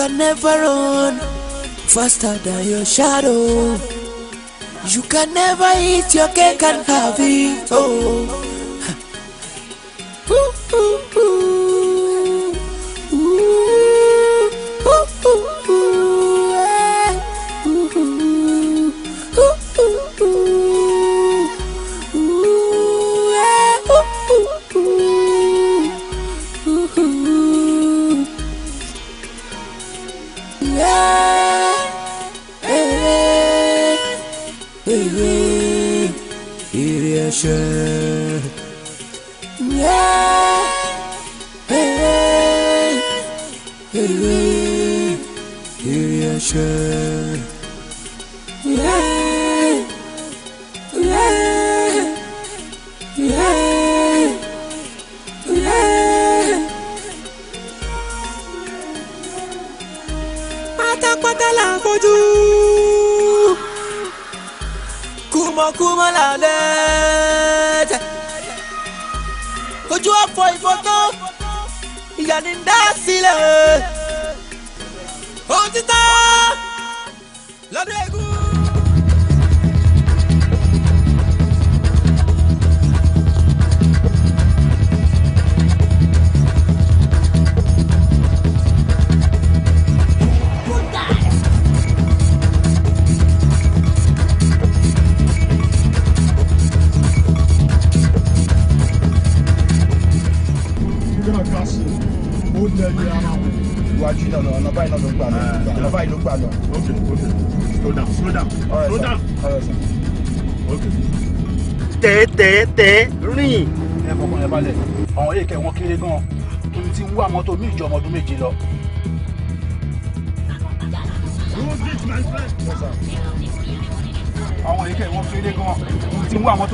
can never run faster than your shadow. You can never eat your cake and have it. Oh.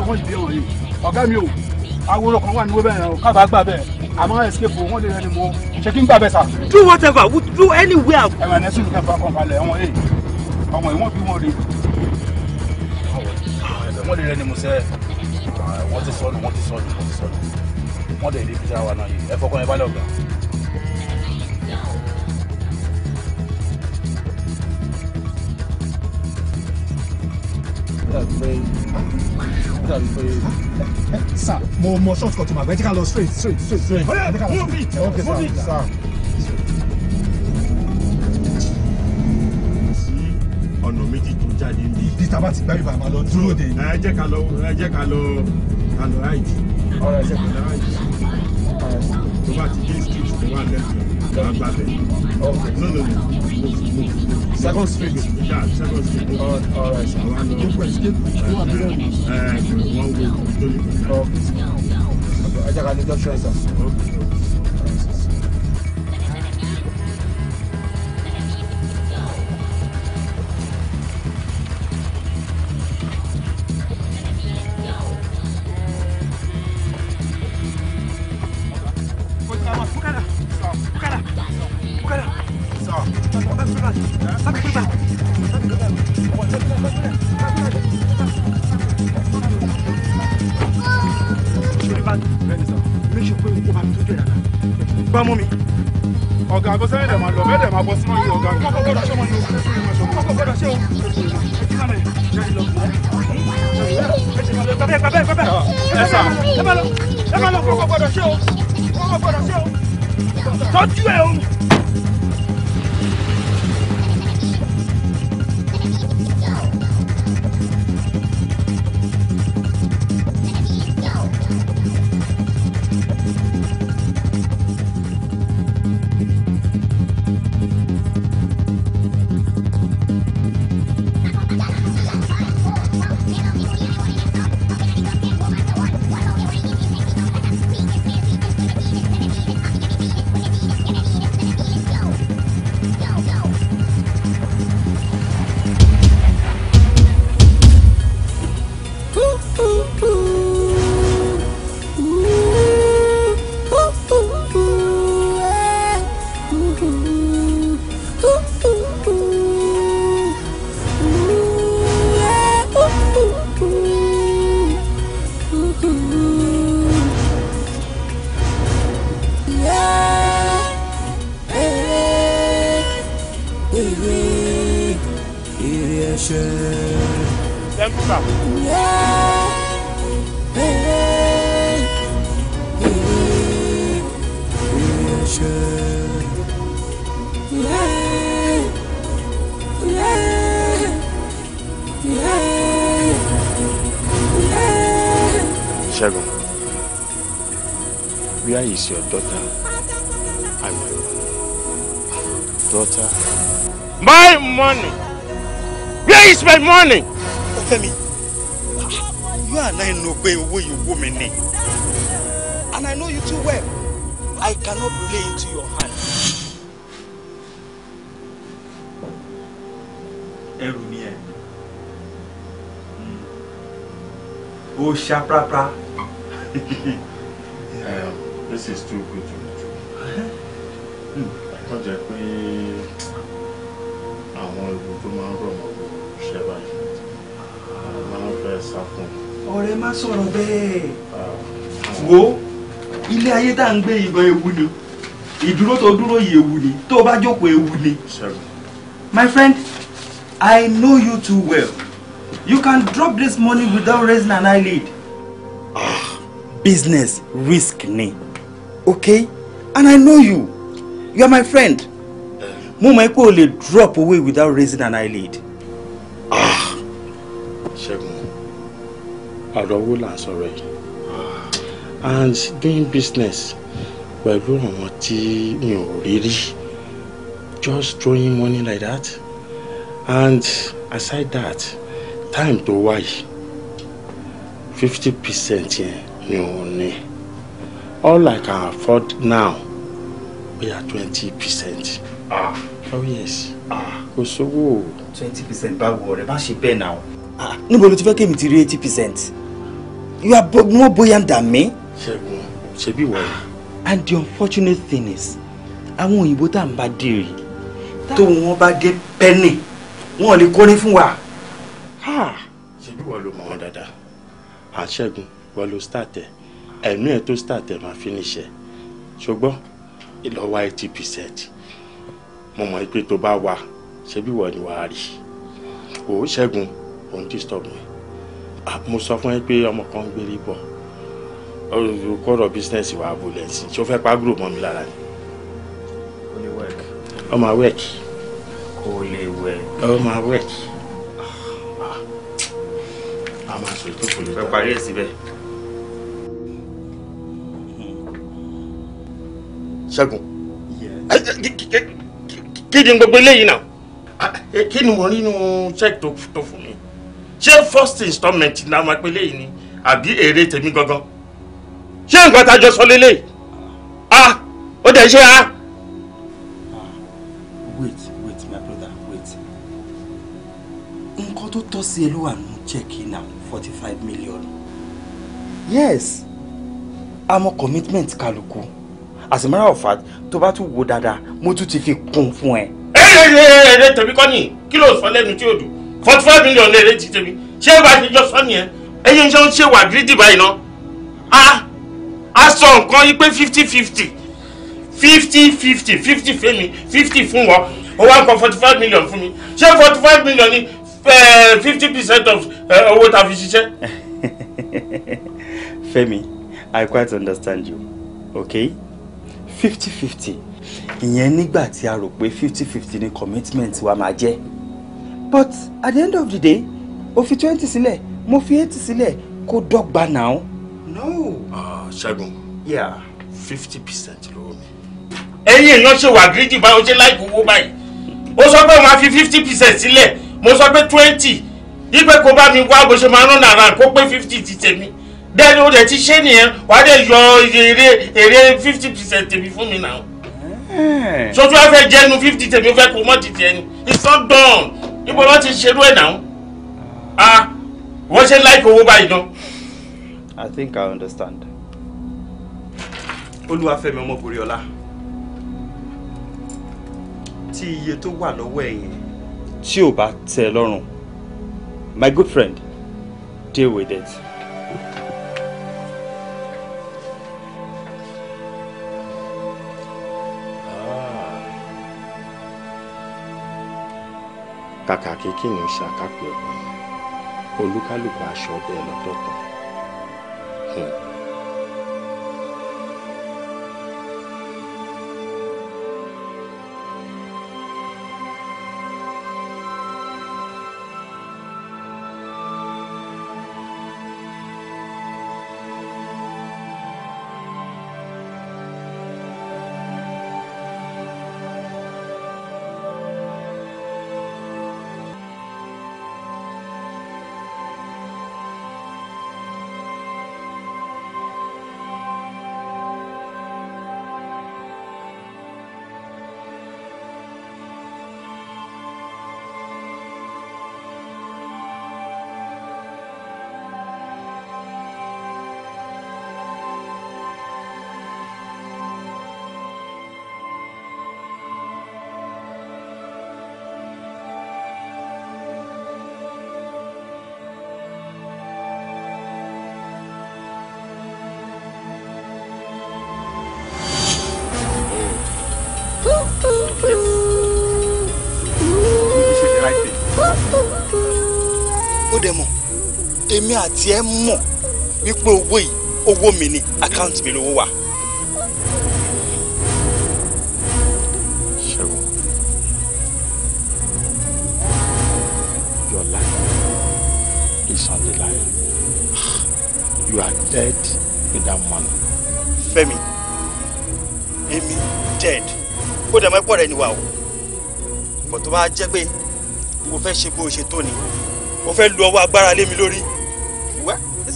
kọ́kọ́ dìde wọ̀nyí ọ̀gá mi o aworo kan wà ní wẹ́bẹ̀ yẹn o káfà gbà bẹ́ẹ̀ àmọ́ escape wọ́n lè rẹ́ni mo ṣe kí n gbà bẹ́ẹ̀ sà. do whatever we do anywhere. ẹ̀wọ̀n ẹ̀sìn nìkan fà kàn balẹ̀ ẹ̀wọ̀n ẹ̀ ọmọ ìwọ̀n bí wọ́n rí wọ́n lè rẹ́ni mo sẹ́ wọ́n ti sọ́ọ̀lù wọ́n ti sọ́ọ̀lù wọ́n ti sọ́ọ̀lù wọ́n lè rí bíjà wa náà yìí ẹ fọkàn ẹ balẹ̀ ọ̀gá. sure that we. Sir, mo mo shortcut ma vertical law straight straight straight straight. Oya move it okay move it sir. ọ̀nà méjì tó jáde ń bí. bí tábà ti gbá ibà máa lọ dúró de. ẹ jẹ́ ká lọ ẹ jẹ́ ká lọ ká lọ ráìtì. ọ̀rọ̀ ẹ jẹ́ ká lọ ráìtì. tó bá ti dé street tó wà lẹ́sìn ọ̀gá gbàgbẹ́. ọ̀gá no no no. Second street. Yeah, second street. Oh, all right. So I know. Skip, skip. Who are you? Uh, one way. Okay. Oh. Okay. I just got the doctor, sir. Okay. your daughter and my money. Daughter. My money! Where is my money? Ofemi, you and I know where you woman name. And I know you too well. I cannot play into your hands. Ẹrù ni ẹ̀. Hmm. Ó ṣá sọ̀rọ̀ bẹ́ẹ̀ wo ilé ayé tá ń gbé ìbọn ewu ni ìdúró tó dúró yìí ewu ni tó o bá jókòó ewu ni my friend I know you too well you can drop this money without raising an eyelid. Ah, business risk ni okay and I know you you are my friend eh. mo mọ̀ pé o lè drop away without raising an eyelid. ọ̀rọ̀ owó là ń sọ̀rọ̀ yìí and doing business pẹ̀lú àwọn tí mi ò rí rí just throwing money like that and aside that time tó wá fifty percent yẹn mi ò ní all I can afford now we are twenty percent. ah oh yes ah kò sówó o. twenty percent báwo ọ̀rẹ́ má ṣe bẹ́ẹ̀ náà. Ah, níbo ló ti fẹ́ kémi ti rí eighty percent. You are more buoyant than me. Ṣẹ́gun, ṣebí ìwọ And the unfortunate thing is, I òyìnbó tá à ń bá dé rè tó wọn bá dé pẹ́ẹ́nì wọn ò lè kórin fún wa. ṣebí ìwọ ló mọ wọn dáadáa. Àṣẹ́gun, ìwọ ló start ẹ̀. Ẹ̀mí ẹ̀ tó start it máa finish it. Ṣùgbọ́n ìlọ́wọ́ eighty percent. Mo mọ̀ pé tó bá wà, ṣebí ìwọ ni you worry. Oh, ṣẹ́gun, òun disturb mi mo sọ fún ẹ pé ọmọ kan ń gbélé bọ̀ kọ́rọ̀ bísínẹ́sì wa abúlé ẹ̀sìn tí ó fẹ́ pàgùrò mọ́ mi lára ni. ó lè wẹ̀k. ọmọ wẹ̀k. kò lè wẹ̀k. ọmọ wẹ̀k. a máa sọ ètò kò lè tán. fẹ́ parí ẹ̀ síbẹ̀. ṣẹ́gun kí ni gbogbo eléyìí náà ah, eh, kí ni mo rí nínú ṣẹ́ẹ̀kì tó fún mi ṣé first installment náà máa pe léyìí ni àbí èrè tèmi gangan ṣé nǹkan tá a jọ sọ lélẹ̀ ah ó dẹ̀ ṣe ah. wait wait my brother wait nǹkan tó tọ́ sí ẹ ló wà náà forty five million yes àmọ́ commitment kálukú as a matter of fact tó bá tún wo dáadáa mo tún ti fi kún fún ẹ. ẹ ẹ ẹ ẹ tèmi kọ́ ni kí ló sọ lẹ́nu tí o dùn forty five million lè retí tèmi ṣé bá ti jọ sọ nìyẹn ẹyin ṣe ń ṣe wà gírídì báyìí ná a a sọ nǹkan yìí pé fifty fifty fifty fifty fifty fẹ́mi fifty fún wọn ó wá nǹkan forty five million fún mi ṣé forty five million ni eh, fifty percent of eh, owó ta fi ṣiṣẹ́. Fẹ́mi I quite understand you okay fifty fifty ìyẹn nígbà tí a rò pé fifty fifty ni commitment wa máa jẹ́ but at the end of the day o fi twenty sílẹ̀ mo fi eighty sílẹ̀ kó dọ́gba náà. no. Ah, ṣẹ́gun fifty percent lọ́wọ́ mi. ẹ̀yin iná ṣe wà gírídì báyìí o ṣe láì kówó báyìí ó sọ pé màá fi fifty percent sílẹ̀ mo sọ pé twenty ipe kó bá mi wá bó ṣe máa rán nàrà kó pé fifty ti tèmi dẹ́ni o dẹ̀ ti ṣé nìyẹn wàá dẹ̀ yọ èrè èrè fifty percent tèmi fún mi náà eh. sotu afẹ jẹnu fifty tèmi fẹ kó mọ tètè ẹni it's not done ibo lọ ti ṣerú ẹ náà ah wọ́n ṣe láìpẹ́ owó báyìí náà. I think I understand. Olúwafẹ́mi ọmọbìnrin ọlá tí iye tó wà lọ́wọ́ ẹ̀yìn tí ò bá tẹ́ lọ́rùn my good friend deal with it. Ah. kàkà kí kí ni ṣàkápẹ̀ ọ̀gbìn olúkálùkù aṣọ ọdẹ lọ́tọ̀ọ̀tọ̀. Hmm. àti ẹ mọ̀ wípé owó yìí owó mi ni àkáǹtì mi lówó wà. your life is on the line you are dead with that money. Fẹ́mi èmi dead ó dàmọ́ ẹ̀pọ̀ rẹ̀ ni wà o bọ̀ tó bá jẹ́ pé mo fẹ́ ṣe bó o ṣe tó ni mo fẹ́ lu ọwọ́ agbára lé mi lórí.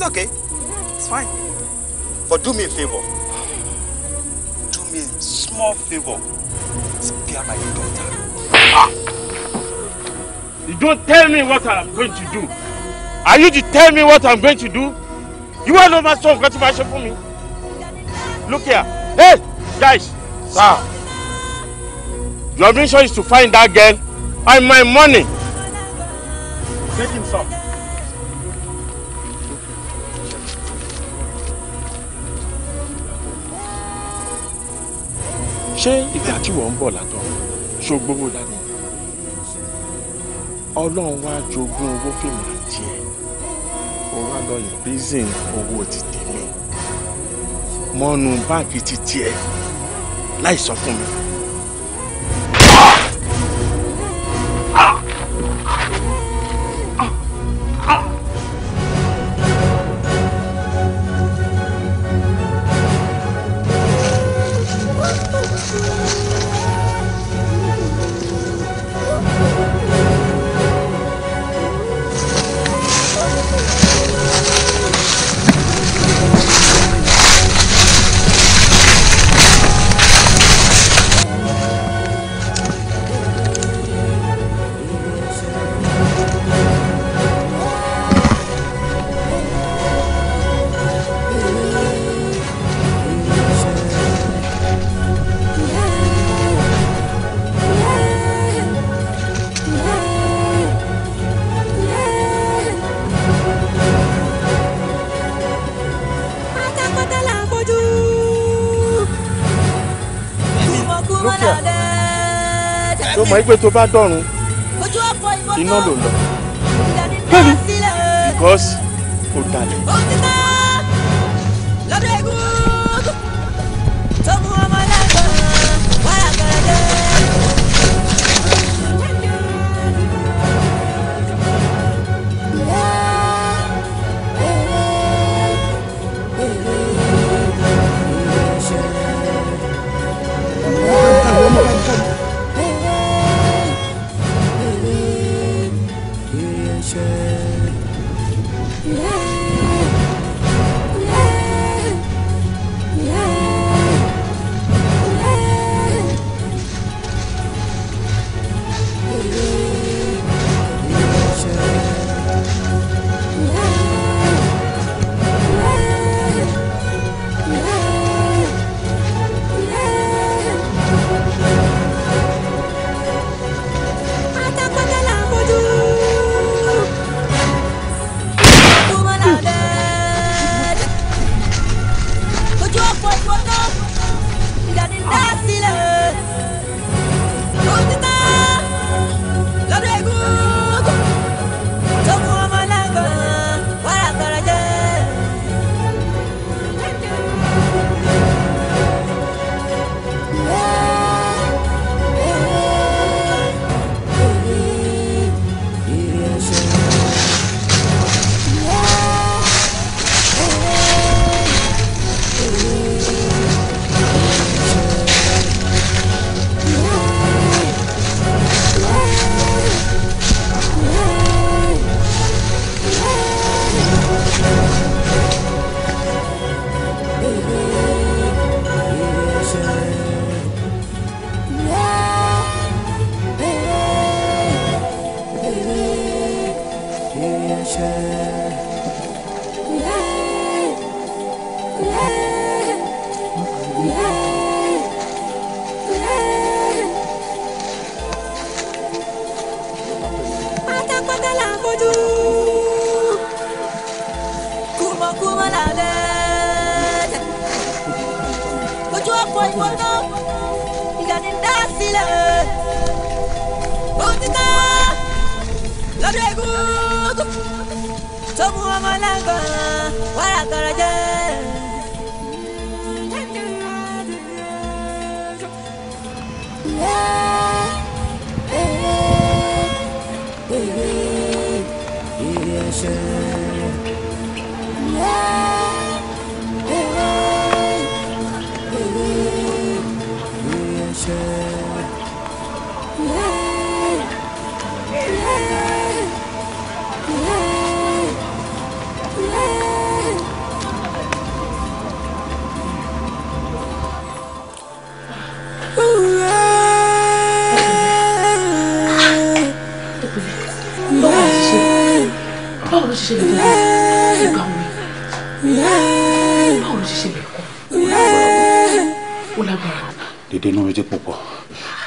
It's okay. It's fine. But do me a favor. Do me a small favor. Spare my daughter. You don't tell me what I'm going to do. Are you to tell me what I'm going to do? You are not my son. Got for me. Look here. Hey, guys. Sir. Your mission is to find that girl and my money. Take him, some. ṣé ìgbà tí wọ́n ń bọ̀ látọ̀ ṣó gbówó dání ọlọ́run wá jogún owó fèmí àti ẹ̀ ó wá lọ ìpínsìn owó ti tèmi mọ́nu báàgì ti tiẹ̀ láì sọ fún mi. pé tó bá dọ̀run iná ló lọ bẹ́ẹ̀ni because ó dalẹ̀.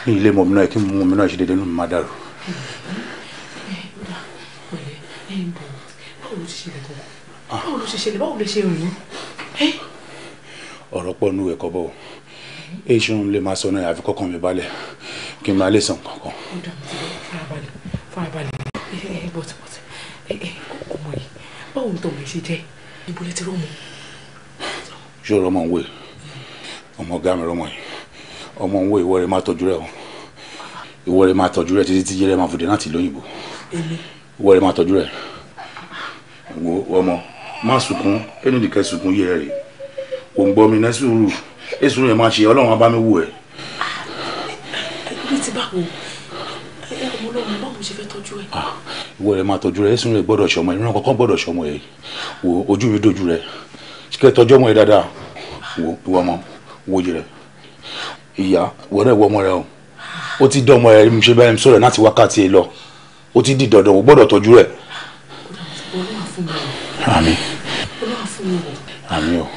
ní ilé mọ̀ mi náà kí mú mi náà ṣe déédéé nínú mi má dàrú. ọ̀rọ̀ pọ̀ nù ẹ̀kọ́ bọ̀ èṣù lè máa sọ náà àfi kọ́kàn mi balẹ̀ kí n máa lè sàn kankan. báwo ni tọmọ yìí ṣe jẹ́ ibo ti rọ́ọ̀mù. ṣé ọ̀rọ̀ ọmọ ọmọ ọ̀gá mi rọ́ọ̀mù yìí ọmọ òun wo ìwọ rẹ máa tọ́jú rẹ o ìwọ rẹ máa tọ́jú rẹ títí tí yẹrẹ máa fòdè láti lóyìnbó ìwọ rẹ máa tọ́jú rẹ ọmọ má sunkún ẹnu nìkan sunkún yẹ rẹ kò ń gbọ́ mi náà sùúrù èsù rẹ máa ṣe ọlọ́run abá mi wù ẹ. bí ti bá wo ẹ ọmọ ọlọ́run báwo ṣe fẹ́ tọ́jú ẹ. ìwọ rẹ máa tọ́jú rẹ èsù rẹ gbọ́dọ̀ ṣọmọ ẹ ìran kankan gbọ́dọ̀ ṣọmọ ẹ wo ojú mi dojú rẹ kẹ tọ́jú ọmọ ẹ dáadáa wo ìwọ ọmọ wo jẹ rẹ ìyá wọn náà wọ ọmọ rẹ o ó ti dán ọmọ rẹ mo ṣe bẹ́ẹ̀ sọ̀rọ̀ láti wákàtí ẹ lọ ó ti di dandan o gbọ́dọ̀ tọ́jú rẹ̀. àmín àmín o.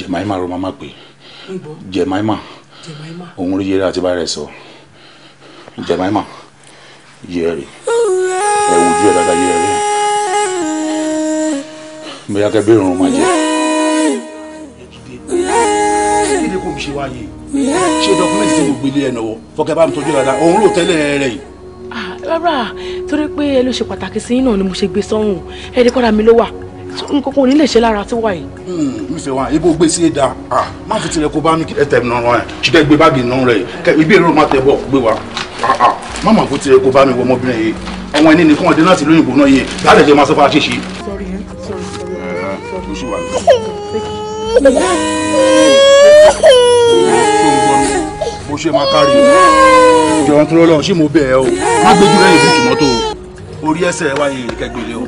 jẹ̀máìmá ló máa pè jẹ̀máìmá òun ló yẹra àti bá rẹ̀ sọ jẹ̀máìmá yẹ̀rì ẹ̀ wojú ẹ̀ dáadáa yẹ̀rì bóyá kẹ́ bẹ́ẹ̀ rún máa jẹ. kíni kò ń ṣe wáyé ṣé dọkúmẹ́ntì tí mo gbé lé ẹ nọwọ́ fọkẹ́ bá mi tọ́jú dáadáa òun ló tẹ́lẹ̀ rẹ̀ yìí. Ah, rárá torí pé ẹ ló ṣe pàtàkì sí náà ni mo ṣe gbé sọ́run ẹ ní kọ́ra mi ló wà nǹkan kò ní lè ṣe lára tí wà yìí. ìfẹ́ hmm, wa ibo gbé sí ẹ̀dá ah, má fi tirẹ̀ kó bá mi ẹ tẹ̀ nọ̀rọ̀ ẹ̀ ṣíkẹ́ gbé báàgì nọ̀rọ̀ ẹ̀ ibi èrò má tẹ̀ bọ̀ gbé wa ah, má má fi tirẹ̀ kó bá mi wọ ọmọbìnrin yìí ọmọ ẹni nìkan ọdẹ láti lóyìnbó náà yìí láti ẹ̀jẹ̀ máa sọ fún aṣèṣe. sọrí tó ṣì wà lọ. mo ṣe máa kárí ìjọba tó lọ́wọ́ ṣé mo bẹ̀ ẹ́ o má gbójú lẹ́yìn bùtù mọ́tò orí ẹsẹ̀ wáyé kẹgbẹ́lé o.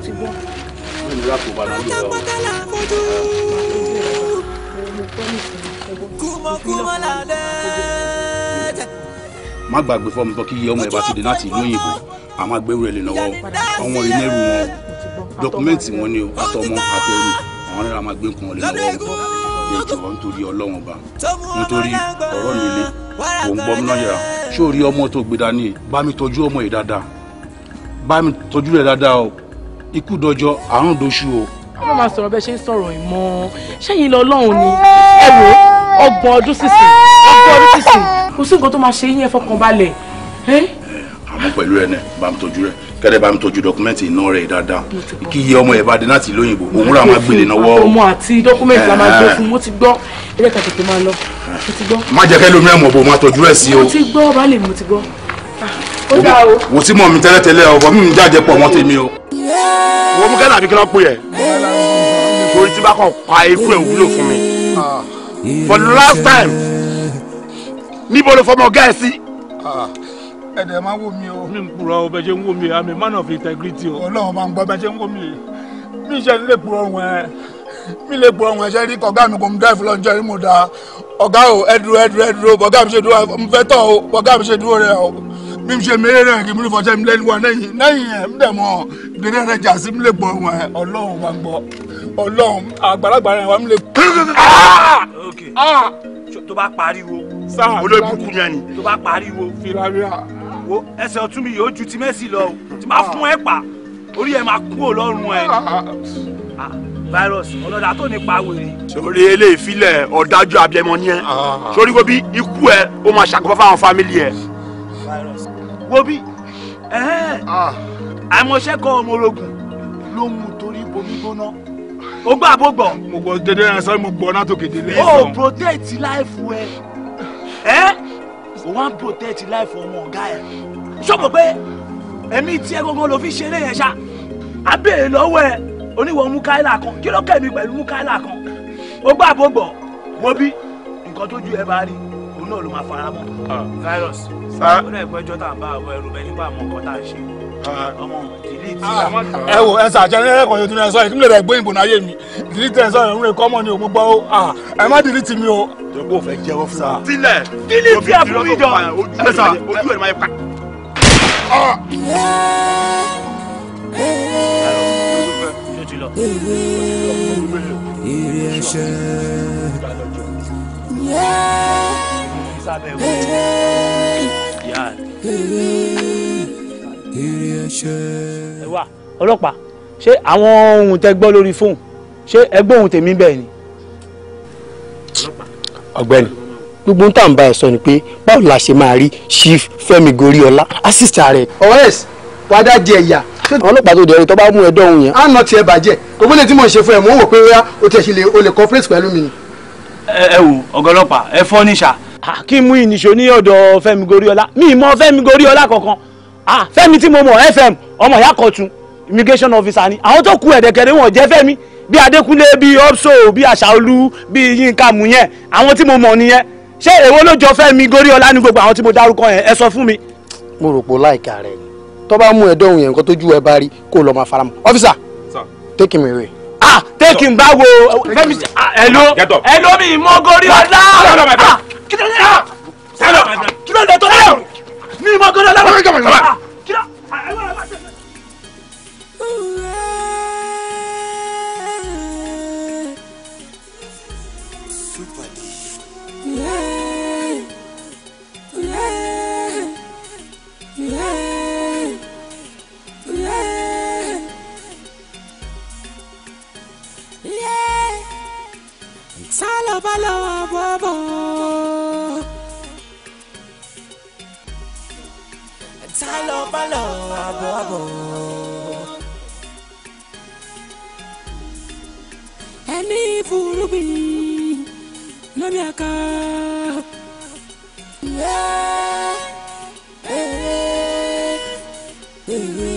má gbàgbé fọmù tó kí iye ọmọ ẹ bá ti dé láti ìlú òyìnbó àwọn agbẹwò ẹ lè lọ́wọ́ àwọn ìnẹrù wọn dọkumẹǹtì wọn ni o àtọmọ àtẹrù àwọn náírà máa gbé nǹkan ọ̀lẹ́ lọ́wọ́ ní ìjọba nítorí ọlọ́wọ́n ba nítorí ọ̀rọ̀ mi lé kò ń gbọ́ ṣé o rí ọmọ tó gbé dání bá mi tọ́jú ọmọ yìí dáadáa bá mi tọ́jú rẹ̀ dáadáa o ikú dọjọ́ àrùn doṣù o. wọ́n máa sọ̀rọ̀ bẹ́ẹ̀ ṣe ń sọ̀rọ̀ ìmọ̀ ṣẹ́yìn lọ lọ́hùn ni ẹ wò ọgbọ̀n ọdún sísìn ọgbọ̀n ọdún sísìn kò sí nǹkan tó máa ṣe yín ẹ fọkàn balẹ̀. àmọ́ pẹ̀lú ẹ̀ náà bá mi tọ́jú rẹ̀ kẹ́lẹ́ bá mi tọ́jú dọ́kúmẹ́ǹtì iná rẹ̀ dáadáa kí iye ọmọ ẹ̀ bá dé láti ìlú òyìnbó òun rà máa gbélé náwó. ọmọ àti dọ́kúmẹ́ǹtì la máa gbé fún mo ti gbọ́ ẹ jẹ́ ká tètè máa lọ mo ti gbọ́. má jẹ́ kẹ́ lómi ẹ̀mọ̀ bò máa tọ́jú rẹ̀ sí o. mo ti gbọ́ baálé mi mo ti gbọ́. Ah, wò sí mọ̀ mi tẹ́lẹ̀tẹ́lẹ̀ ọ̀bọ̀ mi ń jáde pọ̀ mọ́ tèmi o. wo mú kẹ́lá àbíkí lọ́pọ̀ yẹ torí tí bá kàn pa ikú ẹ̀ wúlò ah. for the last time níbo ló fọmọ gẹ́ẹ̀ sí. Ah ẹ̀dẹ̀ máa wò mí o. mi ń purọ́ o bẹ́ẹ̀ ṣe ń wò mí o i'm man of integrity o. ọlọ́run máa ń gbọ́ bẹ́ẹ̀ ṣe ń wò mí mi ṣe ń lè purọ́ wọn mi lè purọ́ wọn ṣe rí kọ́gá mi kò ń dá ìfúnlọ́ ń rí mo da ọ̀gá o ẹ dúró ẹ dúró ẹ dúró bọ́gá mi ṣe dúró mo fẹ́ tọ̀ o bọ́gá mi ṣe dúró rẹ o mi ṣe mèrè rẹ kí mi lè fọṣẹ mi lẹ́nu wọn lẹ́yìn lẹ́yìn ẹ̀ ń dẹ̀ mọ́ ìdílé rẹ jà sí mi lè gbọ́ wọn ẹ máa ń gbọ́ ọlọ́run àgbàlagbà rẹ wà mí lè. Ah! Ah! Ah! tó bá pariwo olóògùn kúnyẹ́ni tó bá pariwo wo ẹsẹ̀ ọ̀tún mi yóò ju ti Messi lọ o ti máa fún ẹ pa orí ẹ máa kú ọlọ́run ẹ ah. Ah, virus ọlọ́dà tó nípa wèrè. sori eléyìí ọ̀dájú abiyamọ ni ẹ ah. sori wo ikú ẹ ó máa ṣàkóbá fáwọn fámìlì ẹ. wo bí àìmọ̀ṣẹ́kọ̀ ọmọ orogun ló mú torí bomi gbóná ó gbà bó gbọ́. mo gbọ́ dédé ẹ sọ mo gbọ́ náà tó kéde lẹ́yìn. o protect life ẹ o wá protect life ọmọ ọ̀gá ẹ̀ sọ́pọ̀ pé ẹ̀mí tí ẹ gbọ́ngàn ló fi ṣeré yẹn ṣá abéèrè lọ́wọ́ ẹ oníwọ̀ mukaila kan kí ló kẹ́mi pẹ̀lú mukaila kan ó gbà bó gbọ̀ wọ́n bí nǹkan tó ju ẹ bá rí òun náà ló máa fara mọ́. Ah, virus ó dẹ̀ pẹ́jọ́ tá à bá àwọn ẹrù bẹ́ẹ̀ nípa àmọ́ nǹkan tá à ṣe ẹ wo ẹ sà jẹrẹ ẹkọ yóò tún ẹ sọ yìí kí n lè rẹ gbóyìn bò náyé mi delete ẹ sọ yìí òun rè kọ́mọ ni òun gbọ́ ó ẹ má delete mi o. jọ̀wọ́ fẹ́ jẹ́wọ́ fún wa. sílẹ̀ delete ẹ fún mi jọ ẹ sà ojú ẹ̀ máa yẹ pa. èrè ẹ̀ṣẹ̀ yẹ́ èrè èrè ẹ̀ṣẹ̀. ẹ wá ọlọ́pàá ṣé àwọn ohun tẹ gbọ́ lórí fóun ṣé ẹ gbọ́ ohun tèmi bẹ́ẹ̀ ni. ọ̀gbẹ́ni gbogbo ń tà ń bá ẹ sọ ni pé báwo la ṣe máa rí chief Fẹ́mi Goríọlá assistant rẹ. ọ̀rẹ́ ẹ̀sì wàá dá di ẹ̀yà àwọn ọlọ́pàá tó dẹ̀rẹ̀ tó bá mú ẹdọ́ òun yẹn. a nọ tiẹ̀ bàjẹ́ gbogbo lè tí mò ń ṣe fún ẹ mò ń wò pé o tẹ̀ sí lè o lè cooperate pẹ̀lú mi. ẹ wò ọ̀gá ọlọ́pàá ẹ fọ́ níṣà. kí mú ìníṣó ní ọ̀dọ̀ Fẹ́mi Goríọlá mi ì mọ Fẹ́mi Goríọlá kankan ah fẹ́mi tí mo mọ̀ fm ọmọ ìyá kọ̀tún immigration officer ni àwọn tó kù ẹ̀dẹ̀kẹ̀dẹ̀ wọn jẹ́ fẹ́mi bí adékúnlé bí opso bí àṣàolú bí yínká múyẹn àwọn tí mo mọ̀ nìyẹn ṣé èwo ló jọ fẹ́mi góríọlá ní gbogbo àwọn tí mo dárúkọ yẹn ẹ sọ fún mi. mo rò pé láìka rẹ ni tó bá mú ẹdọ̀hún yẹn nǹkan tójú ẹ bá rí kó lọ́ọ́ máa faramọ́ ọ́fíìsà take him away ah take him back o let me ah, hello hello mi mo gori ọlá ah, kí ló dé tó lẹ́rù ní ìmọ̀ gọ́dọ̀ lábàá. ọ̀rẹ́ jọ̀wọ́ ìjọba. Sálọ bá lọ́wọ́ bọ́bọ̀. ta ló bá lọ àbọ̀ àbọ̀. ẹni furugbin lómi àká. èrè èrè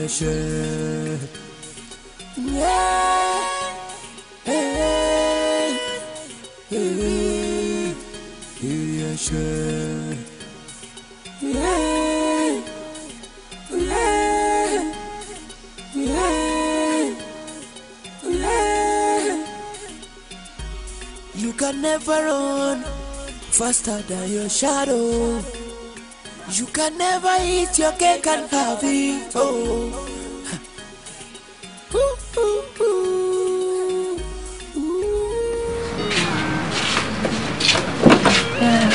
ẹ̀ṣẹ̀. èrè èrè ẹ̀ṣẹ̀. can never run faster than your shadow. You can never eat your cake and have it. Oh. Ooh, ooh, ooh. Ooh. Eh, yeah,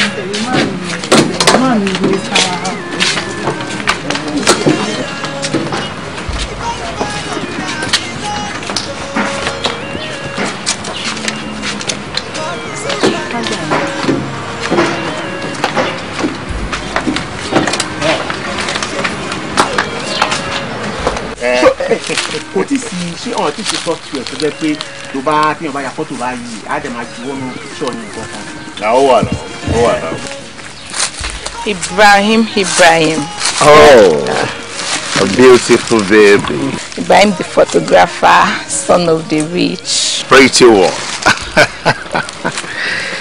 kò tí sí ṣé ọ̀rọ̀ tí ṣe software tó jẹ́ pé tó bá téèyàn bá ya fọ́tò báyìí á dẹ̀ máa ju wọnú ṣọ́ọ̀ ní nǹkan kan. na ó wà náà ó wà náà. Ibrahim Ibrahim. Oh, ah. a beautiful baby. Ibrahim the photographer, son of the rich. Pretty one.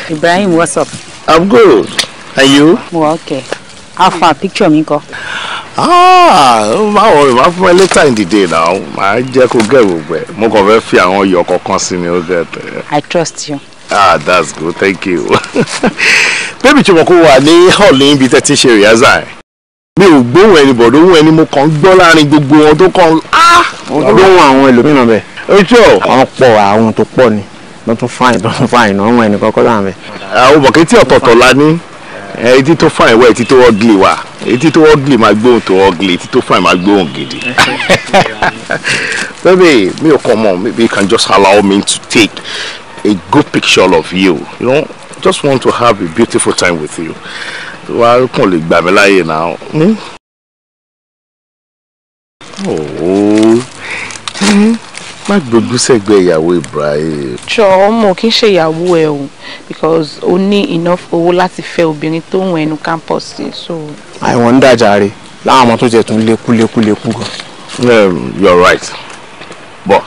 Ibrahim, what's up? I'm good. Are you? Well, oh, okay. How far picture me, go máa wọ̀rọ̀ máa fún ẹ later in the day now kó gẹ̀ gbogbo mo kàn fẹ́ fi àwọn iyọ̀ kankan sí ni ó gẹ̀ I trust you. ah that's good thank you. bébì tí mo kó wà ní hall ní ibi tẹ́tí ṣe rìhásà ẹ̀ mi ò gbóhùn ẹni bọ̀dọ̀ ohùn ẹni mo kàn ń gbọ́ láàrin gbogbo wọn tó kàn á. wọ́n ah! gbóhùn àwọn ẹlòmíràn bẹ́ẹ̀. ojú ọ̀ àwọn pọ̀ àwọn tó pọ̀ ni wọ́n tún fáìn tó tún fáìn náà wọ́n ẹni kọ́kọ́ láàrin bẹ́ẹ̀. àwọn ah, bọ̀kẹ́tì ọ̀tọ̀ọ̀tọ̀ la ní eh, etí tó fáìn wá etí tó ugly wà etí tó ugly máa gbóhùn tó ugly etí tó fine máa gbóhùn gidi baby mi ò kàn mọ̀ maybe you can just allow me to take a good picture of you you know just want to have a beautiful time with you wàá kàn lè gbà mí láàyè náà. Hmm? Oh. Hmm? má gbójú sẹ́gbẹ́ ìyàwó Ibrahim. jọ ọmọ kì í ṣe ìyàwó ẹ o because o ní enough owó láti fẹ́ obìnrin tó ń wọ ẹnu campus so àìwọ̀n ń dàjà rè láwọn ọmọ tó jẹ tún lékú lékú lékú gan. Um, you are right but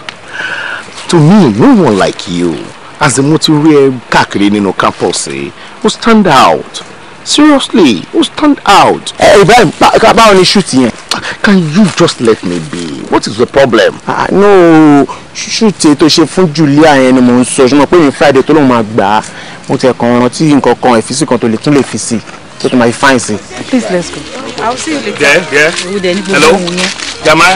to me no one like you as the mo ti rí ẹ káàkiri nínú campus ẹ eh? o stand out seriously o stand out. ẹ Ibrahim báwo ni shoot yẹn. can you just let me be what is the problem. ah, ah no shoot tó ṣe fún Julia yẹn ni mo ń sọ ṣùgbọ́n pé mi Friday tó lóun máa gbà á mo tẹ̀ kàn rántí nǹkan kan ìfísí kan tó lè tún lè fi sí i tó tún máa fi fáìn please let's go. I'll see you later. there there hello Jamal.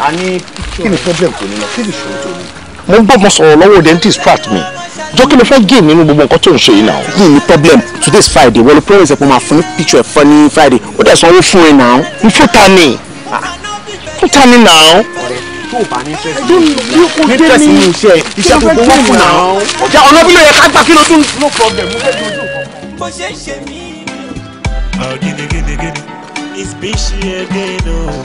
a ní kí problem tó ní lọ kí ni ìṣòro tó ní. mo ń gbọ́ mo sọ̀rọ̀ lọ́wọ́ den distract mi jọ kí ló fẹ́ gé nínú gbogbo nǹkan tó ń ṣe yìí náà. problem today is friday wọlé promise ẹ̀pọ̀ máa fún picture ẹ̀fọ́ funny friday ó dẹ̀ sanwó fún ẹ náà. n fún ta ni ah, fún ta ni náà. tó o bá ní fẹ́ sí ní fẹ́ sí ní iṣẹ́ iṣẹ́ tó gbowó fún náà. ọjà ọ̀nà ló yẹ ká gbà kí ló tún. no problem mo ṣe ń ṣe mí. Oh, gini, gini, gini. It's Bishi again, oh.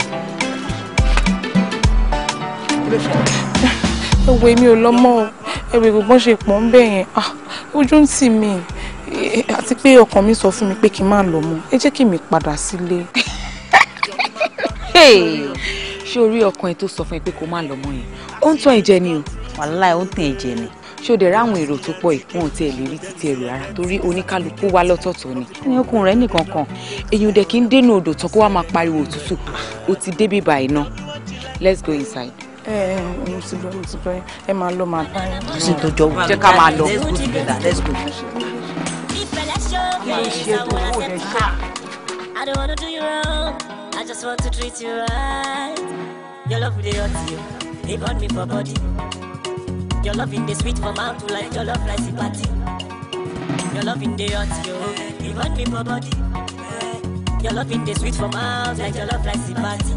Owó èmi ò lọ́mọ o, ẹ̀rù ìgbọ̀ngbọ̀n ṣe pọ̀ ń bẹ̀ yẹn. Ah, ojú ń tì mí eh, àti pé ọkàn mi sọ fún mi pé kí n má lọ mọ́. Ẹ jẹ́ kí mi padà sílé. Ṣé o rí ọkàn ẹ tó sọ fún ẹ pé kó má lọ mọ́ yẹn? Ó ń tún ẹ̀jẹ̀ ni o. Wàláì ó ń tàn ẹ̀jẹ̀ ni ṣé o ráwọn èrò tó pọ̀ ìpọ́n tí ẹ lè rí títí ẹrù rárá torí oníkálukú wá lọ́tọ̀ọ̀tọ̀ ni. ní okùn rẹ nìkan kan èyí ò dẹ̀ kí ń dénú odò tán kó wá máa pariwo òtútù o ti débi báyìí ná let's go inside. ẹ ẹ mo ti bẹ mo ti bẹ ẹ máa lọ máa bá yín. ṣe tọjọ wà jẹ ká máa lọ let's go. kí ló ṣe to you right. Your me for body. Your love in the sweet from out to like your love like sympathy. Your love in the hot, yo, even me for body. Your love in the sweet from out like your love like sympathy.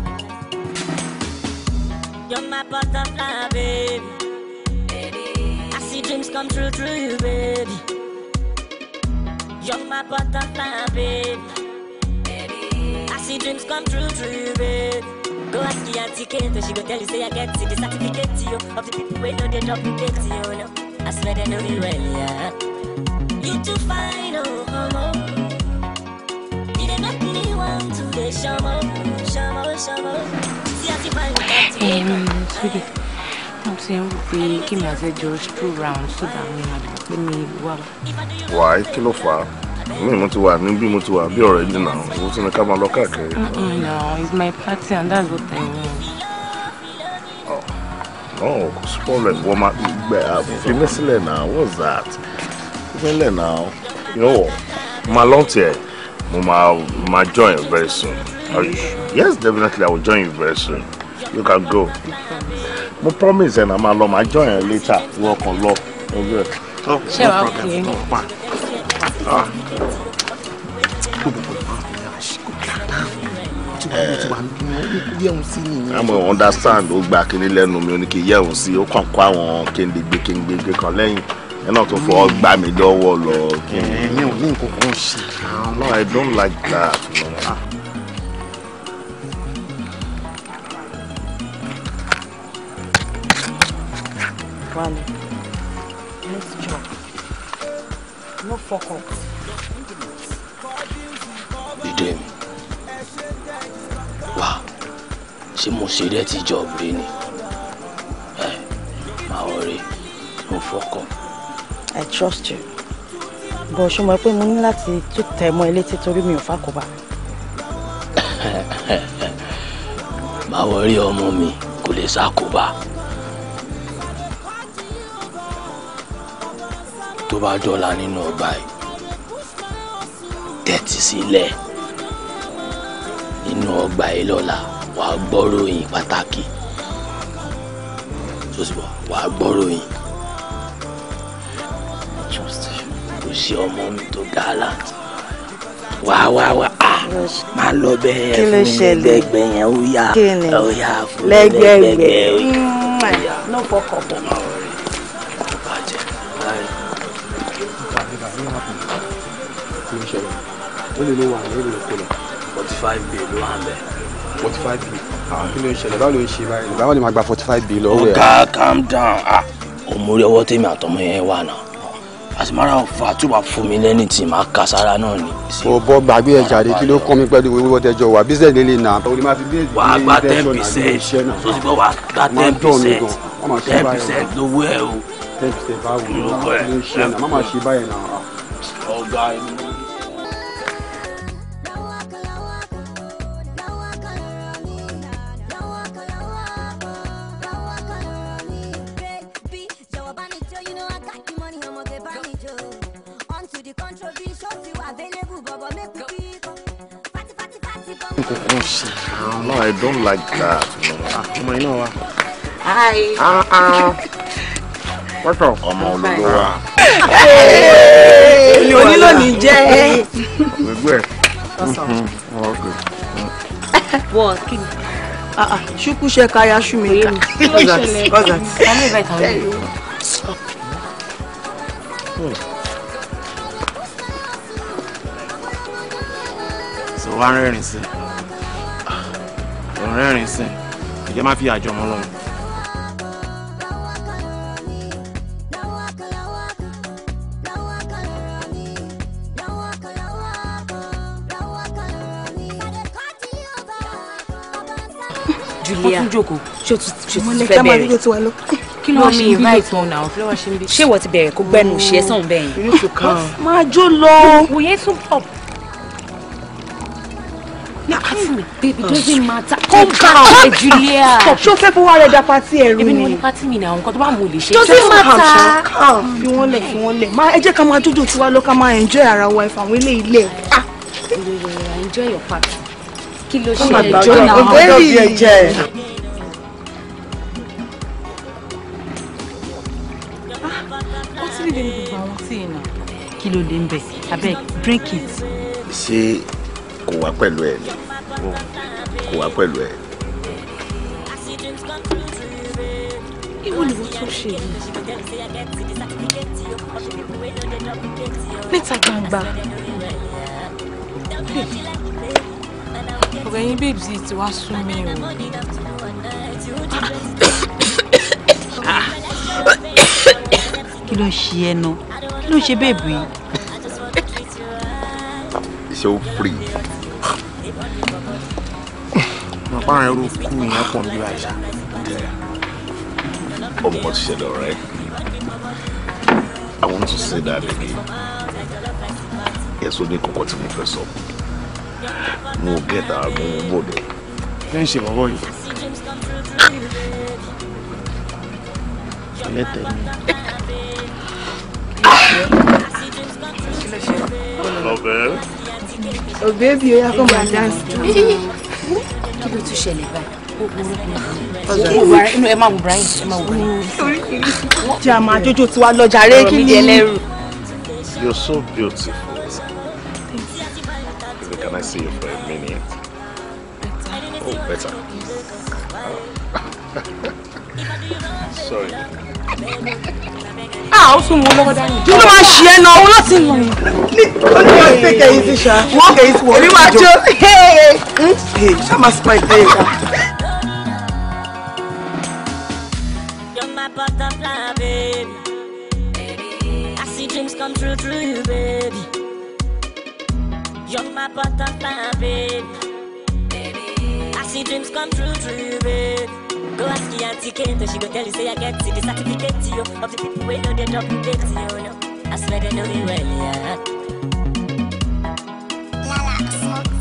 You're my butterfly, baby. I see dreams come true through you, baby. You're my butterfly, baby. I see dreams come true through you, baby. Go ask the auntie Kate, she go tell you say I get The certificate yo, of the people we know they drop the date yo, no. I swear they know me well, yeah. You too fine, oh, homo. You dey make me want to dey shamo, shamo, shamo. See auntie fine, auntie Kate. mo ti ń pe kí mi àti ẹjọ́ stroll round so that mi máa lè pè mí wá. wàá kí mi mo ti wà níbí mo ti wà bí ọ̀rẹ́ ní owó tí mi ká máa lọ káàkiri. no it's my party and that's what I mean. Oh, no kò sí problem wọ́n máa gbẹ àfi mi sílẹ̀ náà what's that sílẹ̀ náà you know máa lọ́n tiẹ̀ mo máa máa join you very soon. yes definitely I will join you very soon you can go. mo promise ẹ̀ na máa lọ máa join you later wọ́n kàn lọ. Oh, ṣé wàá kú yín. Ah. ti wà níbí mo sí nìyẹn. àmọ́ understand ó gba kinní lẹ́nu mi ó ní kí yẹ̀hún sí ó kàn kó àwọn kéńdégbé kéńdégbé kan lẹ́yìn ẹ náà tún fọ mm. gbà mí lọ́wọ́ lọ. mi ò ní nǹkan kan ṣe. no i don't like that. Ah. No. Wale, let's jump. No focus. tí mo ṣe rẹ ti jọ bí ni ẹ máa wọ rí mo fọkàn. I trust you bó o ṣe mọ̀ pé mo ní láti tún tẹ̀ mọ́ ilé títorí mi ò fàkóbá. máa wọ rí ọmọ mi kò lè ṣàkóbá. tó bá dọ́là nínú ọgbà yìí tẹ́tí sílẹ̀ nínú ọgbà yìí lọ́la wàá gbọ́ròyìn pàtàkì tó sì wàá gbọ́ròyìn. kò sí ọmọ mi tó dáa la wàá wàá wàá máa lọ bẹ́ẹ̀ fún mi lẹ́gbẹ̀ẹ́ yẹn ó yà ó yà fún mi lẹ́gbẹ̀ẹ́ mm, ó yà. no fọkàn ó lè lo wà forty five bill forty five b ah, kí ló ń ṣẹlẹ̀ báwo ló ń ṣe báyìí báwo ni màá gba forty five b lọ́wọ́ ẹ̀. calm down ah òmùrí ọwọ́ tèmi àtọmọ yẹn wà náà as a matter of fact tí wàá fún mi lẹ́ni tí màá kà sára náà ni. o bọ gbàgbé ẹ jàre kí ló kọ́ mi pẹ̀lú owó tẹjọ wà bísẹ̀ lè lè nà. wàá gba ten percent tó ti bọ́ wàá gba ten percent ten percent lówó ẹ o. ten percent báwo ló ń ṣe náà má má ṣe báyìí náà. ọ̀gá ẹni. I don't like that. Ah, ọmọ iná wa. Hi. Ah, ah. What's up? Ọmọ olówó wa. Èyí ò ní lónìí jẹ́. Gbogbo ẹ̀. Mm-hmm. Wọ́n kí ni? Ah, ah, Ṣukú ṣe kaya ṣú mi ká. Kí ló ṣẹlẹ̀? Hmm. so wá rẹ́rìn sí i rẹ́rìn sí ẹ̀jẹ̀ má fi àjọ mọ́ lọ́wọ́. Julia invite wọn náà ṣé wọ́n ti bẹ̀rẹ̀ kó gbẹ́nu ṣe é sàn bẹ́yìn. máa jó lọ. wòye tún pọ̀ Baby, it doesn't matter. Come back, Julia. Ṣó fẹ́ fún wa rẹ̀ da pati ẹ̀rù ni? Èmi ni mo pati mi ní àwọn nǹkan tó bá wù ú lè ṣe. Doesn't matter. Fi wọ́n lẹ̀, fi wọ́n lẹ̀. Má ẹ jẹ́ ká máa dúdú tiwa lọ, ká máa enjoy ara wa ẹ̀fà àwọn ilé ilé. Ah. Enjoy your party. Kí ló ṣe ẹjọ́ náà? Ọmọ ìjọ bí ẹ̀jẹ̀. Kí ló dé ń bẹ̀? Abeg, drink it. Ṣé kò wá pẹ̀lú ẹ̀ ni? kò wá pẹ̀lú ẹ. ìwọ ni wọ́n tún ṣe yìí níta gbangba ọ̀rọ̀ yín bèbí yìí ti wá sún mi o. kí ló ṣe ẹnu kí ló ṣe bèbí. iṣẹ́ ó fìrì. páàrin irú kú yẹn pọ̀ bí àṣà. ọmọ kan ti ṣẹlẹ̀ ọ̀rẹ́ I want to say that again yẹsọ ní kọ̀kọ́ tí mo fẹ́ sọ mo get ara mo gbọ́dọ̀. ṣé ń ṣe bọ́bọ́ yìí. ẹlẹ́tẹ̀ ni. ọbẹ̀. ọbẹ̀ bí o yà kọ́ máa dáǹsì kí ló tún ṣẹlẹ̀ báyìí ẹ máa wù Brian ẹ máa wù Brian. jẹ́ àmọ́ àjọjọ tí wàá lọ́jà rẹ kí ni ẹlẹ́rù. You're so beautiful. can I see you for a minute? Oh, better. Sorry. Ah, ó sùn mọ́ lọ́wọ́ dání. kí ló Come true through you, baby. You're my butterfly, baby. I see dreams come true through you, baby. Go ask your auntie Kate, she go tell you say I get it. The certificate yo, of the people where know they duplicate yo. No, I swear they know me well, yeah. Lala, smoke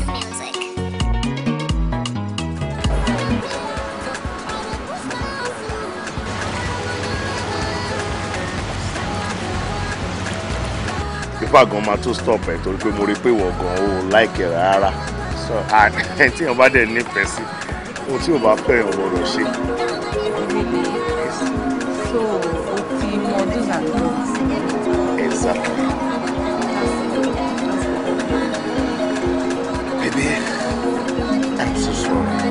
máa tó stop ẹ torí pé mo rí pé ìwọ gan o rárá so àti tí wọn bá dẹ nífẹ̀ẹ́ sí ohun tí ò bá pẹ́ ò gbọ́dọ̀ ṣe. baby i'm so sorry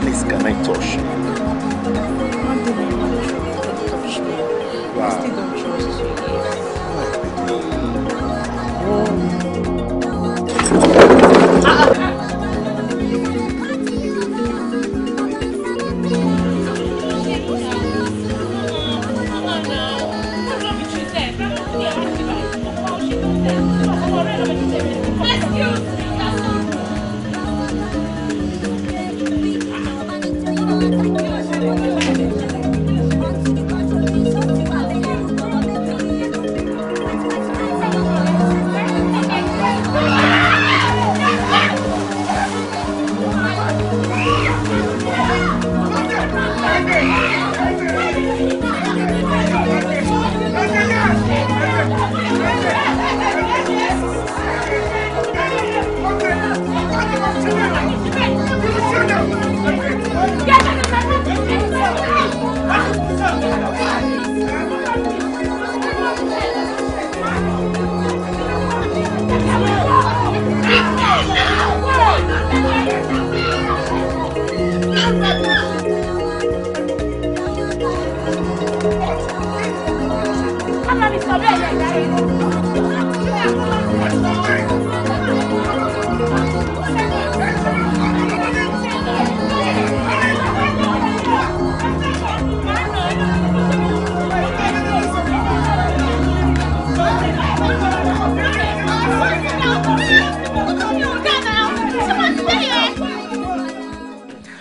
please can i touch you. wow i still don't trust you why baby. Oh.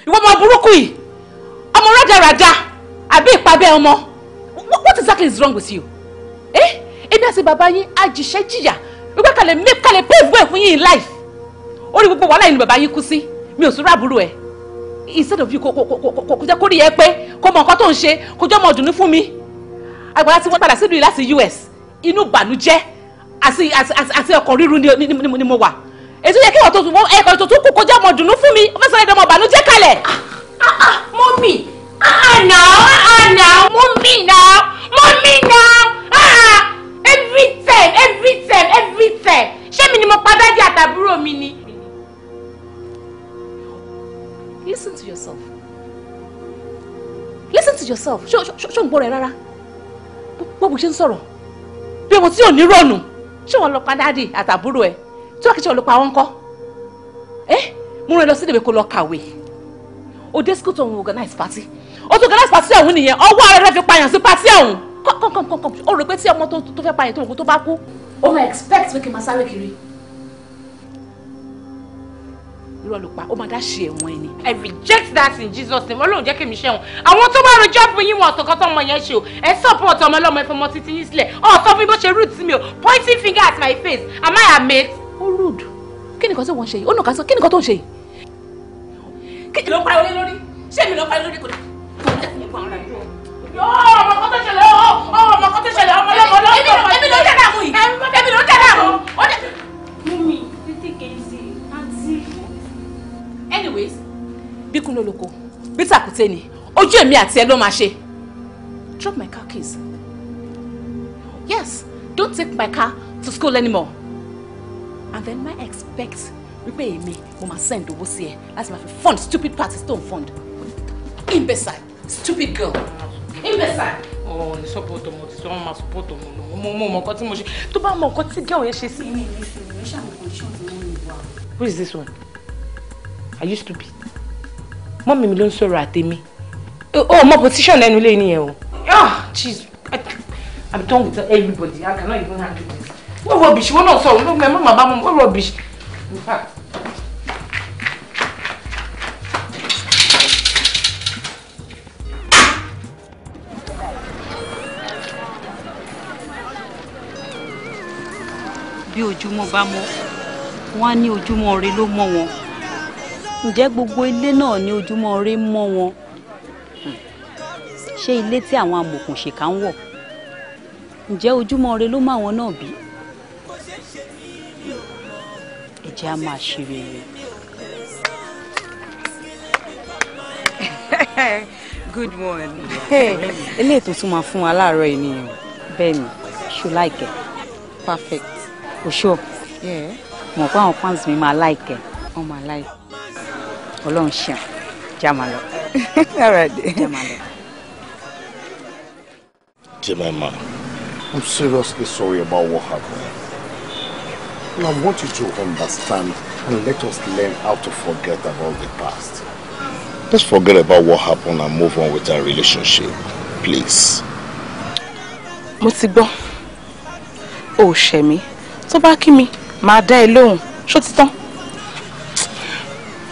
ìwọ ọmọ burúkú yìí ọmọ rádaràda àbí ìpàbẹ ọmọ what exactly is wrong with you eh èmi àti bàbá yín àjìṣẹ́ jìyà wípé kàlẹ́ make kàlẹ́ pave way fún yín in life ó rí gbogbo wàhálà yìí ni bàbá yín kú sí mi ò sún rábùrú ẹ̀ instead of you kò kò kò kò jẹ́ kó rí ẹ pé kó mọ nǹkan tó ń ṣe kó jẹ́ ọmọ ọ̀dùnnú fún mi àgbàlá tí wọ́n padà sílùú yìí láti US inú ìbànújẹ́ àti àti àti ọkàn ríru ni mo wà ètò yẹ kí wọ́n tó tún ẹ̀kọ́ ètò tún kù kọjá mọ̀ dùnú fún mi ó fẹ́ sọ́dọ̀ mọ̀ bànújẹ́ kalẹ̀. Ah, ah, ah, mọ́mì now now mọ́mì now mọ́mì now every time every time every time ṣé mi ni mo pa dájú àtàbúrò mi ni. listen to yourself listen to yourself ṣó ń gbọ́ rẹ̀ rárá gbọ́ bó ṣe ń sọ̀rọ̀ bí ọmọ tí ò ní rọ̀nù ṣé wọ́n lọ pa dáàdì àtàbúrò ẹ̀ tí wàá kìí ṣe olùpàá wọn kọ́ ẹ́ eh, mo rán ẹ lọ sí ìdèbè kó lọ kàwé òde school tó ń organize party ó tún organize party ọ̀hún nìyẹn ọwọ́ ara rẹ fi pààyàn sí party ọ̀hún kọ́ńkọ́ńkọ́ńkọ́ ó rò pé tí ọmọ tó fẹ́ pààyàn tó ògùn tó bá kú ó máa expect pé kí n máa sáré kiri irọ́ ló pa ó máa dá ṣe ẹ̀wọ̀n ẹni. I reject that in Jesus name ọlọ́run jẹ́ kí mi ṣẹ̀wọ̀n àwọn tó bá rojọ́ fún yín wọn ọ̀tọ̀kan tó mọ yẹn ṣe o ẹ support ọmọ ọlọ́mọ ẹ fọmọ títí yín sílẹ̀ ọ̀tọ́ fún bó ṣe root mi o pointing finger at my face am I a mate ó rude kí ni nǹkan tí wọ́n ṣe yìí ó nà ká sọ kí ni nǹkan tó ń ṣe yìí. kí ni ló pariwo lé lórí ṣé mi ló pariwo lórí kò dé kò dé fún ìpamọ́ rẹ̀. yóò ọmọ kan tó ṣẹlẹ̀ ọ ọmọ kan tó ṣẹlẹ̀ ọmọ lọ́mọ lọ́mọ lọ́mọ lọ́mọ lọ́mọ lọ́mọ lọ́mọ lọ́mọ anyways bí kún lóloko bí tàkùté ni ojú èmi àti ẹ ló máa ṣe drop my car keys yes don't take my car to school anymore and then my expect wípé èmi mo máa send owó sí ẹ láti máa fi fund stupid parties tó fund imbecile stupid girl imbecile. ọ̀ ní support ọmọ ti sọ wọn máa support ọmọ lọ mo mọ ọmọ nǹkan tí mo ṣe tó bá mọ nǹkan tí girl yẹn ṣe sí. èmi ìlú ìṣòro ẹ ṣàmì condition tí wọ́n ń wá. who is this one are you stupid mọ́mí mi ló ń sọ̀rọ̀ àtẹ̀mí o mọ position ẹnu lé nìyẹn o. ah jeez i'm done with everybody i cannot even handle it ó rọbìṣì wọn náà sọ òun ló mẹ má má bá mú ó rọbìṣì. bí ojúmọ́ bá mọ́ wọ́n á ní ojúmọ́ rẹ ló mọ́ wọn ǹjẹ́ gbogbo ilé náà ní ojúmọ́ rẹ mọ́ wọn ṣé ilé tí àwọn amòòkùnṣèkà ń wọ̀ ǹjẹ́ ojúmọ́ rẹ ló mọ́ àwọn jẹ́ a máa ṣe rere. good one. eléyìí tó tún máa fún wa láàárọ̀ yìí nìyẹn bẹ́ẹ̀ ni ṣó láìkẹ́ perfect oṣù mọ̀ pé àwọn fans mi máa láìkẹ́ wọ́n máa láìkẹ́ ọlọ́run ṣeun jẹ́ a máa lọ. jẹ́ a I'm seriously sorry about what happened. Now, I want you to understand and let us learn how to forget about the past. Let's forget about what happened and move on with our relationship, please. Mo Oh, gbọ́. So, ò ṣẹ̀ mí. Tó bá kí mi, màá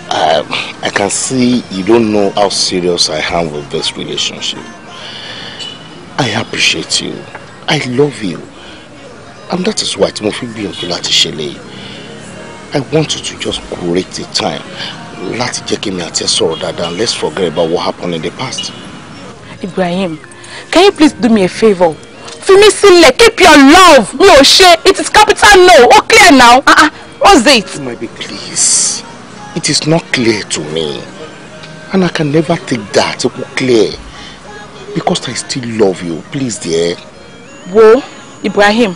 um, I can see you don't know how serious I am with this relationship. I appreciate you. I love you and that is why tí mo fi gbìyànjú láti ṣe léyìí i want you to just create a time láti jẹ́ kí mi àti ẹ sọ̀rọ̀ and let's forget about what happened in the past. Ibrahim can you please do me a favour fi mí sílẹ̀ keep your love mi ò ṣe it is capital no ó clear now uh -uh. what's it. Maybe please it is not clear to me and i can never take that to clear because i still love you please dear. wo Ibrahim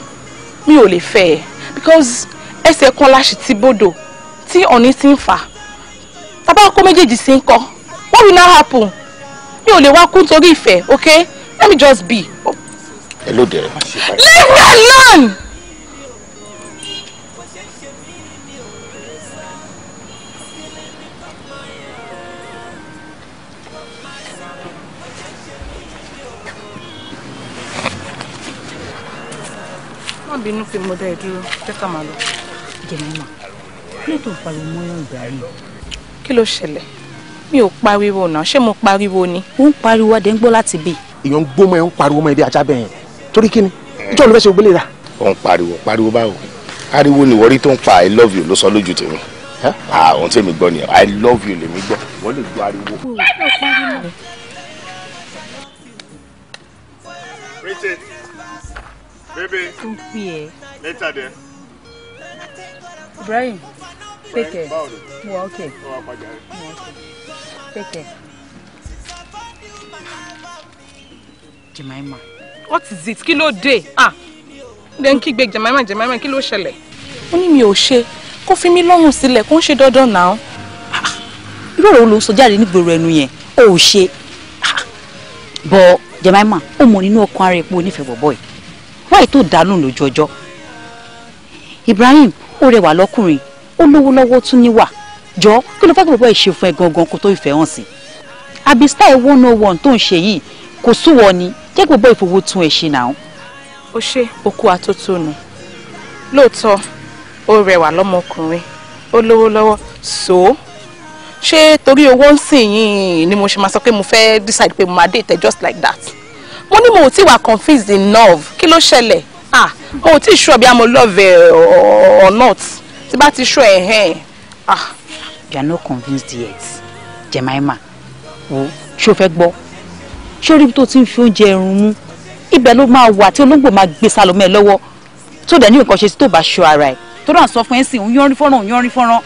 mi ò lè fẹ́ ẹ because ẹsẹ̀ kan láṣì ti bodò tí ọ̀ní ti ń fà tábà kó méjèèjì sí ń kọ́ what will now happen mi ò lè wá kú nítorí ìfẹ́ okay let me just be. hello there. leave me alone. bínú fi mo dá ẹ dúró jẹ́ ká máa lọ. jẹ̀mímà kí ló tó ń pariwo mọ́yán Ibrahim. kí ló ṣẹlẹ̀ mi ò pariwo náà ṣé mo pariwo ni. ó ń pariwo adé ń gbọ́ láti bì. èèyàn ń gbó mọ́ ẹ ń pariwo mọ́ ẹ bí ajá bẹ́ẹ̀ torí kí ni ìjọ ló fẹ́ ṣe ògbélé rà. ó ń pariwo pariwo báwo ariwo ni wọ́rí tó ń pa i love you ló sọ lójú tèmi àwọn tèmi gbọ́ nìyẹn i love you lèmi gbọ́ wọ́n lè gbọ́ ariwo. Richard Baby. Kumpie. Later there. Brian, take care. Oh, okay. Mo okay. Take care. Jemima, what is it? Kí ló Ah! Then kígbe Jemima Jemima kilo ló ṣẹlẹ̀? Ó ní mi ò ṣe. Kó fi mí lọ́rùn sílẹ̀ kó ń ṣe dandan náà. Ah. Irú ọ̀rọ̀ ló sọ jáde nígboro ẹnu yẹn. Ah. Jemima, ó money no ọkàn ara ẹ̀ pé o nífẹ̀ẹ́ wáyé tó dànù lójú ọjọ́ Ibrahim ó rẹwà lọ́kùnrin ó lówó lọ́wọ́ tún níwà jọ kí ló fẹ́ kí bàbá ẹ̀ ṣe fún ẹ gangan kó tó ìfẹ́ hàn sí àbí style one oh one tó ń ṣe yìí kò súwọ ni jẹ́ kí bàbá ìfowó tún ẹ ṣe náà. ó ṣe okú atótónu lóòótọ́ ó rẹwà lọ́mọkùnrin ó lówó lọ́wọ́ so ṣé torí owó ń sìn yín ni mo ṣe máa sọ pé mo fẹ́ decide pé mo máa date just like that mo ní mo ò wà confused enough kí ló ṣẹlẹ̀ ah mo ò tí sure bí mo love ẹ or not tí bá ti sure ẹ hẹ́n ah. you are not convinced yet Jemima wo ṣé o fẹ́ gbọ́ ṣé orí tó ti ń fi oúnjẹ ẹ̀rùn mú ibẹ̀ ló máa wà tí olóńgbò máa gbé salomẹ́ lọ́wọ́ tó dẹ̀ ní nǹkan ṣe sí tó bá ṣọ́ ara ẹ̀ tó dàn sọ fún ẹ̀ sì ń yánrí fọ́nrán ń yánrí fọ́nrán.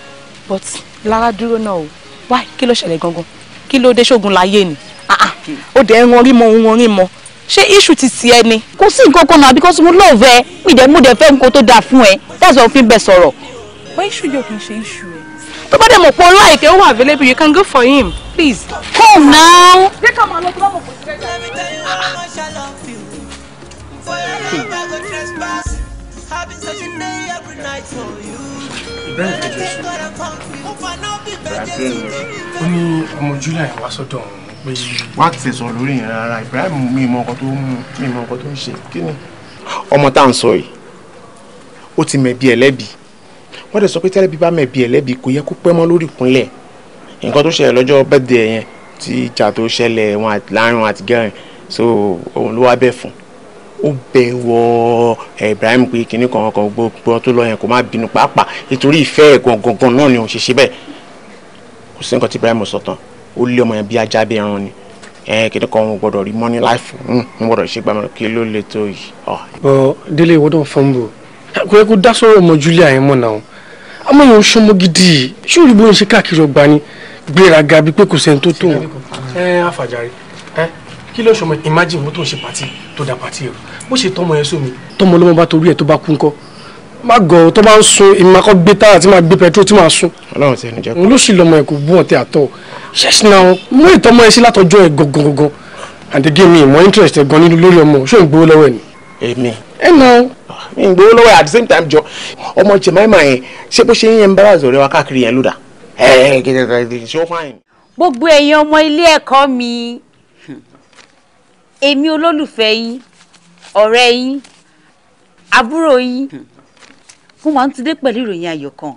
but lára dúró náà o wá kí ló ṣẹlẹ̀ gangan kí ló dé ṣógun láyé ni ah, ah. ó dẹ̀ ń wọn rí mọ òun wọn rí mọ ṣé iṣu ti sì ẹ ni. kò sí nǹkan kan náà because mo lóòvẹ ẹ mi dẹ mo dẹ nǹkan tó dáa fún ẹ that's why mo sọ̀rọ̀. wọ́n iṣu yóò kì ṣe iṣu ẹ̀. tó bá dẹ̀ mọ̀ pé olúwa ó wà available you can go for him please. come now. ṣé ká máa lọ tó bá mọ̀ kó ti rẹ̀ ọmọ july wá sọ́dọ̀ òun pé wọ́n á ti sẹ̀sọ̀ lórí yẹn rárá Ibrahim mi mọ nǹkan tó mi mọ nǹkan tó ń ṣe kí ni. ọmọ tá à ń sọ yìí ó ti mẹ̀bi ẹlẹ́bi wọ́n dẹ̀ sọ pé tẹ́lẹ̀bi bá mẹ̀bi ẹlẹ́bi kò yẹ kó pẹ́ mọ́ lórí ìpínlẹ̀ nǹkan tó ṣẹlẹ̀ lọ́jọ́ bẹ́ẹ̀dẹ̀ yẹn tí ìjà tó ṣẹlẹ̀ wọn láàrin wọn àti gẹ́rin so òun ló wá bẹ̀ fún ó bẹ̀ wọ Ibrahim pé kinní kan kan gbogbo tó lọ yẹn kó má bínú pàápàá nítorí ìfẹ́ ẹ̀ náà ni òun ṣe ṣe bẹ́ẹ̀ kò sí nǹkan tí Ibrahim sọ tán ó lé ọmọ yẹn bí ajá bí ẹran ni ẹ kìdí kan òun gbọ́dọ̀ rí mọ ní láìfù ń gbọ́dọ̀ ṣe gbàmọ kí ló lè tó yìí. Ah. bọ délé ìwọdọ fọnbù kò yẹ kó dá sọ̀rọ̀ ọmọ Julia yẹn mọ náà àmọ́ yẹn ò sọmọ gidi ṣé òrìbó yẹn ṣe káàkiri ọgbà ni gbéraga bíi pé kò sẹ́ni tó tó wọn. ẹ àfàjàre ẹ kí ló sọmọ imagine mo tó ń ṣe pàtì tó da pàtì rẹ bó ṣe tọmọ yẹn sómi tọmọ lọmọ bá torí ẹ tó bá kú ńkọ́ má gọ̀ tó bá ń sun èmi máa kọ́ gbé táyà tí máa gbé pẹtrol tí máa sun. ọlọ́run ti ẹnu jẹ́ kó. òun ló sì lọ́mọ ẹ̀kọ́ bú ọ̀tẹ̀ àtọ̀ ṣẹ́sì náà mú ìtọ́mọ ẹ sí látọjọ́ ẹ gangan gangan and again mi ìmọ̀ interest ẹ gan nínú lórí ọmọ ṣé ń gbowó lọ́wọ́ ẹ ni. èmi. ẹ nà ó. Ah, mi ń gbowó lọ́wọ́ at the same time jọ ọmọ jẹ̀mẹ́mà yẹn ṣé bó ṣe ń yẹn ń bára zọ̀rẹ́ wa káàkiri yẹn lódà. gbogbo ẹ̀yin ọmọ ilé ẹ̀kọ́ mi èmi olólùfẹ́ yín ọ̀rẹ́ yín àbúrò yín mo máa ń ti dé pẹ̀lú ìròyìn ayọ̀ kan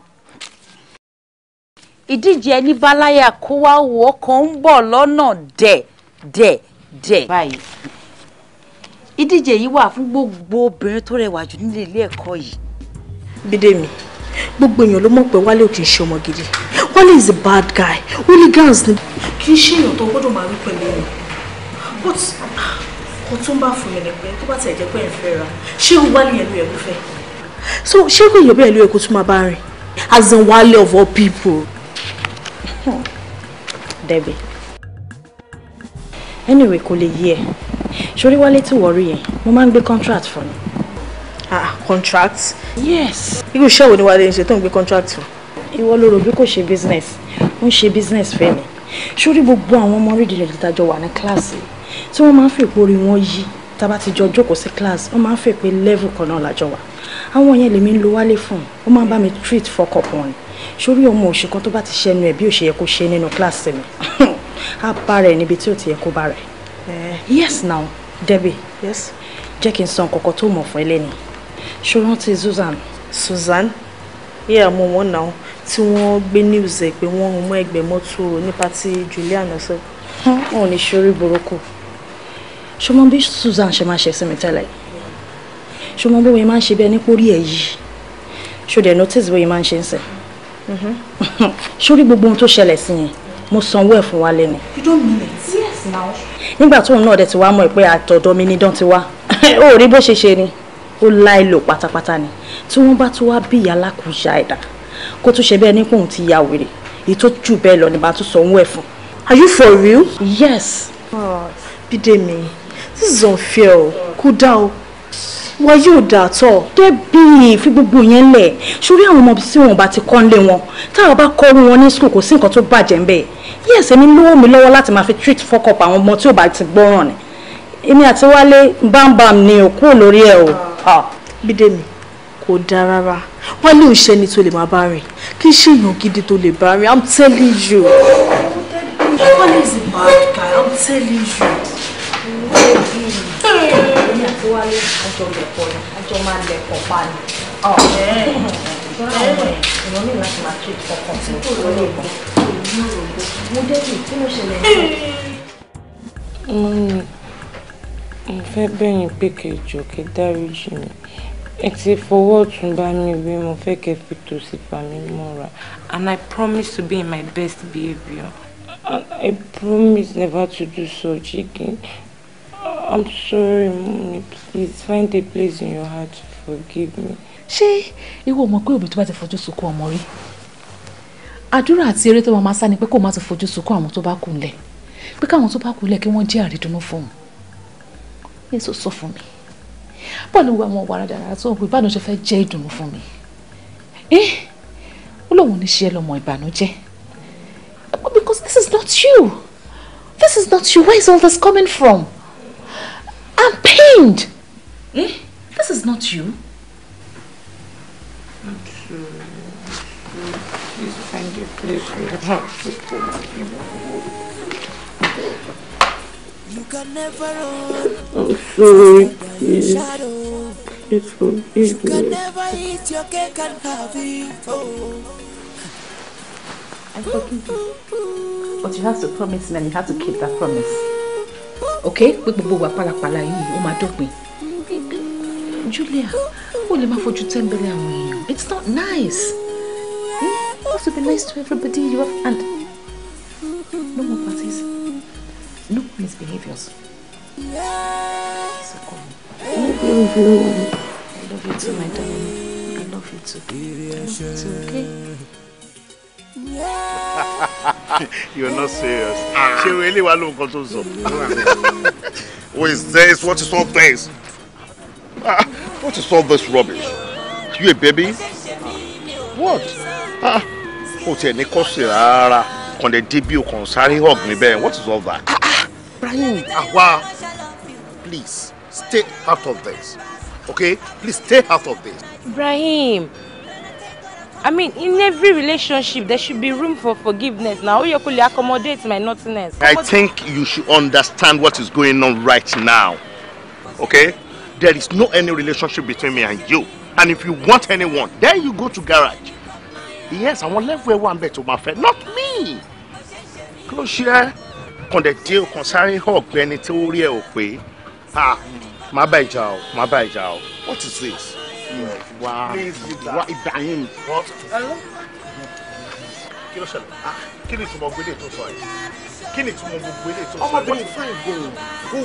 ìdíje ẹni báláyà kó wá wò ó kan ń bọ̀ lọ́nà dẹ̀ dẹ̀ dẹ̀ báyìí ìdíje yìí wà fún gbogbo obìnrin tó rẹwà jù nílé ilé ẹ̀kọ́ yìí. bídèmí gbogbo èèyàn ló mọ̀ pé wálé ò kì í ṣe ọmọ gidi wálé is a bad guy hooligans ni. kì í ṣe èèyàn tó gbọ́dọ̀ máa wí pẹ̀lú èèyàn but kò tún bá fún mi ní pé tó bá tẹ̀ jẹ́ pé ń fẹ́ ra ṣé wálé yẹn ló yẹ kó fẹ́ so ṣé kò yẹ bẹ́ẹ̀ ló yẹ kó tún máa bá rìn as in Wale of all people. Debbie anyway kò lè yí ẹ sórí Wálé tí wọ́n rí yẹn mo máa ń gbé contract fún ni. ah contract. yes. irú iṣẹ́ wo ni Wálé ń ṣe tó ń gbé contract fún. ìwọ ló rò bí kò ṣe business ó ń ṣe business fẹ́ mi sórí gbogbo àwọn ọmọ orílẹ̀-èdè tàjọ wà ní kíláàsì tí wọ́n máa ń fi ìpòrí wọn yí tá a bá ti jọ jókòó sí class wọ́n máa ń fẹ́ pé level kan náà lájọ wà àwọn yẹn lèmi ń lo wálé fún un ó máa ń bá mi treat fuck up wọn sórí ọmọ òṣì kan tó bá ti ṣẹnu ẹ̀ bí ó ṣe yẹ kó ṣe nínú class mi á bá rẹ̀ níbi tí ò ti yẹ kó bá rẹ̀ eh. yes now Debbie yes jẹ́ kí n san kọ̀kọ́ tó mọ̀ fún ẹlẹ́ni ṣó rántí Susan. Susan yeah mo mọ̀ náà tí wọ́n gbé news ẹ̀ pé wọ́n mú ẹgbẹ́ mọ́tò nípa ti Julian ọ̀sẹ̀. wọn ò ní ṣorí burúkú ṣọmọ bí Susan ṣe máa ṣe sí mi tẹ́lẹ̀ ṣọmọ bí wọ́n máa ń ṣe bẹ́ẹ̀ ní pórí ẹ̀ yìí ṣọdẹ̀ notice bóyá máa ń ṣe ń sẹ̀ sórí mm-hmm. gbogbo ohun tó ṣẹlẹ̀ sí yẹn mo sanwó ẹ̀ fún wa lẹ́nu. you don't mean it. yes now. nígbà tóun náà dẹ̀ ti wá mọ̀ pé àtọ̀dọ̀ mi nídán ti wá ó rí bó ṣe ṣe ni ó láì lò pátápátá ni tí wọ́n bá tún wá bí ìyá alákùúṣà ẹ̀dá kó tún ṣe bẹ́ẹ̀ ní kóun ti ya wèrè èyí tó jù bẹ́ẹ̀ lọ ni bá tún sanwó ẹ̀ fún. are you for real. yes. Oh, Bídèmí this is unfair o kò dá o wọ́n yóò dà tọ̀ débi fi gbogbo yẹn lẹ̀ sórí àwọn ọmọ tí wọn bá ti kọ́ nílé wọn táwọn bá kọ́ wọn ní school kò sí nǹkan tó bàjẹ́ ń bẹ̀ yẹ́sẹ̀ mi lówó mi lọ́wọ́ láti máa fi treat fọ́kọ̀ pa àwọn ọmọ tí ò bá ti gbọ́ràn ni èmi àti wálé bámbàm ni ò kúrò lórí ẹ o. bídèmí kò dáa rárá wálé ò ṣẹni tó lè máa bá rìn kì í ṣe èèyàn gidi tó lè bá rìn i'm telling you wálé is a bad i'm telling you wálé àjọ lẹ̀kọ́ ni àjọ máa lẹ̀kọ́ pa ni. ìwọ oh, oh, eh, ní láti máa tún ọkàn tí kò lórí ìbọn mo débì kí ní. mo fẹ́ bẹ̀yìn pé kẹjọ kẹ dáríjì mi ẹ ti fọwọ́ ọ̀tún bá mi wí mo fẹ́ kẹ fi tòsí fà mí mọ́ra and I promise to be in my best behaviour. I promise never to do so again. I'm sorry, mommy. Please find a place in your heart to forgive me. Ṣé ìwọ mọ̀ pé òbí tó bá ti fojú sunkún ọmọ rí? Àdúrà àti eré tó máa sá ni pé kó má ti fojú sunkún àwọn tó bá kù lẹ̀. Pé káwọn tó bá kù lẹ̀ kí wọ́n jẹ́ àrídùnnú fún un. Yéṣu sọ fún mi. Bọ́ọ̀lù wo àwọn wàrà dàrá tó ń pè bá ṣe fẹ́ jẹ́ ìdùnnú fún mi. Ẹ́ ó lóun ní ṣe ẹ lọ́mọ ìbànújẹ́. Because this is not you. This is not you. Where is all this coming from? I'm pained. Eh? This is not you. Please find a place you can never run. I'm sorry, please. Please forgive me. You can never eat your cake and have it. Oh. I'm talking to you. But you have to promise me and you have to keep that promise ok pé gbogbo wa pálapàla yìí ó máa dópin Julia ó lè máa fojú tẹ́ńbẹ́lẹ́ àwọn èèyàn it's not nice you have to be nice to everybody you have and no more parties no misbehaviours. Please, I love you, too, my darling. I love you too. It's okay? You're not serious. Ah. Ṣé o eléwà ló nǹkan to sọ? What is this? What is all this? Ah, what is all this rubbish? you a baby? What? Ah, o tiẹ̀ ní kọ́sì rárá. Kàn lè dé bí o kàn sáré hug mi What is all that? Ah, ah, Brian, àwa, please stay out of this. Okay? Please stay out of this. Ibrahim. I mean, in every relationship, there should be room for forgiveness. Now, you could accommodate my naughtiness. I think you should understand what is going on right now. Okay? There is no any relationship between me and you. And if you want anyone, then you go to garage. Yes, I want ẹ̀ wà ń bẹ̀ tó máa not me. Close here. Con dé ọkàn sáré ọ̀gbẹ́ni tí ó rí ah, my mm, bá ìjà My má bá what is this? wá wá Ibrahim. kí ló ṣẹlẹ̀ ah, kí ni ìtumọ̀ gbélé tó sọ yìí kí ni ìtumọ̀ gbogbo ilé tó sọ yìí. ọmọbìnrin fine gan-an kú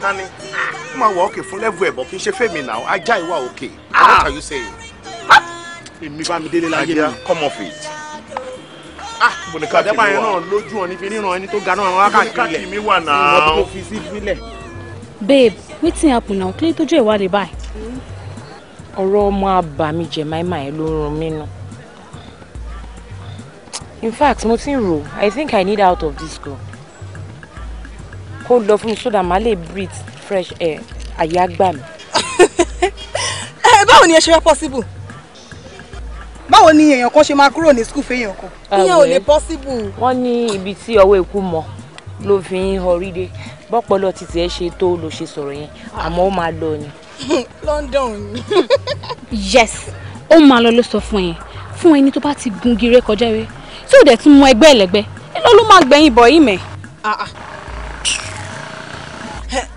tani ah, ó máa wà òkè fún lẹ́vù ẹ̀bọ̀ kì í ṣe fẹ́mi náà ajá ìwà òkè ah. what are you saying. èmi bá mi délé láyé mi. come off it bùnìkàtì mi wà náà lójú ọ ní fi ríran ẹni tó ga náà wá káàkiri mi wà náà. babe wetin happen now clean tójú ẹ̀ wá lè báyìí ọ̀rọ̀ ọmọ àbàmì jẹ̀máìmá ló ń rún mí nù. in fact mo ti ń rò i think i need out of this girl. kó lọ fún mi that má lè breathe fresh air àyà gbà mí. ẹ eh, báwo ni ẹ ṣe wá possible báwo ni èèyàn kan ṣe máa kúrò ní skul fẹ́yàn kan. Ah, ìyẹn ò lè possible. wọ́n ní ibi tí ọwọ́ èkú mọ ló fi ń họrí dé bọ́pọ̀ lọ títí ẹ ṣe tó ló ṣe sọ̀rọ̀ yẹn àmọ́ ó máa lọ ni. London yes ó máa lọ ló sọ fún yẹn fún ẹni tó bá ti gun gire kọjá rẹ tí ò dẹ̀ tún mú ẹgbẹ́ ẹlẹ́gbẹ́ ẹ lọ ló máa gbẹ̀yìn bọ̀ yìí mẹ́. Ah, ah.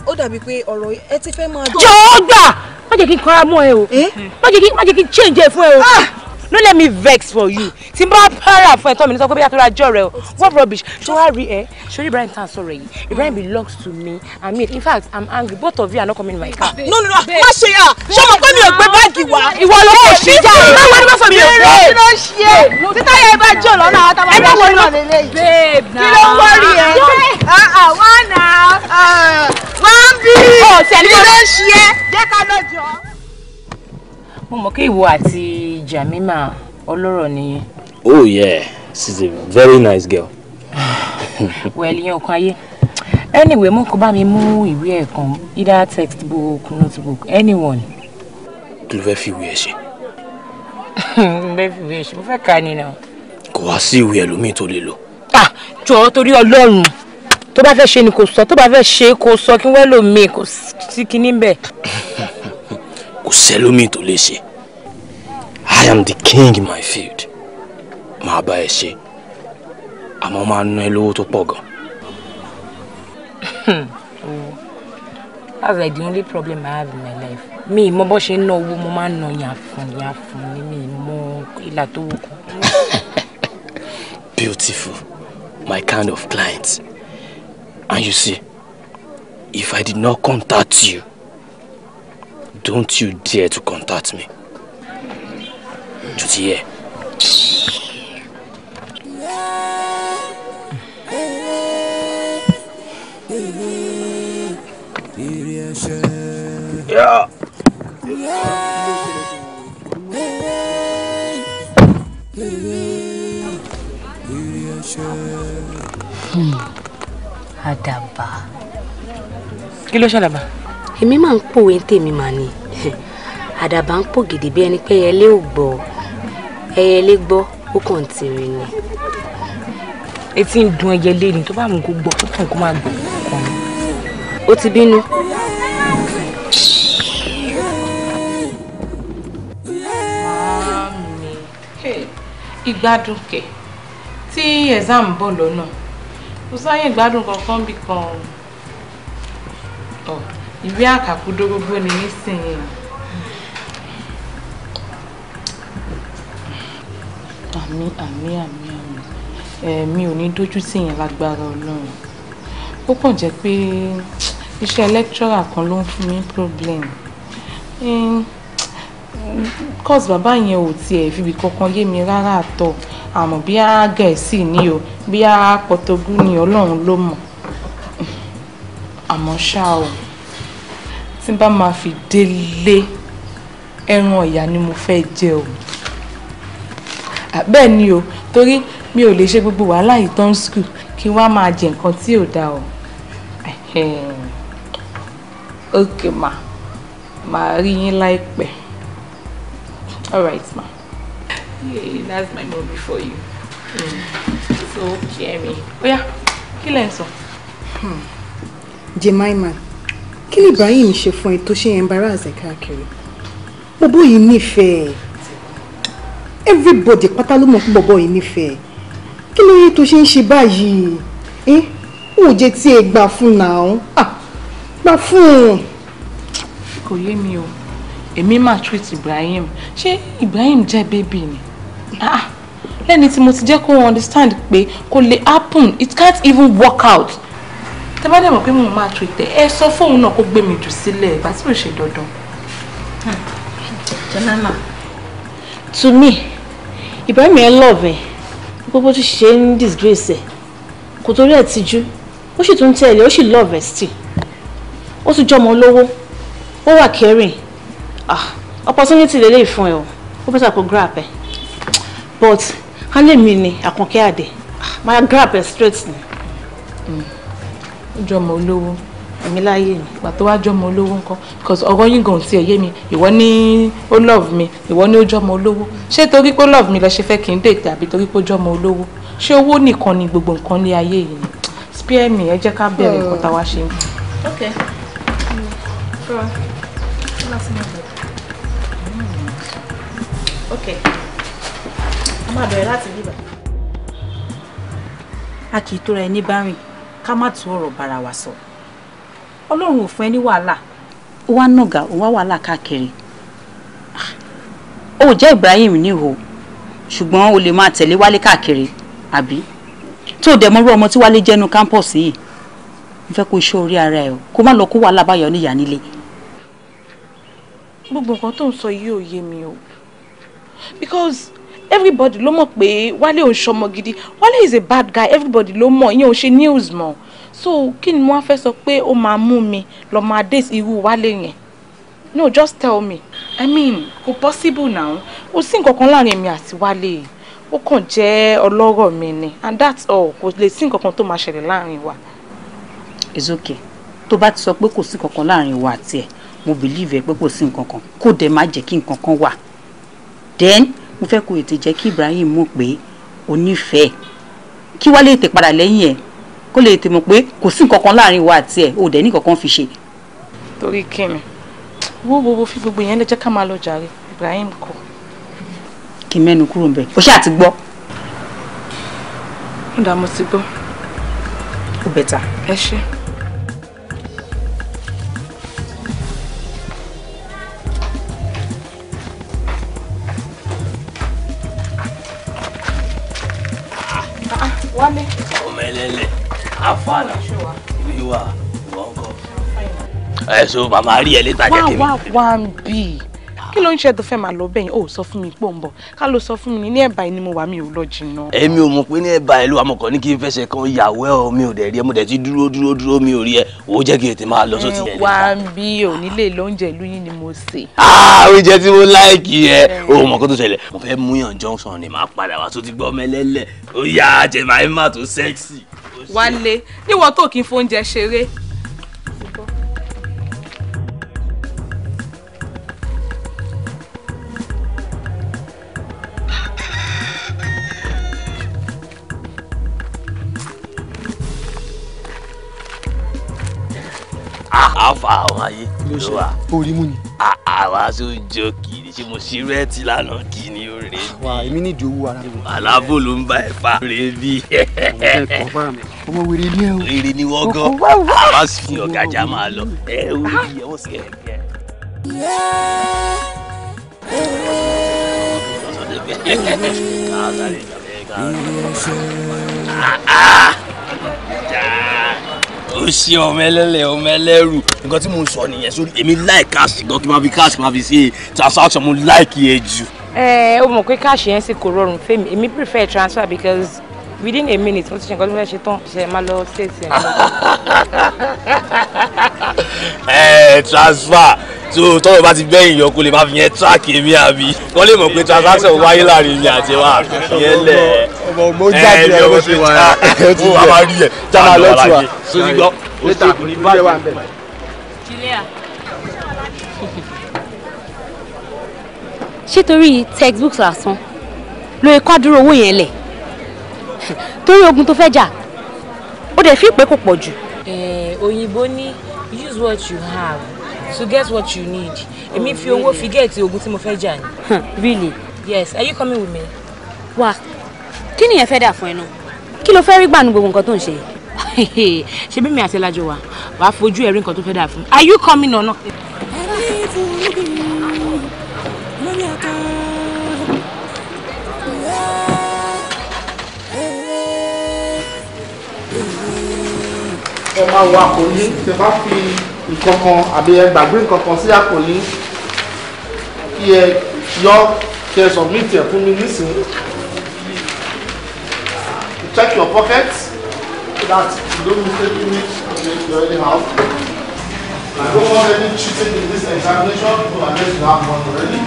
ó dàbí pé ọ̀rọ̀ ẹ ti fẹ́ máa. jọ̀ọ́ gbà má jẹ́ kí n kọ́ra mọ́ ẹ o eh? má jẹ́ kí n change ẹ fún ẹ o. Ah! no let me vex for you tí n bá para fún ẹ tán mi ní sọ pé bí àtúrà jọ rẹ o what rubbish ṣó wá rí ẹ ṣó rí Ibrahim tán sọ̀rọ̀ yìí Ibrahim belongs to me I mean in fact I'm angry both of you are not coming in my car. no no no má ṣe yà ṣé mo pé mi ò gbé báàgì wá. ìwọ ló kò sí jà ẹ báwo ni wọn fọ mi ò gbé. kí ló ṣe é títà yẹn bá jò lọ́nà àwọn tábà bá ṣe lọ́nà lélẹ́yìí. kí ló ń wọrí ẹ. wọ́n nà wọ́n bí kí ló ṣe é jẹ́ ká lọ́jọ́. mo mọ̀ kí ìwọ àti Jamima ọlọ́rọ̀ nìyẹn. oh yeah she's a very nice girl. well you ọkàn anyway mo kò bá mi mú ìwé ẹ̀ either textbook notebook anyone. kí ló fẹ́ fi ìwé ẹ ṣe. mo fẹ́ fi ìwé ẹ ṣe mo fẹ́ kà á nínú. kò wá sí ìwé ẹlòmíì tó lè lò. ah jọ̀ọ́ torí ọlọ́run tó bá fẹ́ ṣe ni kò sọ tó bá fẹ́ ṣe kò sọ kí wọ́n lò mí kò sí kinní bẹ́ẹ̀. kò sẹ́lómìn tó lè ṣe. I am the king in my field. Màá bá ẹ ṣe. Àmọ́ máa ná ẹ lówó tó pọ̀ gan. Hmm. Oh. That's like the only problem I have in my life. Me, mọ bó ṣe ń ná owó, mo máa ń fun. yàfùn yàfùn ni mi mọ ìlà tó wù Beautiful, my kind of client. And you see, if I did not contact you, don't you dare to contact me tó Hmm. Àdàbà. Kí ló ṣàdàbà? Èmi máa ń pòwe tèmi màá ni. Àdàbà ń pò gidi bí ẹni pé ẹyẹlé ò gbọ́ ẹyẹlé gbọ́ ó kàn ń tèrè ni etí ń dun ẹyẹlé ni tó bá mú kó gbọ́ ó kàn kó máa gbọ́ kàn ó ti bínú. ìgbádùn kẹ tí exam bọ̀ lọ́nà kò sáyé ìgbádùn kankan bí kan ìwé àkàkú dógógó ni nísìnyí. àmì àmì àmì àmì ẹ̀mí ò ní dójú tì yín lágbára ọlọ́run ó kàn jẹ́ pé iṣẹ́ lẹ́kítọ́rà kan ló ń fún mi problem cos bàbá yẹn ò tiẹ̀ fìbí kankan yé mi rárá àtọ̀ àmọ́ bí a gẹ̀ẹ́sì ni o bí a pọtogú ni ọlọ́run ló mọ̀ àmọ́ ṣá o tí n bá máa fi délé ẹran ọ̀yà ni mo fẹ́ jẹ o. Ah, bẹ́ẹ̀ ni o torí mi ò lè ṣe gbogbo wàhálà yìí tán school kí wọ́n á máa jẹ nǹkan tí ò dáa o ok ma màá rí yín láìpẹ́ all right ma. Hey, that's my movie for you. Mm. So, Jeremy. Oya, kí lẹ̀ ń sọ? Hmm. Jemima, kí ni Ibrahim ṣe fún ẹ tó ṣe embarrass ẹ káàkiri? Bọ́bọ́ yìí nífẹ̀ẹ́ everybody pátá ló mọ̀ pé bọ̀bọ̀ yìí nífẹ̀ẹ́ kí ló yẹ tó ṣe ń ṣe báyìí ẹ ò jẹ́ tí ẹ gbà fún nàá ah gbà fún un. kò yé mi o èmi máa treat Ibrahim ṣé Ibrahim jẹ́ bébì ni ah lẹ́ni tí mo ti jẹ́ kó understand pé kò lè happen it can't even work out tẹ bá dẹ̀ mọ̀ pé mo máa treat ẹ ẹ sọ fóun náà kó gbé mi jù sílẹ̀ ìgbà tí ò ṣe dandan. to me Ibrahim ẹ lọ́ọ̀bẹ̀ gbogbo tó ṣe ń disgrace ẹ̀ kò torí ẹ̀ tijú ó sì tún tẹ̀lé ó sì lọ́ọ̀bẹ̀ still ó tún jọmọ olówó ó wà kẹrin ah opportunity lè lè fún ẹ o ó bẹ́sà kó grab ẹ but ká lè mi ni àkànkẹ́ àdè ah, máa grab ẹ straight ni. ó jọmọ olówó èmi láyé mi ìgbà tó wá jọmọ olówó ńkọ́ because ọ̀rọ̀ yín gan tiẹ̀ yé mi ìwọ ní ó love mi ìwọ ní ó jọmọ olówó ṣé torí pé ó love mi lẹ ṣe fẹ́ kí n dètè àbí torí pé ó jọmọ olówó ṣé owó nìkan ni gbogbo nǹkan ní ayé yìí ni spare me ẹ jẹ́ ká bẹ̀rẹ̀ nǹkan tá a wá ṣe ń bọ̀. Okay. A máa bẹ̀rẹ̀ láti bíbà. A kì í tóra ẹni bá rìn ká má tú ọ̀rọ̀ bára wa sọ ọlọ́run ò fún ẹ ní wàhálà. ó wá nàgà ó wá wàhálà káàkiri ó ah, jẹ́ Ibrahim níhò ṣùgbọ́n o lè máa tẹ̀lé Wálé káàkiri àbí tó o dẹ̀ mọ́rú ọmọ tí Wálé jẹ́nu kámpọ̀sì yìí mo fẹ́ kó iṣẹ́ orí ara ẹ o kó má lọ kó wàhálà báyọ̀ níyà nílé. gbogbo nǹkan tó ń sọ yìí ò yé mi o because everybody ló mọ̀ pé Wálé ò ń ṣọmọ gidi Wálé is a bad guy everybody ló mọ̀ ìyẹn ò ṣe news mọ́ so kí ni wọ́n fẹ́ sọ pé ó máa mú mi lọ máa date irú wálé yẹn no just tell me i mean kò possible now ó sì nǹkan kan láàrin èmi àti wálé yìí ó kàn jẹ́ ọlọ́rọ̀ mi ni and that's all kò lè sí nǹkan kan tó máa ṣẹlẹ̀ láàrin wa. it's okay tó bá ti sọ pé kò sí kankan láàrin wa àti ẹ mo believe ẹ pé kò sí nǹkan kan kó dẹ̀ má jẹ́ kí nǹkan wà then mo fẹ́ kó ètè jẹ́ kí Ibrahim mọ̀ pé onífẹ̀ẹ́ kí wálé ètè padà lẹ́yìn ẹ̀ kó lè tèmọ̀ pé kò sí nǹkan láàrin wa àti ẹ̀ o dẹ̀ ní nǹkan kan fi ṣe. torí kí ni wo wo wo fi gbogbo yẹn lè jẹ́ ká máa lọ jàre Ibrahim kọ. kì í mẹ́nu kúrò ńbẹ̀ o ṣáà ti gbọ́. ó dàá ti gbọ́. ó bẹ̀ta. ẹ ṣé. wà náà. èmi wà ìwọ ńkọ́. ẹ so màmá rí ẹ létà jẹ́ kí mi. wá wá wá ń bì kí ló ń ṣe tó fẹ́ máa lọ bẹ́yìn ó sọ fún mi pò ń bọ̀ ká ló sọ fún mi ní ẹ̀bà ni mo wà mi ò lọ jìnnà. èmi ò mọ̀ pé ní ẹ̀bà ìlú amọ̀kàn ní kí n fẹsẹ̀ kan ìyàwó ẹ̀ o mi ò dẹ̀ rí ẹ mo dẹ̀ ti dúró dúró dúró mi ò rí ẹ o jẹ́ kí ètè máa lọ sóti. ẹ wá ń bí onílé lóúnjẹ ìlú yìí ni mo sè. Ah, oúnjẹ tí mo láìkì ẹ o mọ̀ kó tó ṣẹlẹ̀ mo fẹ́ múyàn Johnson ni màá padà wá sóti gbọ́ mẹ́lẹ́lẹ̀ ó yá jẹ wálé níwọ tó kí n fóúnjẹ ṣeré. Ah, àáfà àwọn ayé ló wà. orí mú ni àwa tó ń jọ kiri ṣe mo ṣe rẹ́ẹ̀tì lánàá kì ní òrè bí. wà èmi ní ìdí owó ara mi. aláàbò ló ń bá ẹ fa òrè bí. ọmọ wèrè ni o. wèrè ni wọ́n gan àwa fi ọ̀gájà máa lọ ẹ ó rí ẹ ó sì ẹ bí ẹ. ọ̀sán o ṣe ọmọ ẹlẹ́lẹ̀ ọmọ ẹlẹ́rù nǹkan tí mo sọ nìyẹn sórí èmi láì káàsì gan kí n máa fi káàsì máa fi ṣe transaction mo láìkì ẹ e jù. ẹ eh, o mọ̀ pé káàsì yẹn sì kò rọrùn fẹ́mi èmi prefer transfer because within a minute mo ti ṣe nǹkan tí mo fẹ́ ṣe tán ṣe máa lọ ṣèṣe. ẹ eh, transfer tó tọ́lọ̀ bá ti bẹ́yìn yọ kó lè máa fi yẹn track èmi àbí wọ́n lè mọ̀ pé transaction wáyé láàrin mi àti ẹ̀wá yẹn lẹ̀. ọmọ ọmọ jáde ẹ eh, bó ṣe wà á ó wà máa rí ẹ jáde lọ sí wa sórí gbọ́ ó sì kù ní báyìí. ṣé torí textbooks lásán lóye kádúró owó yẹn lẹ̀ torí ogun tó fẹ́ jà ó dẹ̀ fi ìpè kò pọ̀ jù. Eh, òyìnbó ní use what you have to get what you need èmi fi owó fi gẹ̀ẹ́tì ogun tí mo fẹ́ jà ni. really. yes are you coming with me. wá kí nìyẹn fẹ́ dà fún ẹ náà kí ló fẹ́ rí gbà nu gbogbo nǹkan tó ń ṣe ṣe bí mi àti ẹlájọ wa wàá fojú ẹ̀rí nǹkan tó fẹ́ dà fún mi are you coming or not. ẹ máa wo àkòlí tẹ́ bá fi nǹkan kan àbí ẹ gbàgbé nǹkan kan sí àkòlí kí ẹ yọ kí ẹ submit ẹ fún mi nísìnyí check your pocket so that you don't mistake me you already have I don't want any cheating in this examination so unless you have one already.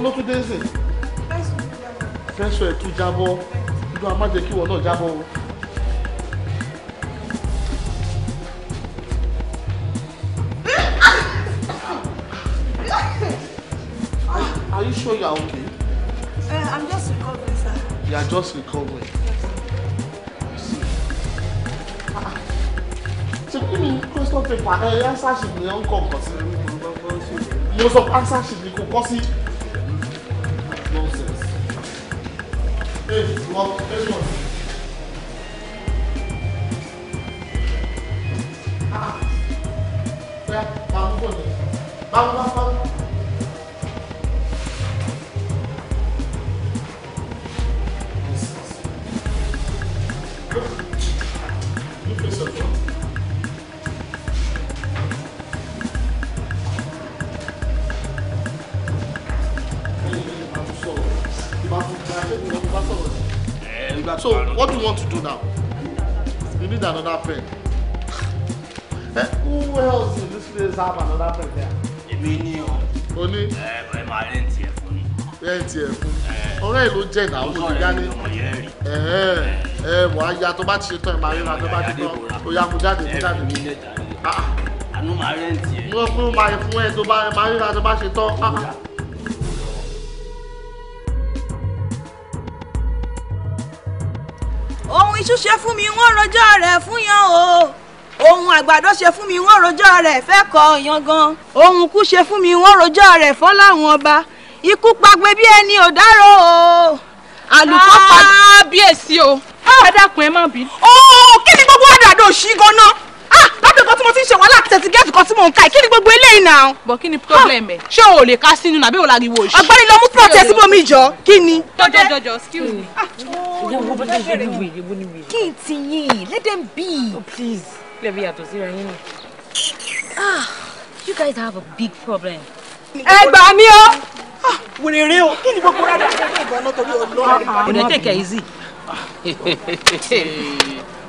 wo ló tún dé sí. fẹ́sọ̀ ẹ̀ tún jábọ́ ojú a má jẹ́ kí náà jábọ́ Are you sure you are okay? Uh, I'm just recovering, sir. You are just recovering. Ah, ah. Ṣé kí ni question paper ẹ̀ eh, answer sheet ni ẹ̀ ń kọ̀ nǹkan sí? Mo sọ answer sheet ni kò kọ́ sí. Well, there's one. jẹ́ ìnáwó tó jáde ẹ wọ́n ya tó bá ti ṣe tán ìmọ̀ àríra tó bá ti tán ó ya mú jáde mú jáde. àánú máa rẹ́ǹtì ẹ̀. mo fún ma fún ẹ tó bá máa ríra tó bá ṣe tán. Ah, ah. ohun iṣu ṣe fún mi wọ́n rojọ́ rẹ̀ fún yan o ohun àgbàdo ṣe fún mi wọ́n rojọ́ rẹ̀ fẹ́ kọ yan gan ohun kú ṣe fún mi wọ́n rojọ́ rẹ̀ fọ́ láwọn ọba ikú pagbe bí ẹni ò dárò o àlùkò pa. Ah, kábíyèsí o. Ah, ẹ dákun ẹ má bí. ooo kí ni gbogbo àdàdo òṣì gan-an ah, láti nǹkan tí mo ti ń ṣe wàhálà kí tẹ̀sí gẹ́ẹ̀tì kan tí mò ń ka yìí kí ni gbogbo eléyìí náà. bọ̀ kí ni problem ẹ̀. ṣé o lè ká sínú nàbí òun ariwo òṣì. ọ̀gbẹ́ni lọ mú plot ẹ síbò mi jọ kí ni. jọjọ jọjọ excuse me. Oh, kí n ti yín let them be. oh please lẹ́bi yàtọ̀ síra yín ni. ah you guys have a big problem. ẹ gbà Ah, wèrè rè o kí ni gbogbo rárá ìgbọ̀nà torí ọlọ́run. kò dé tẹ̀kẹ̀ easy.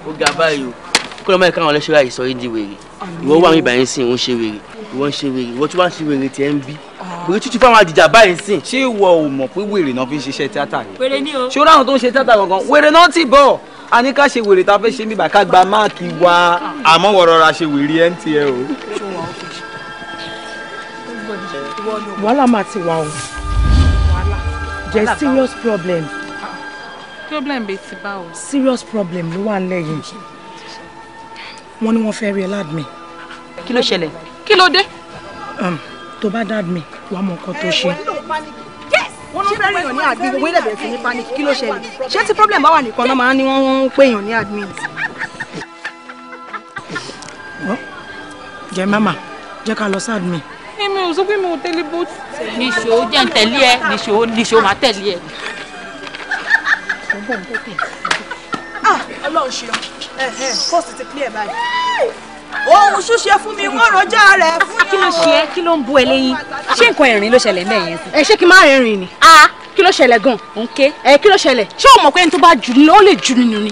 ó ga báyìí o kí lọ́mọ ìka àwọn ọlọ́ṣẹ́ra yìí sọ yìí di wèrè ìwọ wà ní ìbàyẹn sìn òun ṣe wèrè ìwọ ń ṣe wèrè ìwọ tí wọ́n ṣe wèrè tiẹ̀ ń bí wèrè tútù fáwọn àjèjà báyìí sìn. ṣé ìwọ ò mọ̀ pé wèrè náà fi ń ṣiṣẹ́ tíátà ni. wèrè ni o. ṣé ó ráhùn tó ń ṣe tíátà gangan wèrè náà ti bọ̀ a ní ká ṣe wèrè tá a fẹ́ ṣe mí bàá ká gba máàkì wa ah. àmọ́ wọ̀rọ̀ ra ṣe wèrè ẹ̀ ń tiẹ̀ o. ṣé wọn ò fi wàhálà máa ti wà o jẹ́ serious problem. problem bíi ti bá o. serious problem ló wà nílẹ̀ yìí wọ́n ní wọ́n fẹ́ rí ẹ ládùmí. kí ló ṣẹlẹ̀ kí ló dé. tó bá dádùmí wàá mọ nǹkan tó eh, ṣe wọ́n ló fẹ́ràn èèyàn ní admin owó ilẹ̀ bẹ̀rẹ̀ sí ní panic kí ló ṣẹlẹ̀ ṣé tí problem bá wà nìkan náà máa ń ní wọ́n ń pè èèyàn ní admin. jẹ́ mama jẹ́ ká lọ sí admin èmi ò sọ pé mi ò tẹ̀lé bó. nìṣó jẹ́ ń tẹ̀lé ẹ nìṣó nìṣó máa tẹ̀lé ẹ. Ah, ọlọ́run ṣe fọ́ọ̀sì ti pín ẹ̀ báyìí. ohun ṣúṣe fún mi wọ́n rọjá rẹ̀ fún mi. kí ló ṣe é kí ló ń bu ẹ lẹ́yìn ṣé nǹkan ẹ̀rín ló ṣẹlẹ̀ mẹ́yẹn sí. ẹ ṣé kí n má rìnrìn ni. a ah, kí ló ṣẹlẹ̀ gan. òǹkẹ́ ẹ kí ló ṣẹlẹ̀ ṣé o mọ̀ pé ẹni tó bá jù ní ó lè jù nínú ni.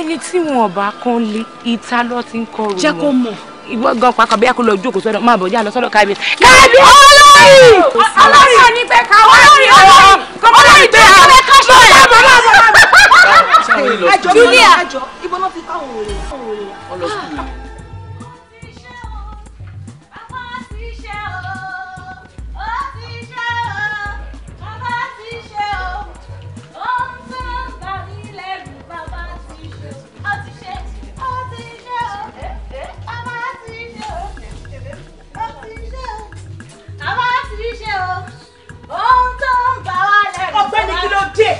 ẹni tí wọn ò bá kán lé ìta ló ti ń kọrò mọ. jẹ́ kó mọ̀ ìwọ gan pàkàn bí akọlọ ojú òkú sọ́dọ̀ máa bọ̀ já lọ sọ́dọ̀ kábíyèsí. kábíyèsí olórí olórí ò ní pẹ́ ká olórí olórí olórí pé ká bẹ ká ṣe é. julia ibo ló fi káwọn òwe. bẹ́ẹ̀ ni kí ló dé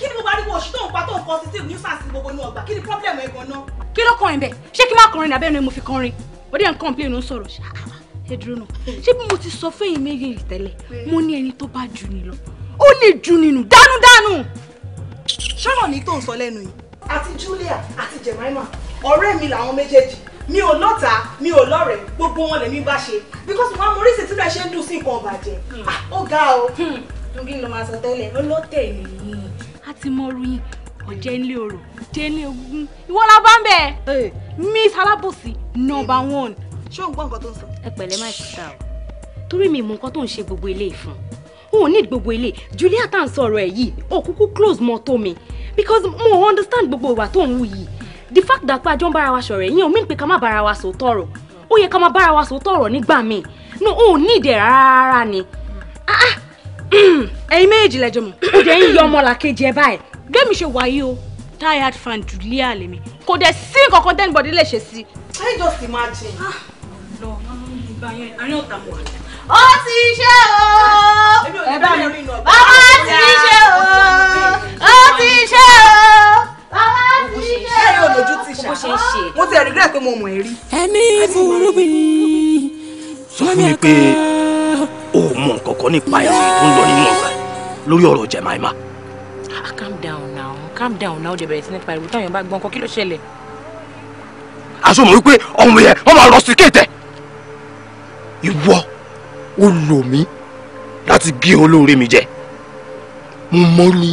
kí ni mo bá rí wo òṣìṣẹ́ òǹpa tó ń kọ títí ní sàǹsì gbogbo ní ọgbà kí ni pọ́blẹ́mù ẹ̀ gan-an. kí ló kọrin bẹ́ẹ̀ ṣé kí má kọrin ní abẹ́nu mo fi kọrin ó dẹ̀ ń kọ́ńpléènù ń sọ̀rọ̀ ṣe ah, ah, dúró nù ṣé bí mo ti sọ fẹ́yìn méjèèjì tẹ́lẹ̀ mo ní ẹni tó bá jù ní lọ ó lè jù nínú dánúdánú. sọ̀rọ̀ ni tó ń sọ lẹ́nu yìí àti Julia àti Jemima ọ̀rẹ́ mi làwọn méjèèjì mi ò lọ́ta mi ò lọ́rẹ̀ gbogbo wọn lèmi bá ṣe because wọn mo rí ìsètúbẹ̀ ṣe ń dùn sí nǹkan ọ̀bàjẹ́ hmm. ah, ó ga o. Hmm dúgí ló máa sọ tẹ́lẹ̀ ó ló a ti mọ ruyin ọ̀jẹ̀ ńlẹ̀ orò jẹ́ ńlẹ̀ ogun ìwọ la bá ń bẹ̀ miss alábòsí number one. ṣé o ń gbọ́ nǹkan tó ń sọ. ẹ pẹ̀lẹ́ má ṣe ta o torí mi mọ nǹkan tó ń ṣe gbogbo eléyìí fún un ò ní gbogbo eléyìí Julia tá à ń sọ̀rọ̀ ẹ̀ yìí ò kúkú close mọ́ tó mi because mo understand gbogbo ìwà tó ń wù yìí the fact that pé a jọ ń bára wa sọ̀rọ̀ ẹ̀yìn ò mí pé ká má bára wa sòótọ́ ọ̀rọ̀ ó yẹ ká má bára wa sòótọ́ ọ̀rọ̀ nígbà míì no ò ní ìdẹ̀ rárá ni. ah, ah. ẹ̀yin méjì lẹ́jọ́ mọ̀ ó jẹ́ yín yọ ọmọlàkejì ẹ báyìí gbẹ́mi ṣe wáyé o tired fan julia lèmi kò dẹ̀ sí nǹkan kan tẹ́nibọ̀dé lè ṣe sí. I just imagine. Ah. lọ ìgbà yẹn àárín ọ̀tà mọ̀. ó ti ṣe o ah, ẹ bá mi bàbá ti ṣe o ó ti ṣe o bàbá ti ṣe o. ṣé yóò lójú ti ṣá mo ti ẹ̀ regret pé mo mọ̀ ẹ́ rí. ẹni burúkú sọ fún mi pé o mọ nǹkan kan nípa ẹ̀sìn tó ń lọ nínú ọgbà lórí ọ̀rọ̀ Jemima. Ah, calm down now calm down now dẹ̀ bẹ̀rẹ̀ sí ní pariwo táwọn èèyàn bá gbọ́n nǹkan kí ló ṣẹlẹ̀. àsomọ̀ wípé ọmọ yẹn wọ́n máa lọ sí kéètẹ̀. ìwọ ó lò mí láti gé olóore mi jẹ mo mọ ni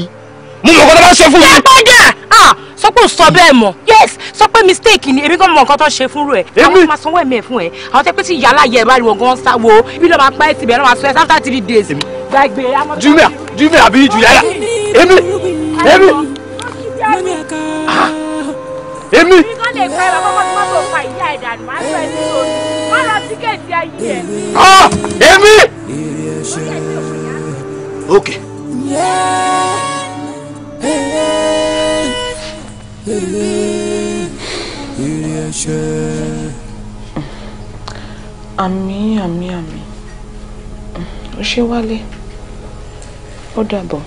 mo mọ kọ́tà bá ṣe fún mi. ṣé gbọ́dọ̀ ah sọ pé o sọ bẹ́ẹ̀ mọ̀ yes sọ pé mistake ni èmi gan mọ nǹkan tó ṣe fúnru ẹ̀ àwọn máa sanwó ẹ̀mí ẹ̀ fún ẹ̀ àwọn tẹ́ pé tí yàrá yẹ bá wọn gan sá wo ibi ló máa pa ẹ̀ síbẹ̀ ló máa sọ ẹ̀ after three days. gbàgbé amọ̀. jumia jumia àbí juyaya èmi èmi èmi. ah èmi. Ah, ok. Yeah, yeah pèlè ìrì ẹ̀ṣẹ̀. àmì àmì àmì ó ṣe wálé ó dàbọ̀.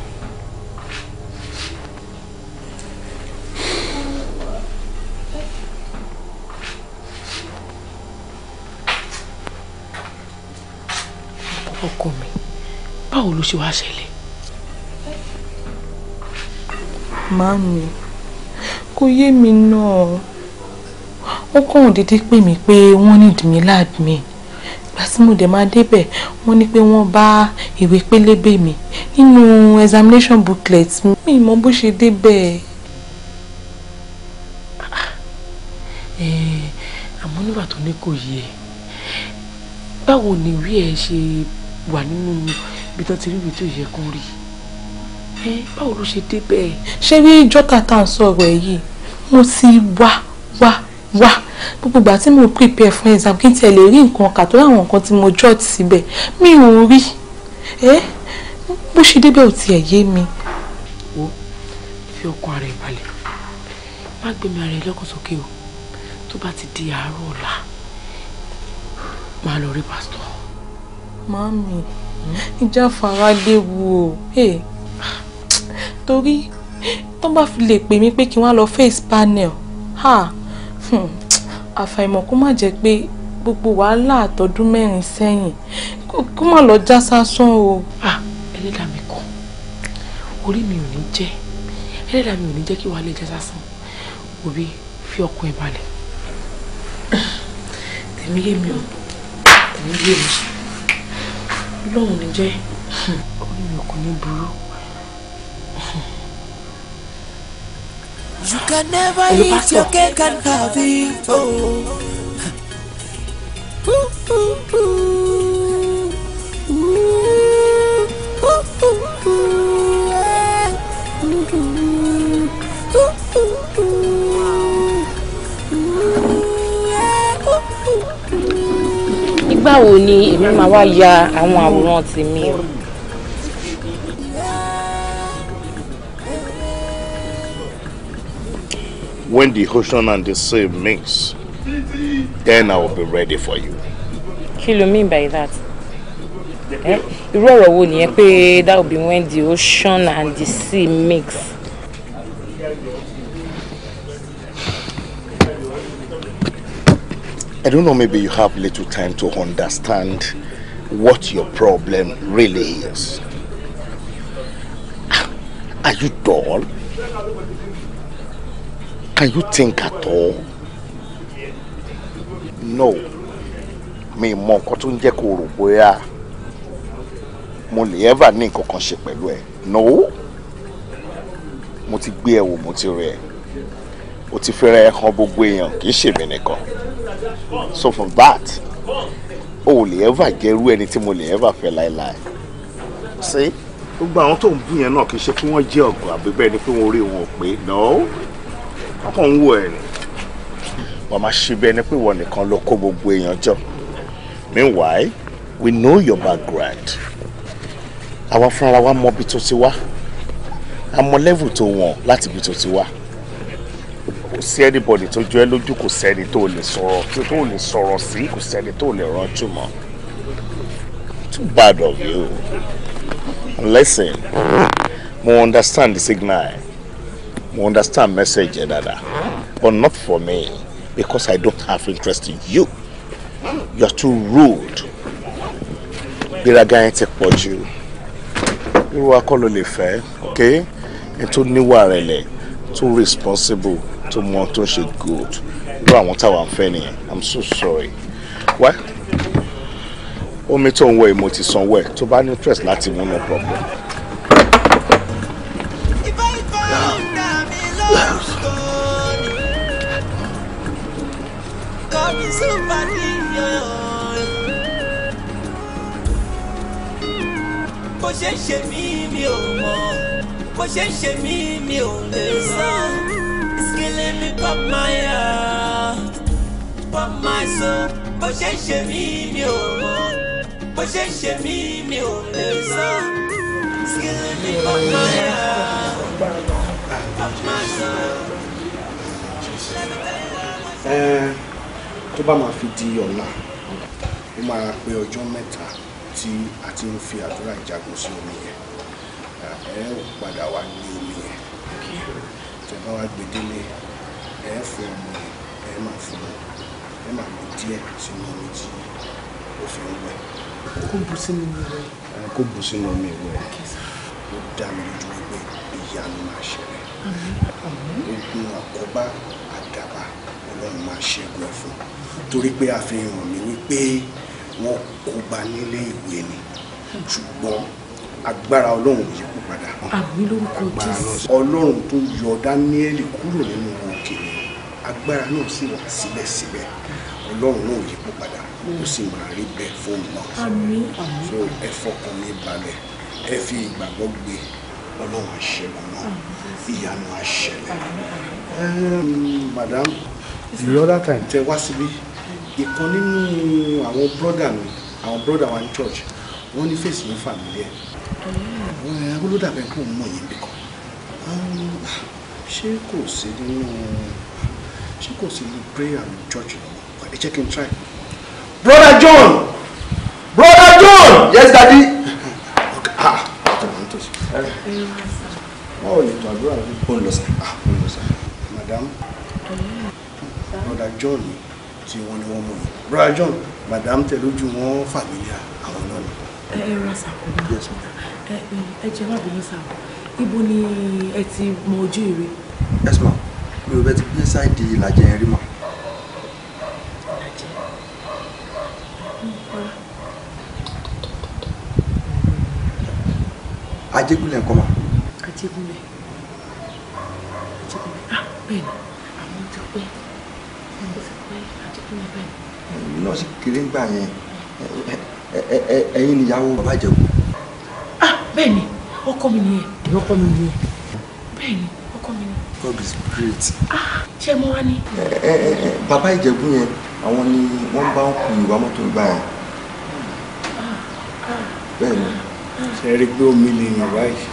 ọkọ mi báwo ló ṣe wá ṣẹlẹ̀. máa ń mi kò yé mi náà wọ́n kàn dédé pè mí pé wọ́n ní ìdìmí mi. ìgbà tí mo dẹ̀ máa débẹ̀ wọ́n ní pé wọ́n bá ìwé pélébé mi nínú examination booklet mi mọ bó ṣe débẹ̀. àmọ́ nígbà tó ní kò yé ẹ báwo ni ìwé ẹ ṣe wà nínú ibi tó ti rí ibi tó yẹ kó rí i báwo ló ṣe débẹ̀ ṣé bí jọ́tà tá à ń sọ̀rọ̀ ẹ̀ yìí mo ti wá wá wá gbogbo ìgbà tí mo prepare fún exam kí n tiẹ̀ lè rí nǹkan kà tó láwọn nǹkan tí mo jot síbẹ̀ mi ò rí ẹ bó ṣe débẹ̀ ò tiẹ̀ yé mi. wo fi ọkàn ara ẹ balẹ̀ má gbẹ̀mí ara ẹ lọ́kàn sókè o tó bá ti di àárọ̀ ọ̀la máa lọ rí pásítọ̀. màámi hmm? ìjà fara léwu o. Hey torí tó bá fi lè pè mí pé kí wọ́n lọ face panel hmm, àfàìmọ̀ kó má jẹ́ pé gbogbo wàhálà àtọ́dún mẹ́rin sẹ́yìn kó má lọ já sásán o. ẹlẹ́dàá mi kọ́ orí mi ò ní jẹ́ ẹlẹ́dàá mi ò ní jẹ́ kí wàhálà já sásán òbí fi ọkàn ẹ̀ balẹ̀ tèmi yé mi o tèmi yé mi lọ́hùn ní jẹ́ hmm, orí mi ò kò ní burú. You can never eat your cake and have it all. Oh. Ìgbà wo ni èmi máa wá ya àwọn àwòrán tèmi o? When the ocean and the sea mix, then I will be ready for you. What do you mean by that? Eh? Irú that will be when the ocean and the sea mix? I don't know, maybe you have little time to understand what your problem really is. Ah, are you dull? Can you think at all? No. Mi mọ nǹkan tó ń jẹ́ kó rò bóyá mo lè ever ní nǹkan kan ṣe pẹ̀lú ẹ̀. No. Mo ti gbé ẹ wò mo ti rẹ̀ O ti fẹ́rẹ̀ hàn gbogbo èèyàn kì í ṣèmi nìkan. So from that, o ò lè ever jẹ́rú ẹni tí mo lè ever fẹ́ láéláé. See? gbogbo àwọn tó ń bú yẹn náà kì í ṣe pé wọ́n jẹ́ ọ̀gọ̀ àbí bẹ́ẹ̀ ni pé wọ́n orí wọn pé no ọkàn ń wò ẹ ni wàá máa ṣe bí ẹni pé ìwọ nìkan ló kó gbogbo èèyàn jọ meanwhile we know your background àwa fúnra wa mọ ibi tó ti wá a mọ level tó wọ̀n láti ibi tó ti wá kò sí anybody tó jọ ẹ lójú kò sẹ́ni tó lè sọ̀rọ̀ tó lè sọ̀rọ̀ sí kò sẹ́ni tó lè ránjú mọ́ too bad of you listen mo understand the signal mo understand message yẹn dada but not for me because I don't have interest in you you are too rude gbéraga yẹn ti pọ̀ jù irú akọ́ ló lè fẹ́ ok ẹni tó níwà rẹ̀ lẹ̀ tó responsible tó mọ tó ń ṣe good irú àwọn táwa ń nìyẹn i'm so sorry wá omi tó ń wọ èmo ti sanwó ẹ̀ tó bá ní interest láti mú no problem. mi somebody bó ṣe ń ṣe mí mi ò mọ̀ bó ṣe ń mi ò lè sọ it's killing me pop my heart pop my soul bó ṣe ń ṣe mí mi ò mọ̀ bó ṣe ń ṣe mí mi ò lè sọ it's killing me pop my heart pop my soul. Uh tó bá máa fi di ọ̀la ó máa pé ọjọ́ mẹ́ta tí a ti ń fi àdúrà ìjagun sí omi yẹn ẹ ó padà wá ní omi yẹn tẹ bá wá gbé délé ẹ fún ọmọ yẹn ẹ máa fún un ẹ máa mú díẹ̀ sínú omi tí ó fi ń wẹ̀. kó bu sínú omi rẹ. kó bu sínú omi rẹ ó dá mi lójú wípé ìyanu máa ṣẹlẹ̀ ogun àkóbá àdàbà ọlọ́run máa ṣẹ́gun ẹ̀ fún un torí pé àfihàn mi wípé wọn kò bá nílé ìwé ni ṣùgbọ́n agbára ọlọ́run yìí kò padà àmì lórúkọ jésù ọlọ́run tó yọ dáníẹ́lì kúrò nínú òkè ni agbára náà sì wà síbẹ̀síbẹ̀ ọlọ́run náà yìí kò padà ó sì máa rí bẹ́ẹ̀ fóònù náà so ẹ fọkàn mi balẹ̀ ẹ fi ìgbàgbọ́ gbé ọlọ́run àṣẹwọ̀n náà ìyanu àṣẹlẹ̀ madam the other time. tẹ wá síbí ìkan nínú àwọn brọ́dà mi àwọn brọ́dà wa ní church wọ́n ní fèsì mi fàmílẹ̀ wọ́n ní agbólódà bẹ́ẹ̀ kó mọ̀ yín bìkan ah, ṣé kò sí nínú ṣé kò sí ní prayer ní church lọ́wọ́ ẹ jẹ́ kí n try. brother John brother John yes daddy. báwo ah, ni ìtọ́ àdúrà rẹ. ó ń lọ sí. Ah, madam. John tí wọ́n ní wọ́n mú mi brother John madam tẹ̀lójú wọn fàmílíà àwọn náà. ẹ ẹ ra sàkó ẹ ẹ jẹ wá bìnrin sàkó ibo ni ẹ ti mọ ojú ìrè. yes ma mi ò bẹ ti gbé sáìdì ìlàjẹ rí ma. ajégúnlẹ̀ kọ́ ma. ajégúnlẹ̀ ajégúnlẹ̀ ah bẹ́ẹ̀ ni èmi náà sì kéré ńgbà yẹn ẹ̀yin níyàwó bàbá Ìjẹ̀bú. ah bẹ́ẹ̀ ni ọkọ mi nìyẹn. ọkọ mi nìyẹn. bẹ́ẹ̀ ni ọkọ mi nìyẹn. God is great. ah ṣé mo wá ní. bàbá Ìjẹ̀bú yẹn àwọn ni wọ́n bá ń kun ìwà mọ́tò gbà yẹn. Ah, ah, bẹ́ẹ̀ ni. Ah. ṣe é rí i pé omi lè yàn báyìí.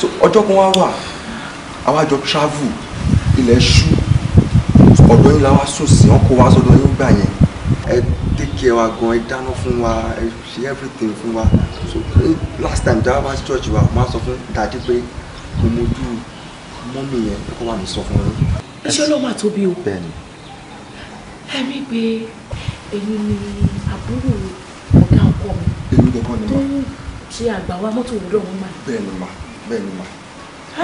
so ọjọ́ kan wá wà àwa jọ travel ilẹ̀ ṣú ọ̀dọ̀ yín la wá sùn sí wọn kó wá sọ́dọ̀ yín gbà yẹn ẹ dékè wa gan ẹ dáná fún wa ẹ ṣe everything fún wa so eh, last time tí bá church wa máa sọ fún dàdí pé mo mojú mọ́mì yẹn kó wà mí sọ fún yín. iṣẹ́ ló máa tóbi o ẹ̀mí pé èyí ni àbúrò ọ̀gá ọkọ mi èmi gẹ́gọ́ ni ma ṣe àgbà wa mọ́tò òwúrọ̀ wọn ma. bẹ́ẹ̀ ni ma bẹ́ẹ̀ ni ma.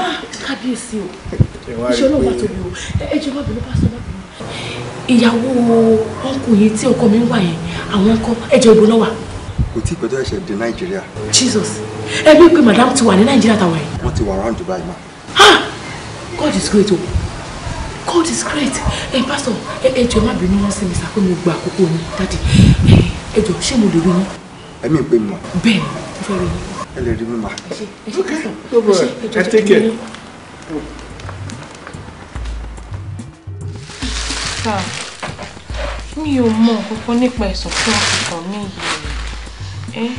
Ah, kábíyèsí o iṣẹ́ ló máa tóbi o ẹ jẹ́ wá bínú pásítọ̀ má bínú ìyàwó ọkùnrin yìí tí ọkọ mi ń wà yẹn àwọn ọkọ ẹjọ ìbò náà wà. kò tí ì pẹ́ tó ẹ̀ṣẹ̀ dé nàìjíríà. jesus ẹbí pé madam ti wà ní nàìjíríà tàwa yìí. wọ́n ti wà round dubai ma. ha god is great o god is great ẹ pastor, ẹ ẹjọ má bínú wọn sí mi sá pé mo gba àkókò mi dáàdì ẹ ẹjọ ṣé mo lè rí yín. ẹ̀mí ń pè mí ma. bẹ́ẹ̀ ni mo fẹ́ rí yín. ẹ lè rí mi ma. ẹ ṣe ẹ ṣe pásítọ̀ ẹ ṣe ẹjọ sà mi ò mọ kankan nípa ẹ̀sùn tí wọ́n fi kàn mí yìí eh?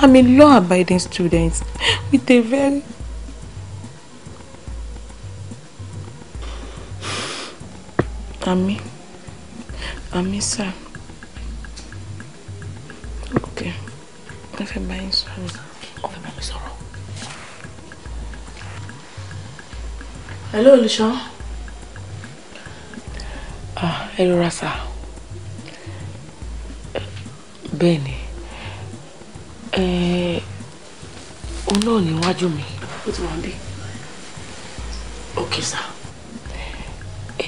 I'm a law-abiding student with a very Ami. Ami, sir. Okay. If fẹ́ bá yín sọ̀rọ̀. Ó fẹ́ Hello, Olùṣọ́ ah ẹ rọra sà bẹ́ẹ̀ ni òun náà níwájú mi ó ti wà ń bí òkè sà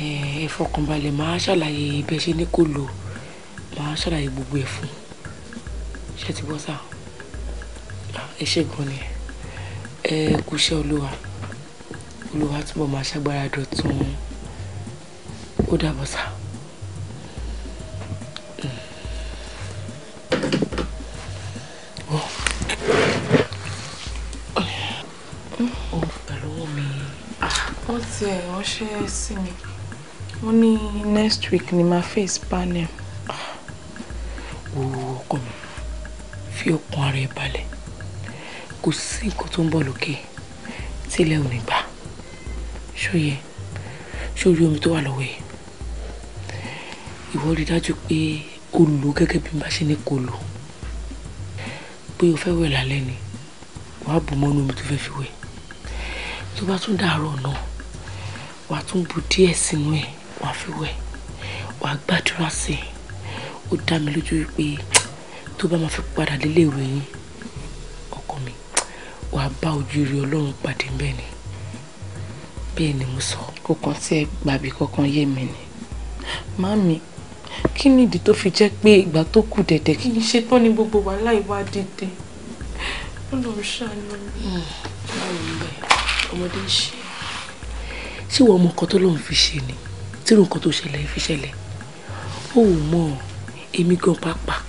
ẹ fọkànbalẹ̀ máa ṣàlàyé bẹ́ ṣe ní kó lò máa ṣàlàyé gbogbo ẹ̀ fún ṣe ti bọ́ sà ah, ẹ ṣe gan ni ẹ kú iṣẹ́ olúwa olúwa túbọ̀ máa ṣàgbára dọ̀tún ó dàbọ̀ sá. ó pẹ̀lú mi. wọ́n ti ẹ̀ ránṣẹ́ sí mi wọ́n ní next week ni màá face panel. wo ọkọ mi fi ọkàn ara ẹ balẹ̀ kò sí nǹkan tó ń bọ̀ lókè tílẹ̀ ò ní gbà ṣó yẹ omi tó wà lọ́wọ́ yìí ìwọ rí dájú pé o lò gẹ́gẹ́ bí n bá ṣe ní kó lò pé o fẹ́ wẹ̀ lálẹ́ ni wàá bù mọ́nú omi tó fẹ́ fi wẹ̀ tó bá tún dàárọ̀ náà wàá tún bu díẹ̀ sínú ẹ̀ wàá fi wẹ̀ wàá gbàdúrà sí i ó dá mi lójú pé tó bá máa fi padà délé ìwé yín ọkọ mi wàá bá ojú rí ọlọ́run pàdé bẹ́ẹ̀ ni bẹ́ẹ̀ ni mo sọ. kò kàn sí ẹ gbàgbé kankan yé mi ni màmí kí ni ìdí tó fi jẹ́ pé ìgbà tó kù dẹ̀dẹ̀ kí ni ṣe tán ni gbogbo wàhálà ìwà dìde ọlọ́run ṣàánú mi. ọmọdé ń ṣe ṣé ìwọ ọmọ kan tó lòun fi ṣe ni tí irun kan tó ṣẹlẹ̀ fi ṣẹlẹ̀ ó ò mọ̀ èmi gan pàápàá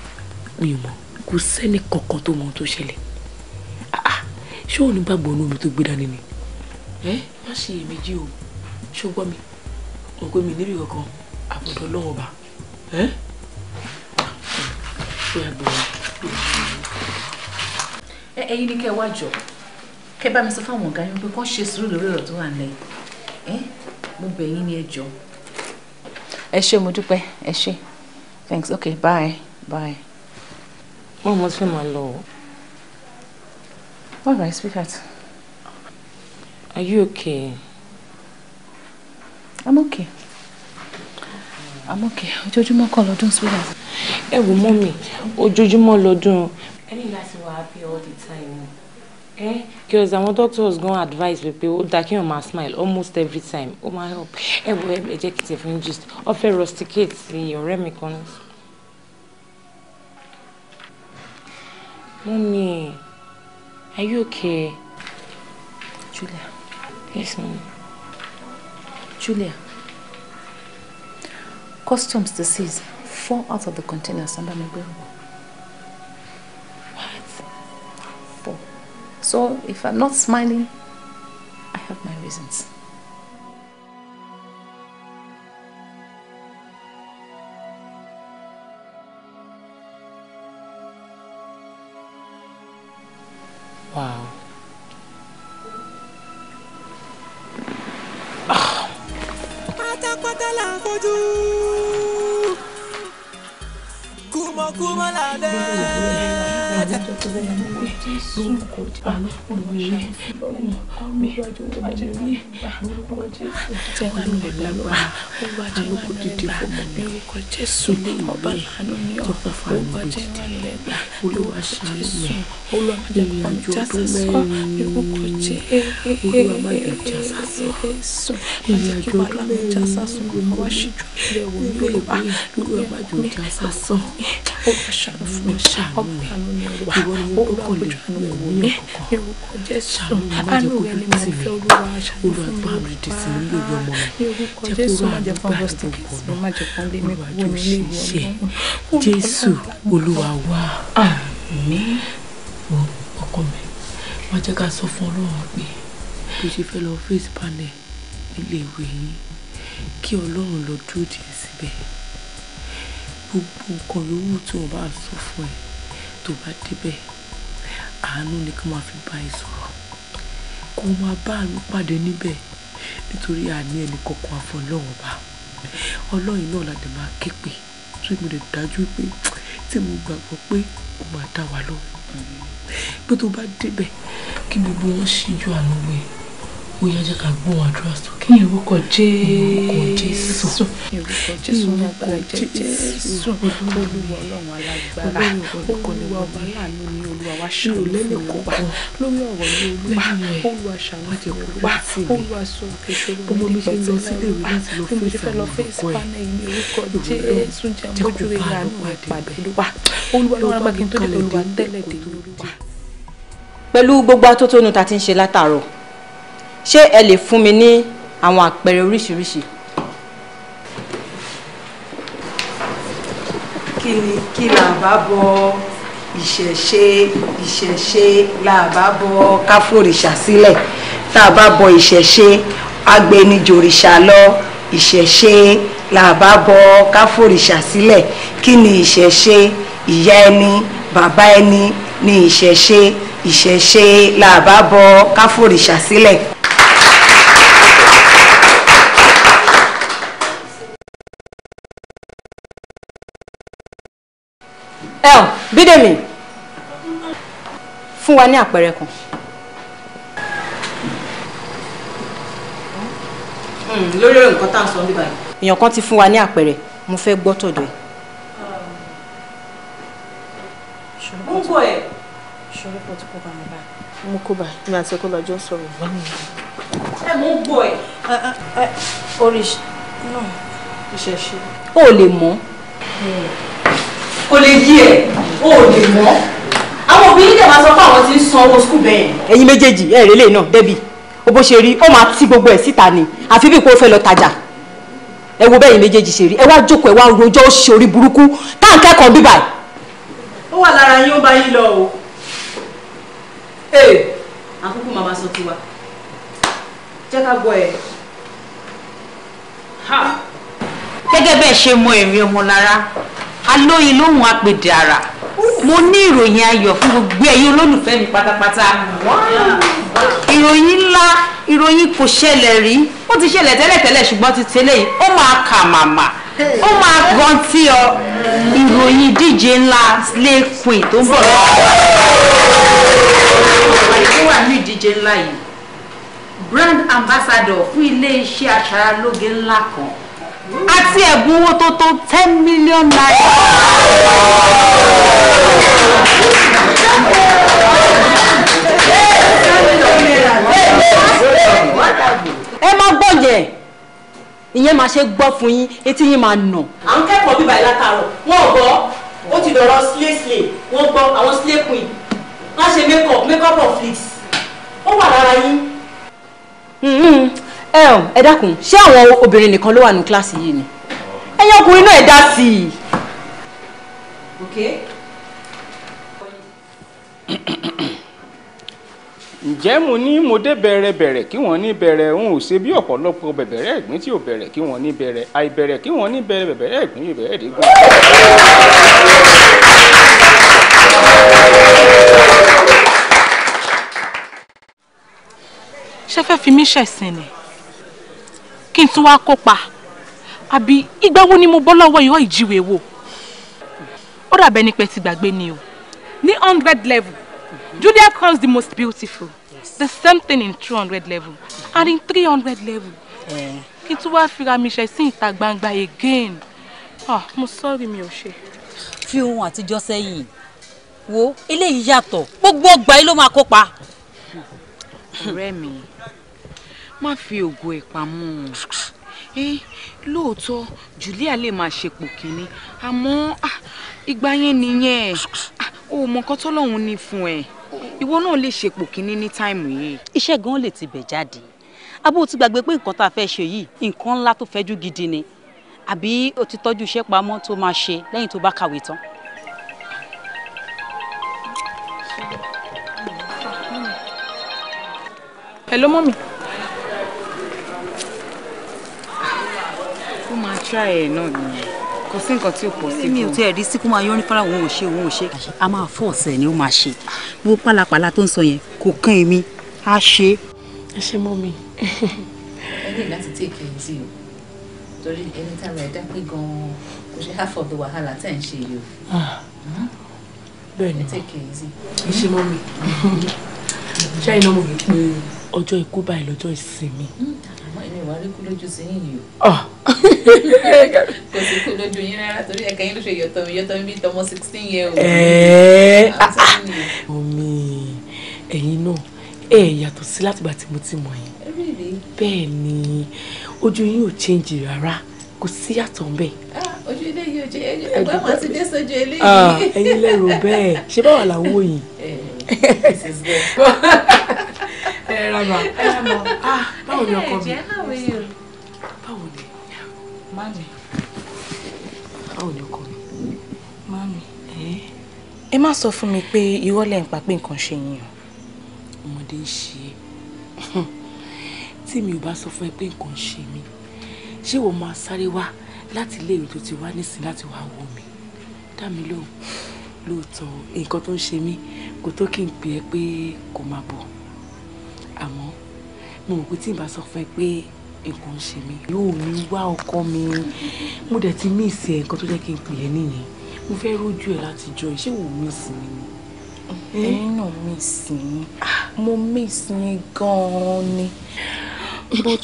mi mọ̀ kò sẹ́ni kankan tó mọ ohun tó ṣẹlẹ̀ ṣé òun nígbàgbọ́ ní omi tó gbé dání ni ẹ má ṣe èmi jí o ṣó gbọ́ mi mọ̀ pé mi níbi kankan àbọ̀dọ̀ ọlọ́run ọba ẹ̀yin ni kẹ́ wá jọ kẹ́ bá mi sọ fáwọn ọ̀gá yín pé kán ṣe sùúrù lórí ọ̀rọ̀ tó wà nílẹ̀ yìí mo bẹ̀ yín ni ẹ jọ. ẹ ṣé mo dúpẹ́ ẹ ṣé thanks okay bye bye. wọ́n mọ̀ sí máa lọ o. all right sweetheart. are you okay? i'm okay àmọ́ kẹ ojoojúmọ́ kọ́ lọ́dún sweetheart. Eh, wo mommy. mi ojoojúmọ́ lọ́dún. ẹ ní láti wà happy all the time Eh, because kí doctor was doctors gan advice pé ó dáa kí smile almost every time Oh my help Eh, wo ẹ jẹ́ kí n tẹ̀ fún gist ọ rusticate sí ọ̀rẹ́ mi Mommy, are you okay? Julia. Yes, mommy. Julia. customs to seize four out of the containers under my bill. What? Four. So if I'm not smiling, I have my reasons. Wow. Kúmọ́kúmọ́ là ń fojú. Kúmọ́kúmọ́ là Jésù ẹ̀rù Oluwa, jẹ́ sàn àánú rẹ ni mo fẹ́ olúwa aṣáájú fún mi wá ẹ̀rù kò jẹ́ sàn má jẹ́ fún boston kids mo má jẹ́ fún lé mi kúrò ní ilé ìwé ọmọ jésù olúwa wa àmín ọkọ mi má jẹ́ ká sọ fún ọlọ́run pé bí o ṣe fẹ́ lọ face panel nílé ìwé yín kí ọlọ́run lọ dúró díẹ̀ síbẹ̀ gbogbo nǹkan yòówù tí wọ́n bá sọ fún ẹ tó bá débẹ̀ àánú ni kí wọ́n fi bá ẹ sọ̀rọ̀ kó máa bá àánú pàdé níbẹ̀ nítorí àní ẹni kọ̀ọ̀kan àfọlọ́wọ́ ọlọ́yin náà la dẹ̀ máa ké pè tí mo lè dájú pé tí mo gbàgbọ́ pé ó máa dá wa lóhùn pé tó bá débẹ̀ kí gbogbo wọn ṣíjú àánú wẹ̀ ó yá jẹ́ ká gbóhùn àdúrà sókè orúkọ jésù orúkọ jésù orúkọ jésù olúwa ọlọ́run alágbára orúkọ olúwa ọba láàánú ni olúwa wá ṣàánú lẹ́nu kópa lórí ọ̀rọ̀ ní olúwa olúwa ṣàánú ti kópa olúwa sọ òkè ṣòro ọmọ mi ṣe lọ sílé ìwé láti lọ fún ìfẹ́ lọ fẹ́ ìsìpánẹ́ ìní orúkọ jésù jẹ́ mójú rẹ̀ àánú ìpàdé olúwa olúwa lọ́wọ́ mákìntọ́jú olúwa tẹ́lẹ̀ dé olúwa. pẹ̀lú gbogbo atótónu tá a ti ń ṣe látàárọ̀ ṣé ẹ lè fún mi ní àwọn àpẹẹrẹ oríṣiríṣi. kí ni kí làbá bọ ìṣẹ̀ṣe ìṣẹ̀ṣe làbá bọ káfòrìṣà sílẹ̀ tá a bá bọ ìṣẹ̀ṣe agbenijòrìṣà lọ ìṣẹ̀ṣe làbá bọ káfòrìṣà sílẹ̀ kí ni ìṣẹ̀ṣe ìyá ẹni bàbá ẹni ni ìṣẹ̀ṣe ìṣẹ̀ṣe làbá bọ káfòrìṣà sílẹ̀. el bídèmí fún wa ní àpẹẹrẹ kan. Hmm, lórí ọ̀rọ̀ nǹkan tá à ń sọ níbàyìí. èèyàn kan ti fún wa ní àpẹẹrẹ mo fẹ́ gbọ́ tọ̀dọ̀ ẹ̀. ó ń bọ̀ ẹ̀. ṣòro pọ̀ tó kọ́ bá mi bá mo kó bá mi àti ẹ̀kọ́ lọ́jọ́ sọ̀rọ̀ ìgbà mi. ẹ mo ń bọ̀ ẹ̀. oríṣi náà ìṣẹ̀ṣe. o ò lè mọ̀. Hmm. kò lè yí ẹ̀ o ò lè mọ́ àwọn òbí nídẹ̀ máa sọ pé àwọn ti ń san owó skul bẹ́ẹ̀. ẹ̀yin méjèèjì ẹ náà débi o bó ṣe rí ó máa ti gbogbo ẹ̀ síta ni àfi bí kò fẹ́ lọ tajà ẹ wo méjèèjì ṣe rí ẹ wá jókòó ẹ wá ó ṣe orí burúkú táǹkẹ́ kan bíbà ó lọ o ee àkókò màmá sọ ká gẹ́gẹ́ bẹ́ẹ̀ ṣe mọ ọmọ alóyin lóhùn apèdè àrà mo ní ìròyìn ayọ̀ fún gbogbo ẹ̀yin olólùfẹ́ mi pátápátá ìròyìn ńlá ìròyìn kò ṣẹlẹ̀ rí ó ti ṣẹlẹ̀ tẹ́lẹ̀tẹ́lẹ̀ ṣùgbọ́n ti tẹ́lẹ̀ yìí ó máa kà màmá ó máa gan tí ọ ìròyìn ìdíje ńlá slay queen tó ń bọ̀ lọ́wọ́. àìsí wà ní ìdíje ńlá yìí brand ambassador fún ilé iṣẹ́ aṣaralóge ńlá kan àti ẹ̀bùn owó tó tó ten million naira. ẹ má gbọ́ yẹn ìyẹn máa ṣe gbọ́ fún yín etí yín máa nà. à ń kẹ́kọ̀ọ́ bíbá ẹ̀ látàárọ̀ wọn ò gbọ́ ó ti dọ̀rọ̀ slay slay wọ́n gbọ́ àwọn slay queen wọ́n ṣe make up make up of flicks ó wà lára yín. Mm-hmm ẹ ẹ dákun ṣé àwọn obìnrin nìkan ló wà ní kíláàsì yìí ni ẹ̀yin ọkùnrin náà ẹ dá sí i. ǹjẹ́ mo ní mo dé bẹ̀rẹ̀ bẹ̀rẹ̀ kí wọ́n ní bẹ̀rẹ̀ òun ò ṣe bí ọ̀pọ̀lọpọ̀ bẹ̀bẹ̀rẹ̀ ẹ̀gbìn tí ò bẹ̀rẹ̀ kí wọ́n ní bẹ̀rẹ̀ àìbẹ̀rẹ̀ kí wọ́n ní bẹ̀rẹ̀ bẹ̀bẹ̀rẹ̀ ẹ̀gbìn yìí bẹ̀rẹ̀ dégùn. ṣé fẹ́ fi mí ṣẹ̀sìn ni kí n tún wá kópa àbí ìgbà wo ni mo bọ́ lọ́wọ́ ìwọ ìjíwèé wò ó dàbẹ́ ni pé ti gbàgbé ni o ní hundred level Julia comes the most beautiful the same thing in two hundred level mm-hmm. and in three hundred level eh. kí n tún wá fira mi ṣe sí ìta gbangba again ah mo sọ́ọ̀rì mi ò ṣe. fi ohun àtijọ́ sẹ́yìn wo eléyìí yàtọ̀ gbogbo ọgbà yìí ló máa kópa. ọ̀rẹ́ mi má fi ògo ẹ̀ pamọ́ lóòótọ́ Julia lè máa ṣepò kínní àmọ́ ah, ìgbà yẹn nìyẹn ah, o mọ nǹkan tọ́lọ́hún ní fún ẹ ìwọ náà lè ṣepò kínní ní táìmù yìí. iṣẹ́ gan lè ti bẹ̀ jáde abó ti gbàgbé pé nǹkan tá a fẹ́ ṣe yìí nǹkan ńlá tó fẹ́jú gidi ni àbí o ti tọ́jú iṣẹ́ pamọ́ tó máa ṣe lẹ́yìn tó bá kàwé tán. hello mọ́mí. try ẹ̀ náà nìyẹn kò sí nǹkan tí ò pọ̀ sí fún mi ò tiẹ̀ rí síkú máa yọ fara òun ò ṣe òun ò ṣe. a máa fọ́ ọ̀sẹ̀ ni ó máa ṣe gbogbo pálapàla tó ń sọ yẹn kò kàn èmi á ṣe. ẹ ṣe mọ́ mi. ẹ láti take it easy o torí ẹni tá a rẹ̀ dá pé gan-an kò ṣe half of the wàhálà tẹ̀ ń ṣe yìí o. Ah. bẹ́ẹ̀ ẹ ṣe mọ́ mi ṣáà iná mo fi pe ọjọ́ ikú báyìí lọ́jọ́ ìsinmi. Hmm èmi wà á rí kú lójú sí yín yìí o. kò sí kú lójú yín rárá torí ẹ̀ka yín ló ṣe yọ̀tọ̀ mi yọ̀tọ̀ mi bíi tọmọ sixteen year old. omi ẹ̀yin náà ẹ̀ yàtọ̀ sí látìgbà tí mo ti mọ̀ yín bẹ́ẹ̀ ni ojú yín ò change rárá kò sí yàtọ̀ ń bẹ̀. Ah, ojú ilé yìí ò jẹ ẹgbẹ́ màá ti dé sójú eléyìí. Ah, ẹ̀yin lẹ́rù bẹ́ẹ̀ ṣé báwa làwọn òyìn ẹ ra ma ẹ ra ma ah báwo ni ọkọ mi báwo ni mami báwo ni ọkọ mi mami ẹ má sọ fún mi pé irọ́ lẹ̀ ń pa pé nǹkan ṣe yín o ọmọdé ń ṣe é tí mi ò bá sọ fún ẹ pé nǹkan ṣe mí ṣé wo máa sáré wá láti iléèwé tó ti wá nísìn láti wá wò mí dá mi lóhùn lóòótọ́ nǹkan tó ń ṣe mí kò tó kí n pè é pé kò máa bọ̀ àmọ́ mo rò pé tí n bá sọ fún ẹ pé nǹkan ń ṣe mí yóò ní wá ọkọ mi mo dẹ̀ ti mí ìsìn ẹ̀ nǹkan tó jẹ́ kí n pè é nìyẹn mo fẹ́ rójú ẹ̀ láti jọ ṣé wò ó ìsìn mi ni ẹ̀yin náà mí ìsìn mo mí ìsìn gan-an ni but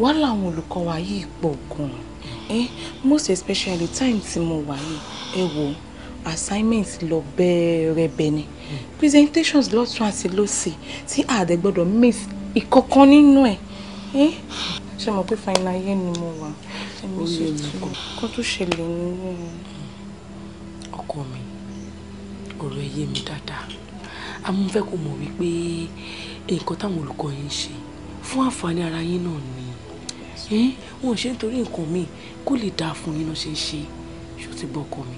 wàhálà àwọn olùkọ́ wa yìí pọ̀ gan-an most especially time tí mo wà yìí ẹ wò assignment lọ bẹ́ẹ̀rẹ̀bẹ̀ ni presentations lọ́tún àti lọ́sì tí àdẹ gbọ́dọ̀ miss ìkọ̀kan nínú ẹ̀ ṣe mọ̀ pé final year ni mo wà ẹ̀mí ṣe tún kó tó ṣẹlẹ̀ nínú ọkọ mi ọ̀rọ̀ ẹ yé mi dáadáa àmọ́ fẹ́ kó mọ̀ wípé nǹkan táwọn olùkọ́ yín ń ṣe fún àǹfààní ara yín náà ni wọn ò ṣe nítorí nǹkan míì kó lè dáa fún yín náà ṣe ń ṣe ṣó ti gbọ́ ọkọ mi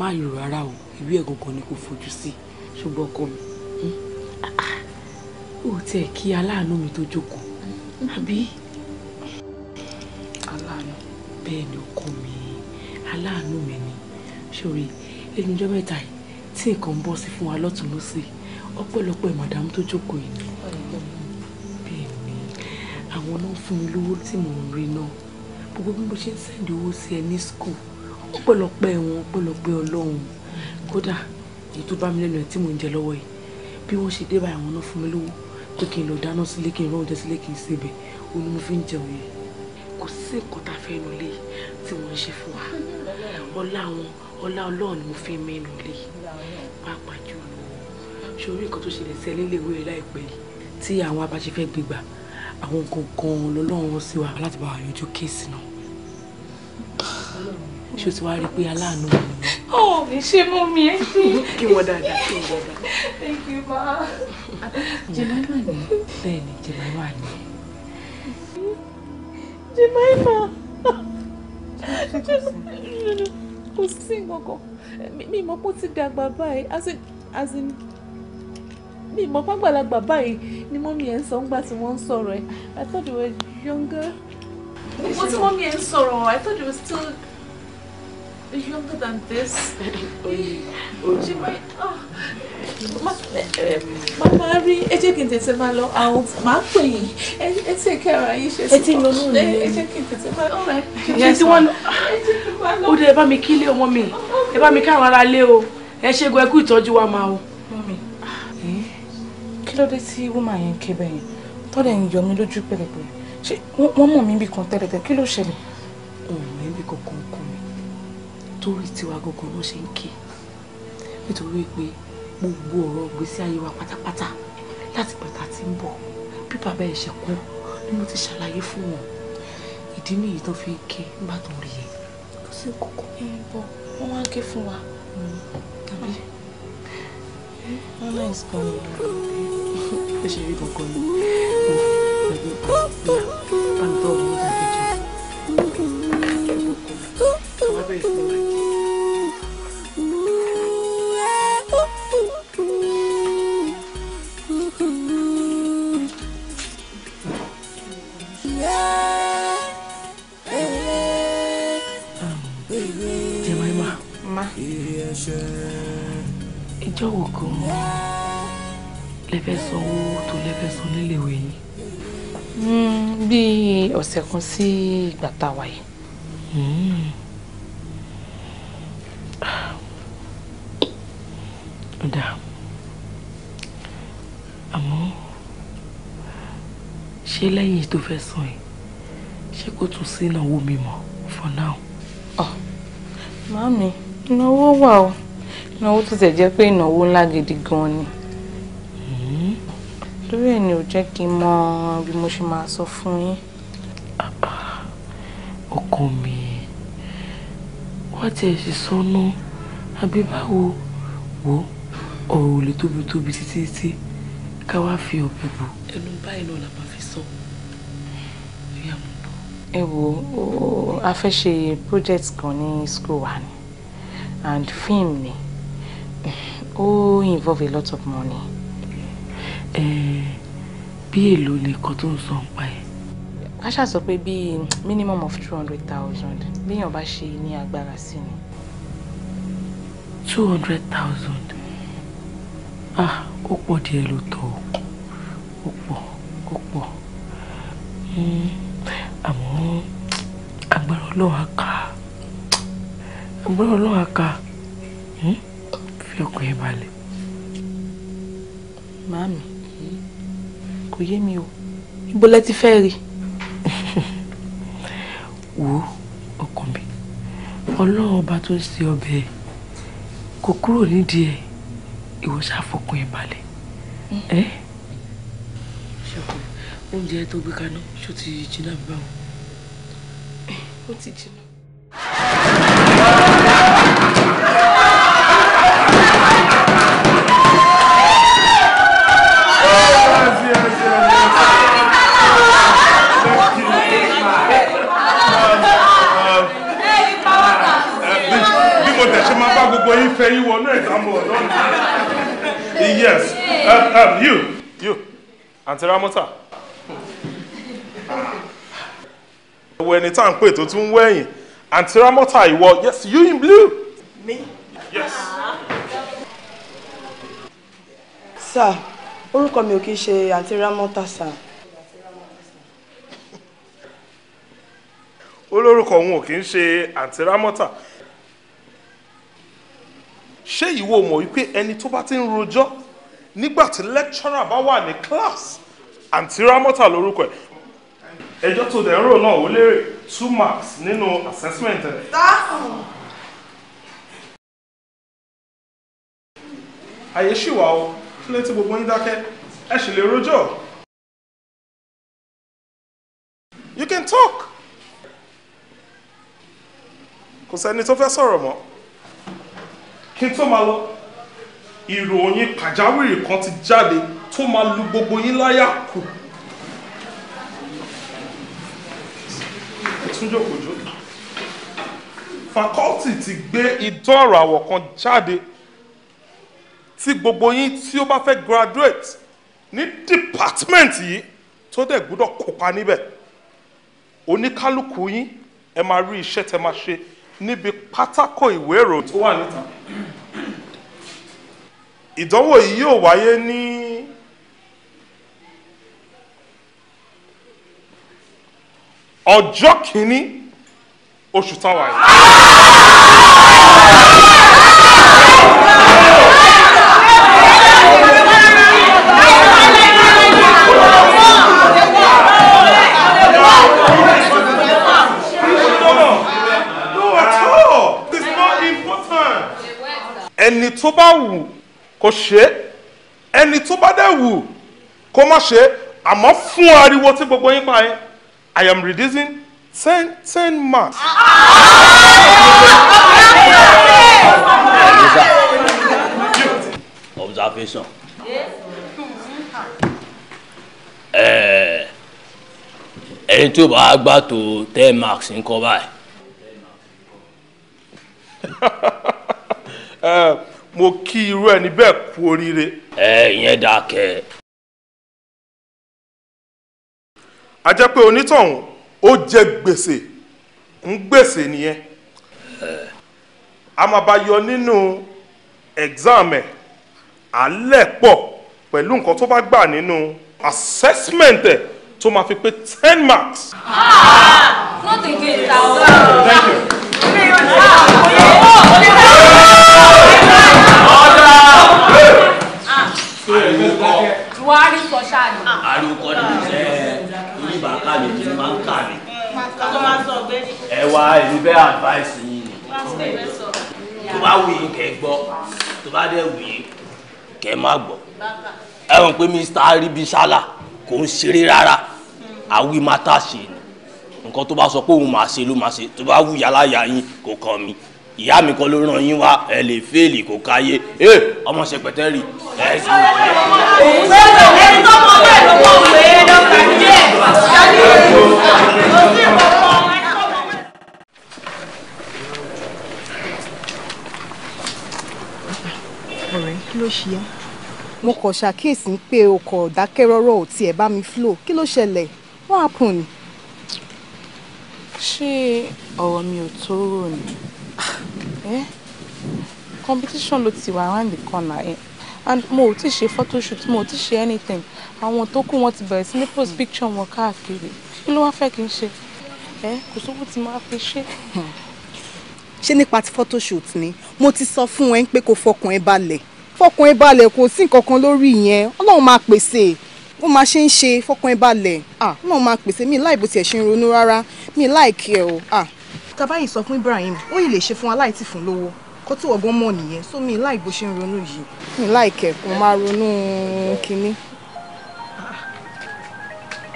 má yọ rárá o ìwé ẹ̀ gangan ni kò fojú sí ṣùgbọ́n ọkọ mi ó hmm? ah, ah. tiẹ̀ kí aláàánú mi tó jókòó àbí aláàánú bẹ́ẹ̀ ni ọkọ mi aláàánú mi ni ṣòrí lẹ́nu ọjọ́ mẹ́ta yìí tí nǹkan ń bọ́ sí fún wa lọ́tún lọ́sì ọpẹ́lọpẹ́ màdàmú tó jókòó yìí bẹ́ẹ̀ ni àwọn náà fún mi lówó tí mò ń rí náà gbogbo bí mo ṣe ń sẹ́ndì owó sí ẹ ní school ọpẹ́lọpẹ́ wọn ọpẹ́lọpẹ́ Ọlọ́run kódà èyí tó bá mi lẹ́nu ẹ̀ tí mò ń jẹ lọ́wọ́ yìí bí wọ́n ṣe dé báyìí àwọn náà fún mi lówó pé kí n lọ dáná sílé kí n rán oúnjẹ sílé kí n ṣe ibẹ̀ òun ni mo fi ń jẹun yẹn kò sí nǹkan tá a fẹ́ nu lé tí wọ́n ń ṣe fún wa ọlá wọn ọlá Ọlọ́run ni mo fi ń mẹ́nu lé pàápàá jùlọ ṣorí nǹkan tó ṣẹlẹ̀ sẹ́lẹ̀ léwé láìpẹ́ yìí tí àwọn abáṣefẹ́ gbégbà àwọn nǹkan kan lọ́lọ́run sí wa láti bá wa yanjú kéèsì náà ṣé o ti wá rí i pé aláàánú mi. ọ oh, mi ṣe mú mi ẹ sí. kí wọn dáadáa kí wọn dáadáa. thank you ma. jemima ni. bẹ́ẹ̀ni jemima ni. jemima kò sí nǹkan mi mọ̀ pé ó ti dàgbà báyìí as in mi mọ̀ pàgbàlagbà báyìí ni mọ́mí ẹ̀ ń sọ ńgbà tí wọ́n ń sọ̀rọ̀ ẹ̀ I thought you were younger. mo ti mọ́mí ẹ̀ ń sọ̀rọ̀ I thought you were still is younger than this. She might. Oh. Ma, rí ẹ jẹ́ kí n tètè máa lọ out máa pè yín ẹ ṣe kẹ́ra yín ṣe sí. Ẹ ti lọ lónìí. Ẹ jẹ́ kí n tètè máa lọ rẹ̀. Ẹ ti wọ́n lọ. Ó dé ẹ bá mi kílé ọmọ mi. Ẹ bá mi káwọn ara lé o. Ẹ ṣe gan ẹ kú ìtọ́jú wa máa o. Mọ́mi, kí ló dé tí wúmà yẹn ké bẹ́yẹn? Tọ́lẹ̀ ń yọ mí lójú pẹ̀lẹ́pẹ̀lẹ́. Ṣé wọ́n mọ̀ mí bí kan tẹ́lẹ̀tẹ́lẹ̀ kí ló ṣẹlẹ̀? torí tiwa gangan ló ṣe ń ké nítorí pé gbogbo ọ̀rọ̀ gbèsè ayé wa pátápátá láti pàtà tí ń bọ̀ bí bàbá ẹ̀ ṣe kú ni mo ti ṣàlàyé fún wọn ìdí nìyí tó fi ń ké nígbà tó rí ẹ. kò sí kókó ẹ ń bọ wọn wá ń ké fún wa. tàbí wọn náà sọ ọ bó ṣe rí gangan ni. ọjọ́ wo gan mọ́ lẹ́fẹ́ sanwó tó lẹ́fẹ́ san níléèwé ni. Hmm, bí ọ̀sẹ̀ kan sí ìgbà tá a wà yìí. ọ̀dà hmm. àmọ́ ṣé lẹ́yìn tó fẹ́ san yìí ṣé kò tún sí ìnáwó mi mọ́ for now. Ah, màámi ìnáwó wà o. Oh náwó tó tẹ̀ jẹ́ pé ìnáwó ńlá gidi gan ni hmm? torí ẹ̀ ni ò jẹ́ kí n mọ bí mo ṣe máa sọ fún yín. ọkàn mi wá tiẹ̀ sì sọnù àbí báwo wo ọ̀rọ̀ ò lè tóbi tóbi títí títí ká wá fi ọ̀bẹ bò. ẹnu báyìí náà la máa fi sọ ìyá mi bọ̀. ẹ wo a fẹ́ ṣe project kan ní school wa ni and film ni. Oh, involve a lot of money. bí èlò nìkan tó ń sọ ń pa ẹ̀. a ṣáà sọ pé bíi minimum of two hundred thousand béèyàn bá ṣe ní agbára sí ni. two hundred thousand ah ó pọ̀ díẹ̀ ló tọ̀ ó pọ̀ ó pọ̀ hmm, àmọ́ agbára Ọlọ́run á kà agbára Ọlọ́run á kà. Hmm? fi ọkàn ẹ balẹ̀. màámi kò yé mi o ibo lẹ ti fẹ́ rí. wò ó ọkàn mi ọlọ́run ọba tó ń ṣe ọbẹ̀ kò kúrò nídìí ẹ̀ ìwọ ṣàfọkàn ẹ balẹ̀. Mm. ṣọkùn oúnjẹ tó gbé kaná ṣó ti jiná báwọn. ó ti jiná. fẹ́ yín wọnú example lọ́nà yes um, um, you you àǹtí Ramọ́tà ẹ̀wọ̀ ẹni tá à ń pè tó tún wẹ̀yìn àǹtí yes you in blue. me yes. sir orúkọ come you kí ń ṣe sir. olórúkọ òun ò kí ń Antiramota? ṣé ìwọ mọ̀ wípé ẹni tó bá ti ń rojọ́ nígbà tí lecturer bá wà ní class àǹtí ramọ́tà lórúkọ ẹ̀ ẹjọ́ tó dẹ̀ ń rò náà ó lérè two marks nínú assessment rẹ̀. àyè ṣì wà o kí ló ti gbogbo yín dákẹ́ ẹ sì lè rojọ́. you can talk kò sẹ́ni tó fẹ́ sọ̀rọ̀ mọ́ kí n tó máa lọ ìròyìn pàjáwìrì kan ti jáde tó máa lu gbogbo yín láyà kù. ìtúnjòkòjò fakọ́tì ti gbé idán ọ̀rọ̀ àwọ̀ kan jáde tí gbogbo yín tí ó bá fẹ́ graduate ní department yìí tó dẹ̀ gbúdọ̀ kópa níbẹ̀ oníkálukú yín ẹ máa rí iṣẹ́ tẹ máa ṣe níbi pátákó ìwé ìròyìn tó wà níta ìdánwò yìí yóò wáyé ní ọjọ́ kìíní oṣù táwa yìí. ẹni tó bá wù kó ṣe é ẹni tó bá dẹ̀ wù kó má ṣe é àmọ́ fún ariwo tí gbogbo yín pa I am reducing ten ten marks. observation. Eh, ẹni tó bá gbà tó ten marks ń kọ́ báyìí. mo kí irú ẹni bẹ́ẹ̀ kú oríire. ẹ ìyẹn dáa kẹ. a jẹ́ pé onítọ̀hún ó jẹ gbèsè ń gbèsè nìyẹn a máa bá yọ nínú exam ẹ̀ alẹ́ pọ̀ pẹ̀lú nǹkan tó bá gbà nínú assessment ẹ̀ tó máa fi pé ten marks. ah not again ta thank you ọ̀dà àrùkọ àrùkọ ni mo fẹ́ orí bàákà mi kì í máa ń kà mí. ẹ wá èmi bẹ́ẹ̀ advice yín ni tó bá wù yín kẹ́ gbọ́ tó bá dẹ̀ wù yín kẹ́ má gbọ́ ẹ mọ̀ pé Mr. Aribishala kò ń ṣeré rárá àwí máa tà ṣe nǹkan tó bá sọ pé òun máa ṣe ló máa ṣe tó bá wù yálà yà yín kò kàn mí ìyá mi kọ́ ló ràn yín wá ẹ lè fẹ́ẹ̀lì kò káyé ẹ eh, ọmọ ṣe pẹ̀tẹ́ rì ẹ sí. ọ̀rẹ́ kí ló ṣe é mo kàn ṣàkíyèsí pé o kò dákẹ́ rọ́rọ́ ò tiẹ̀ bá mi flow kí ló ṣẹlẹ̀ what happen. ṣé ọ̀rọ̀ mi ò tó rò ni. Eh? competition ló ti wà around the corner eh? and mo ò tí ṣe shoot, mo ò tí ṣe anything àwọn tó kù wọn ti bẹ̀rẹ̀ sí ní post picture wọn káàkiri kí ló wá fẹ́ kí n ṣe ẹ eh? kò sówó tí máa fi ṣe. ṣé nípa ti shoot. ni mo ti sọ fún ẹ pé kó fọkàn ẹ balẹ̀ fọkàn ẹ balẹ̀ kò sí nǹkan kan lórí ìyẹn ọlọ́run máa pèsè ó máa ṣe ń ṣe fọkàn ẹ balẹ̀ ah ọlọ́run máa pèsè mi láì bó tiẹ̀ ṣe ń ronú rárá mi láì kí ẹ o ah tàbá yìí sọ fún Ibrahim wọn yìí lè ṣe fún aláìtì fún lówó kó tí wọ́n gan mọ̀ nìyẹn so mi láì bó ṣe ń ronú yìí mi láì kẹ̀ mo máa ronú kinní.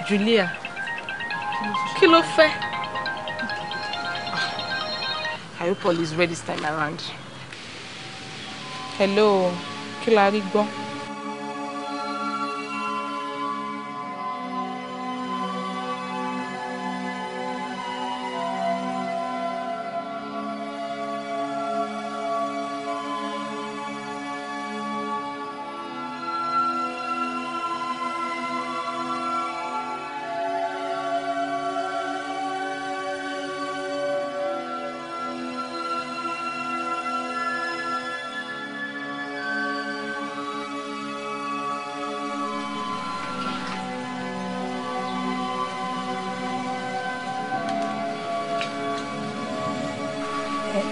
Julia kí ló fẹ́. I hope all is ready this time around. hello kí la rí gbọ́.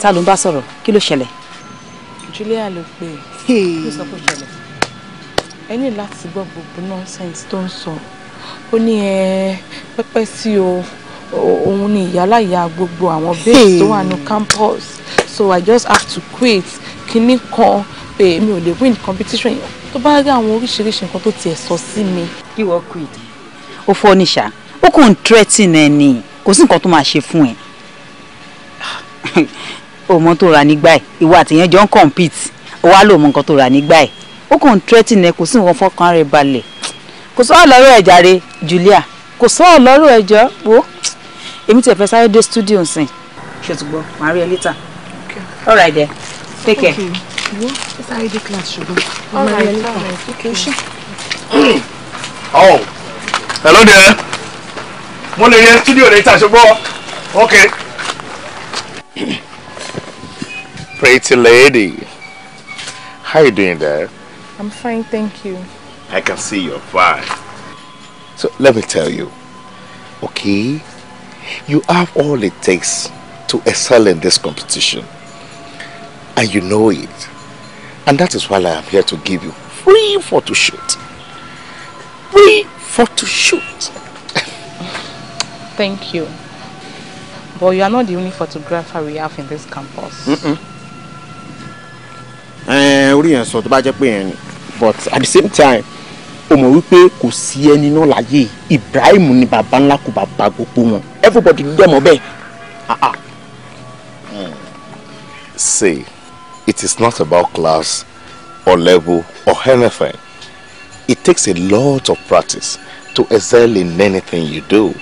ta ló ń bá sọ̀rọ̀ kí ló ṣẹlẹ̀. Julia ló pè é ló sọ pé ó ṣẹlẹ̀ ẹ ní láti gbọ́ gbogbo nonsense tó ń sọ ó ní ẹ pẹ́pẹ́ sí o òun ni ìyáláyà gbogbo àwọn babes tó wà ní campus so I just have to quit kinní kan pé mi ò lè win competition tó bá rí àwọn oríṣiríṣi nǹkan tó tiẹ̀ sọ sí mi. kí wọ́n quit. ó fọ́ ní ṣá ó kàn ń threaten ẹ ni kò sí nǹkan tó máa ṣe fún ẹ o mọ tó ra nígbà ẹ̀ ìwọ àtìyẹn jọ ń compete o wá lò mọ nǹkan tó ra nígbà ẹ̀ ó kàn ń threatening ẹ kò sí nǹkan fọkàn rẹ balẹ̀ kò sọ́ọ̀ lọ́rọ̀ ẹ̀ jàre Julia kò sọ́ọ̀ lọ́rọ̀ ẹ̀ jọ wo èmi tiẹ̀ fẹ́ sáré dé studio nsìn ṣe tó gbọ́ màá rí ẹ later all right there take care. wo sáré dé class ṣùgbọ́n all right all right oh hello there mo lè yẹ studio later ṣùgbọ́n okay. pretty lady. How are you doing there? I'm fine, thank you. I can see you're fine. So let me tell you, okay? You have all it takes to excel in this competition. And you know it. And that is why I am here to give you free photo shoot. Free photo shoot. Thank you. But you are not the only photographer we have in this campus. Mm -mm. Eh, orí yẹn sọ tó bá jẹ́ pé yẹn ni but at the same time o mọ̀ wípé kò sí ẹni náà láyé Ibrahim ni bàbá ńlá kò bàbá gbogbo wọn everybody dẹ̀ mọ̀ bẹ́ẹ̀. Ah, ah. say it is not about class or level or anything it takes a lot of practice to excel in anything you do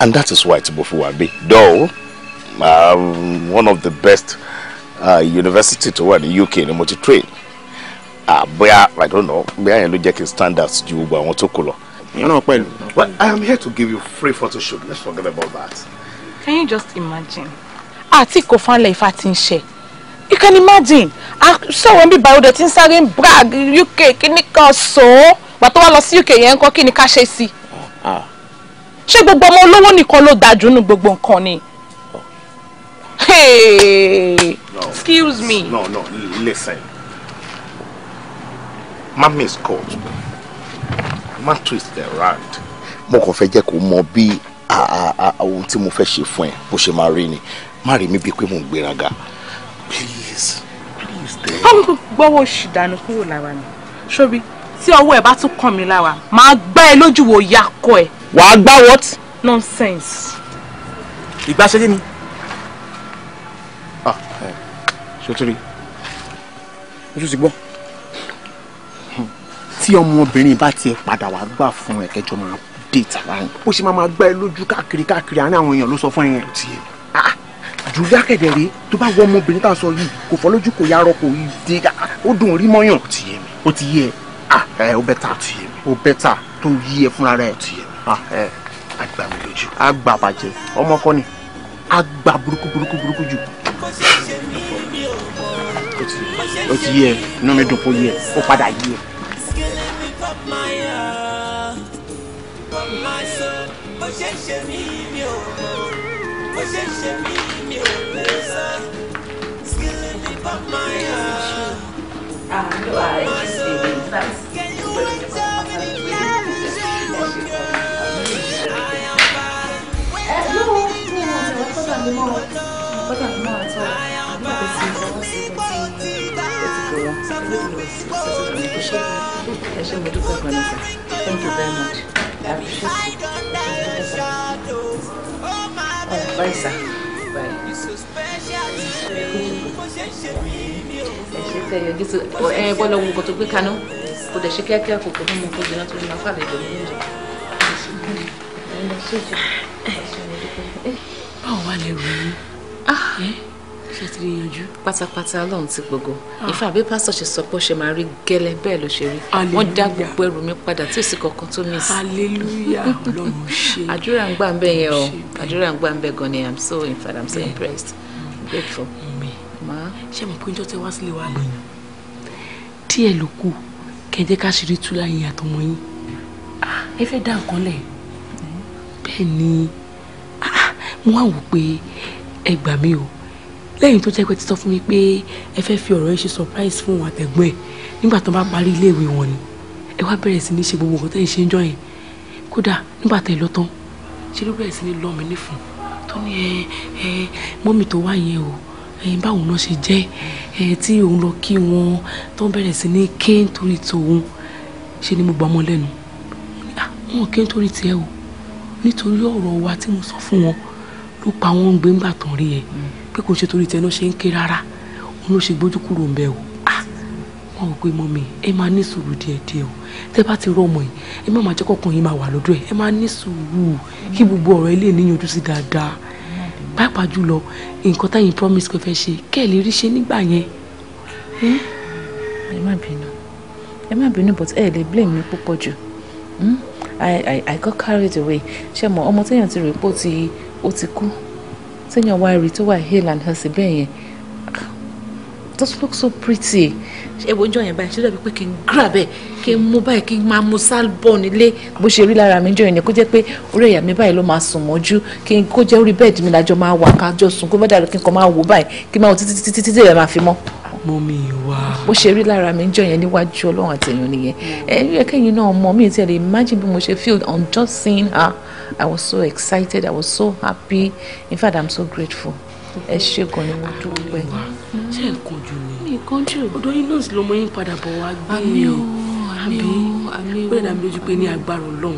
and that is why Tobofu be though um, one of the best Ah, university tó wà ní UK ni mo ti train uh, bóyá i don't know bóyá yẹn ló jẹ́ kí standards ju gbogbo àwọn tó kù lọ. you know pẹ̀lú. well i am here to give you free photo shoot let's forget about that. can you just imagine àti kò fanlẹ̀ ifá ti ń ṣe you can imagine sọ̀rọ̀ bí báyọ̀ ti ń sáré ń brag UK kíní kan sòó wà tó wá lọ sí UK yẹn ń kọ́ kí ni ká ṣe sí i ah. ṣé gbogbo ọmọ olówó nìkan ló dájú nínú gbogbo nǹkan ni. Ah No. Excuse me. No, no, listen. Mommy is cold. Má twist the round. Mo kàn fẹ́ jẹ́ kó mọ bí ohun tí mo fẹ́ ṣe fún ẹ bó ṣe máa rí ni. Má rí mi bíi pé mò ń gbéraga. Please, please dẹ́. Pọ́ńkù gbọ́wọ́ oṣù dànù kúrò lára mi. Ṣóbi, tí ọwọ́ ẹ̀ bá tún kàn mí lára, màá gbá ẹ lójú wo yakọ ẹ. Wàá gbá what? Nonsense. Ìgbà ṣe dé ṣòtúrí o tún ti gbọ́ tí ọmọbìnrin bá tiẹ̀ padà wá gbà fún ẹ kẹjọ máa déètì ara yín ó sì máa máa gbá ẹ lójú káàkiri káàkiri àárín àwọn èèyàn ló sọ fún ẹ yẹn jùlọ akẹ́dẹ̀ rèé tó bá wọ ọmọbìnrin tá a sọ yìí kò fọ́ lójú kò yarọ kò yí dé ó dùn rí mọ́yàn ó ti yé mi ó ti yé ẹ ó bẹ́tà ó ti yé mi ó bẹ́tà tó yí ẹ fúnra rẹ ó ti yé mi àgbà mi lójú àgbà bàjẹ́ ọmọkọ́ni àgbà burúkú burúkú burúkú jù ó ti yẹ inú mi dùn kó yẹ ó padà yẹ. Hello. Thank you very much. Oh, bye, sir. Bye. Ẹ ṣe tẹ yọjú sí ṣe ti yanjú. pátápátá ọlọ́run ti gbogbo ìfà bí pásítọ̀ ṣe sọ pé ó ṣe máa rí gẹ́lẹ́ bẹ́ẹ̀ ló ṣe rí wọ́n dá gbogbo ẹrù mi padà tí ò kankan tó mí aleluya ọlọ́run ṣe. àdúrà ń gbà ń bẹ yẹn o àdúrà ń gbà ń bẹ gan ni i'm so in fact i'm so impressed i'm grateful. ṣé mo pé njọ́ wá sílé wa lóyún díẹ̀ ló kù kẹjẹ ká ṣe rí túlá yìí àtọmọ yín ẹ fẹ́ dá nǹkan lẹ̀ hmm? bẹ́ẹ̀ ni mo wá wò pé ẹ gbà mí o lẹ́yìn tó jẹ́ pé ti sọ fún mi pé ẹ fẹ́ fi ọ̀rọ̀ yìí ṣe surprise fún òun àtẹ̀gbọ́n ẹ̀ nígbà tó bá parí iléèwé wọn ni ẹ wá bẹ̀rẹ̀ sí ní ṣe gbogbo nǹkan tẹ́ ẹ ṣe ń jọ yẹn kódà nígbà tẹ́ ẹ lọ tán ṣe ló bẹ̀rẹ̀ sí ní lọ́ nífun tó ní ẹ ẹ mọ́mì tó wá yẹn o ẹ báwọn náà ṣe jẹ́ ẹ tí òun lọ kí wọn tó bẹ̀rẹ̀ sí ní ké nítorí tòun ṣe ni mo gbà mọ́ lẹ́nu ah, wọn ké o nítorí ọ̀rọ̀ wa tí mo sọ fún wọn pé kò ṣe torí tẹnu ṣe ń ké rárá òun ló ṣe gbójú kúrò ń bẹ o ah! wọn ò pé mọ mi ẹ máa ní sùúrù díẹ̀díẹ̀ o tẹ bá ti rọmọ yìí ẹ má máa jẹ́ kọkàn yìí máa wà lọ́dọ̀ ẹ ẹ máa ní sùúrù kí gbogbo ọ̀rọ̀ ilé níyanjú sí dáadáa pàápàá jùlọ nǹkan táyìn promise pé fẹ́ ṣe kẹ́ ẹ lè rí ṣe nígbà yẹn. Hmm? ẹ má bínú ẹ má bínú but ẹ lè blame mi púpọ̀ jù hmm? I I I got carried away ṣé mo ọmọ téèyàn ti rò pé ó ti kú téèyàn wá rí tó wà hale and healthy bẹ́ẹ̀ yẹn just look so pretty ṣe ìwòjọ yẹn báyìí ṣe dàbí pé kí n grab ẹ kí n mú báyìí kí n máa mú sálbọ̀ nílé bó ṣe rí lára mi jọ yẹn kó jẹ́ pé orí ẹ̀yà mi báyìí ló máa sùn mọ́jú kí n kó jẹ́ orí bẹ́ẹ̀dì mi lájọ máa wà kájọ sùn kó bá dàrú kí n kàn máa wò báyìí kí n máa wò títí títí títí ẹ̀ máa fi mọ́ mọ́mí wa. bó ṣe rí lára mi jọ yẹn níwájú ọlọ́run àtẹ̀yàn nìyẹn ẹ ẹ kẹ́yìn náà mọ mi tẹ̀lé imagine bí mo ṣe feel on just seeing her i was so excited i was so happy in fact i'm so grateful ẹ ṣe gan ni mo dúpẹ́. ṣé ẹ kánjú ni. mi kánjú. ọ̀dọ̀ yín náà sì lọmọ yín padà bọ̀ wá gbé. àmì o ó dàbí lójú pé ní agbára ọlọ́run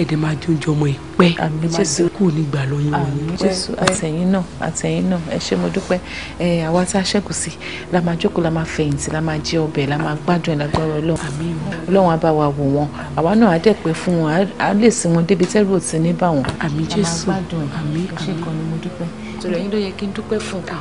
ẹ̀dẹ̀ máa di oúnjẹ ọmọ ìpẹ́ jésù kù nígbà lọ́yún wọn. jésù àtẹ̀yìn náà àtẹ̀yìn náà ẹ ṣé mo dúpẹ́ ẹ àwa tá a ṣẹ́kù sí la máa jókòó la máa fẹ̀yìntì la máa jẹ ọbẹ̀ la máa gbádùn ẹ̀ lágbára ọlọ́run ọlọ́run á bá wa wò wọn àwa náà á dẹ̀ pẹ́ fún wọn á lè sin wọn débi tẹ́rù òtí ní bá wọn. àmín jésù àmín àmín torí ẹ̀yin ló yẹ kí n dúpẹ́ fún un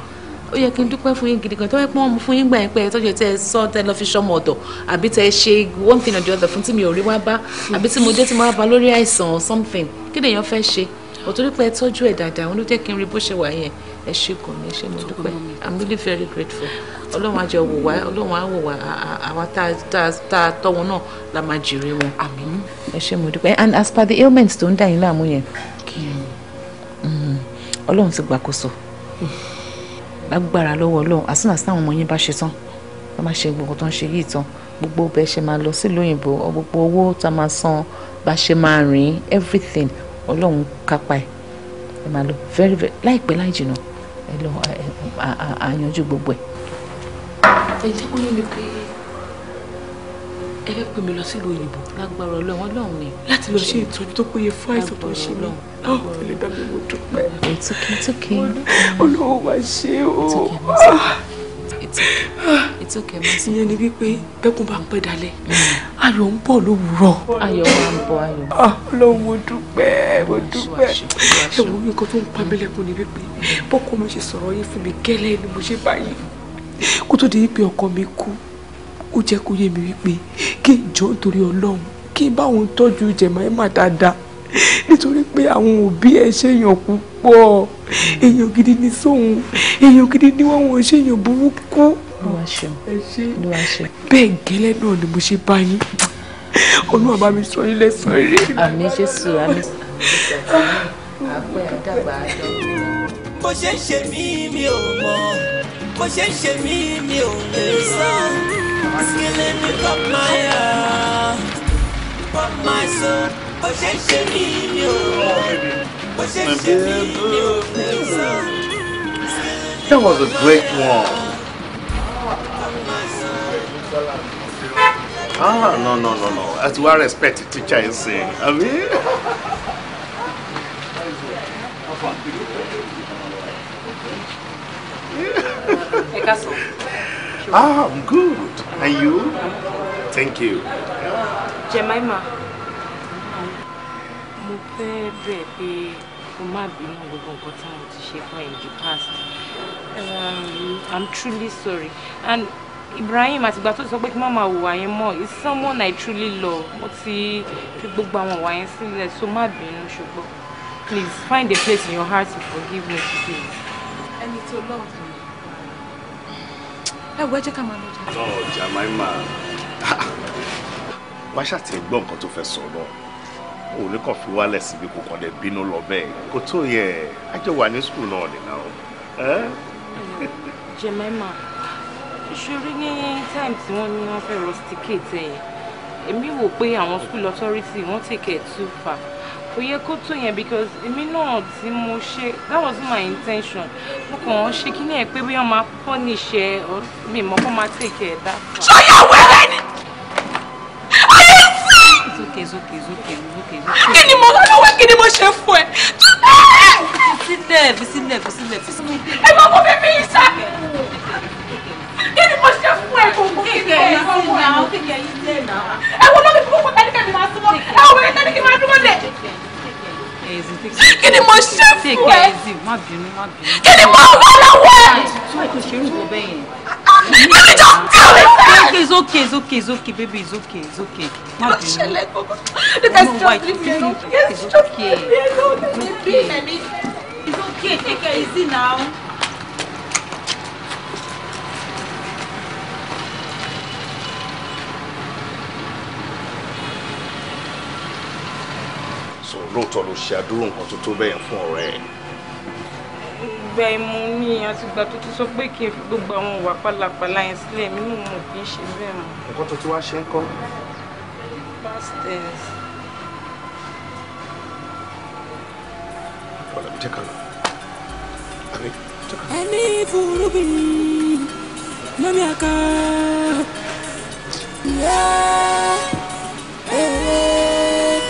ó yẹ kí n dúpẹ́ fún yín gidi gan tó yẹ pé wọ́n mú fún yín gbà yín pé tọ́jú tẹ sọ tẹ lọ fi sọmọ ọ̀dọ̀ àbí tẹ ṣe one thing or the other fún tí mi ò rí wá bá àbí tí mo dé tí mo wá bá lórí àìsàn or something kí lèèyàn fẹ́ ṣe òtún rí pé ẹ tọ́jú ẹ̀ dáadáa òun ló jẹ́ kí n rí bó ṣe wà yẹn ẹ ṣe kàn mí ṣe mo dúpẹ́ i'm really very grateful ọlọ́run àjọ wò wá ọlọ́run á wò wá àwa tá a tọ́ wọn náà la máa jèrè wọn. àmín ẹ ṣe mo dúpẹ́ and as per the ailment tó ń dà yín láàmú yẹn mm, ọlọ́run ti gbàkóso. Mm -hmm lágbára lọ́wọ́ ọlọ́run àsìnà sáwọn ọmọ yín bá ṣe tán wọ́n máa ṣe gbogbo tó ń ṣe yìí tán gbogbo bẹ́ẹ̀ ṣe máa lọ sílùú òyìnbó gbogbo owó tá a máa san bá ṣe máa rìn everything ọlọ́run kápá ẹ̀ ẹ máa lọ very very láìpẹ́ láì jìnnà ẹ lọ àyànjú gbogbo ẹ̀. ẹ jẹ́ kó yé mi pé ẹ fẹ́ pè mí lọ sílùú òyìnbó. lágbára ọlọ́run ọlọ́run ni. láti lọ ṣe ìtọ́jú tó péye fún àìsàn tó ń ṣe mí. ọlọ́run ò lè dá mi mo dúpẹ́. it's okay it's okay. olówó máa ṣe o. it's okay mọ́sí. ìyẹn ni wípé bẹ́kún bá ń pẹ́ dalẹ̀ mm. ayọ̀ ń bọ̀ lówùúrọ̀. ayọ̀ máa ń bọ̀ ayọ̀. Ah, ọlọ́run mo dúpẹ́ mo dúpẹ́. ẹ wo nǹkan tó ń pa mí lẹ́kún ni wípé mm. bọ́kọ mi ṣe sọ̀rọ̀ yín fún mi gẹ́lẹ́ ni mo ṣe báyìí kó tó di wípé ọkọ mi kú ó jẹ́ kó yé mi wípé kí n jọ ọlọ́run kí n tọ́jú jẹ̀mọ́ẹ́mà dáadáa nítorí pé àwọn òbí ẹ ṣèyàn púpọ̀ èèyàn gidi ni sóhun èèyàn gidi ni wọ́n wọ́n ṣèyàn burúkú. bẹ́ẹ̀ gẹ́lẹ́ náà ni mo ṣe bá yín olúwa bá mi sọ yín lẹ́sàn-án rí. jésù àmín. àpẹ àdàgbà àjọ. bó ṣe ń ṣe mí mi ò mọ̀ bó ṣe ń ṣe mí mi ò lè sọ. Skillin' you pop my Pop my soul Possession in you Possession in you That was a great one Ah, no, no, no, no. As well respect teacher is saying. I mean... ah, I'm good. And you? Thank you. Jemima, mo fẹ́ bẹ̀ pé o má bínú gbogbo nǹkan tí mo ti ṣe fún in the past. Um, I'm truly sorry. And Ibrahim àtìgbà tó sọ pé kí má máa wùwà yẹn mọ́ is someone I truly love. Mo ti fi gbogbo àwọn wà yẹn sílẹ̀ so má bínú ṣùgbọ́n. Please find a place in your heart to forgive me, please. it's a lọ́wọ́ ẹ wọ ẹ ká máa lọ jà. ọ Jemima wá ṣàtì gbọ́ nǹkan tó fẹ́ sọ lọ òun ní kàn fi wálẹ̀ síbi kò kàn lè bínú lọ bẹ́ẹ̀ kò tó yẹ àjọ wà ní sùkúl náà nìyà o. Jemima ìṣòro ní time tí wọ́n ní wọ́n fẹ́ rusticate ẹ̀yìn èmi wò pé àwọn school authority wọ́n take it too far kò yẹ kó tó yẹn because èmi náà tí mo ṣe that was my intention mo kàn án ṣe kí ní ẹ pé bóyá máa punish ẹ mi mọ́ kó máa take ẹ̀ dá fà. ṣọyà wẹ́rẹ́ ni ayé sí. zókè zókè zókè zókè zókè. kí ni mo lọ́wọ́ kí ni mo ṣe fún ẹ. fi sílẹ̀ fi sílẹ̀ fi sílẹ̀ fi sílẹ̀. ẹ máa mú bíbí yìí sá kí ni mo ṣe fún ẹ gbogbo kí ni ẹ fún ẹ. ẹ wo lóbi fún fún tẹ́lifẹ̀ mi máa súnmọ́ ẹ wo bẹ̀rẹ̀ tẹ́lifẹ̀ máa dúró lẹ̀. kí ni mo ṣe fún ẹ kí ni mo wà lọ́wọ́ ẹ. kí ni jọ tell me that. it's okay it's okay it's okay baby it's okay it's okay. má bínú no white it's okay it's okay it's okay take it easy now. lóòótọ́ ló ṣe àdúrò nǹkan tó bẹ́ẹ̀ fún ọ̀rẹ́ ẹ̀. ìgbà ìmú mi àtìgbà tó ti sọ pé kí n fi gbogbo àwọn ìwà pálapàla yẹn sílẹ̀ mi mo kì í ṣe bẹ́ẹ̀ mọ́. nǹkan tó wá ṣe ń kọ́. pastors. ọ̀làmì jẹ́ kan àmì jẹ́ kan. ẹni fúrúbì lómi àká. Yeah. yeah.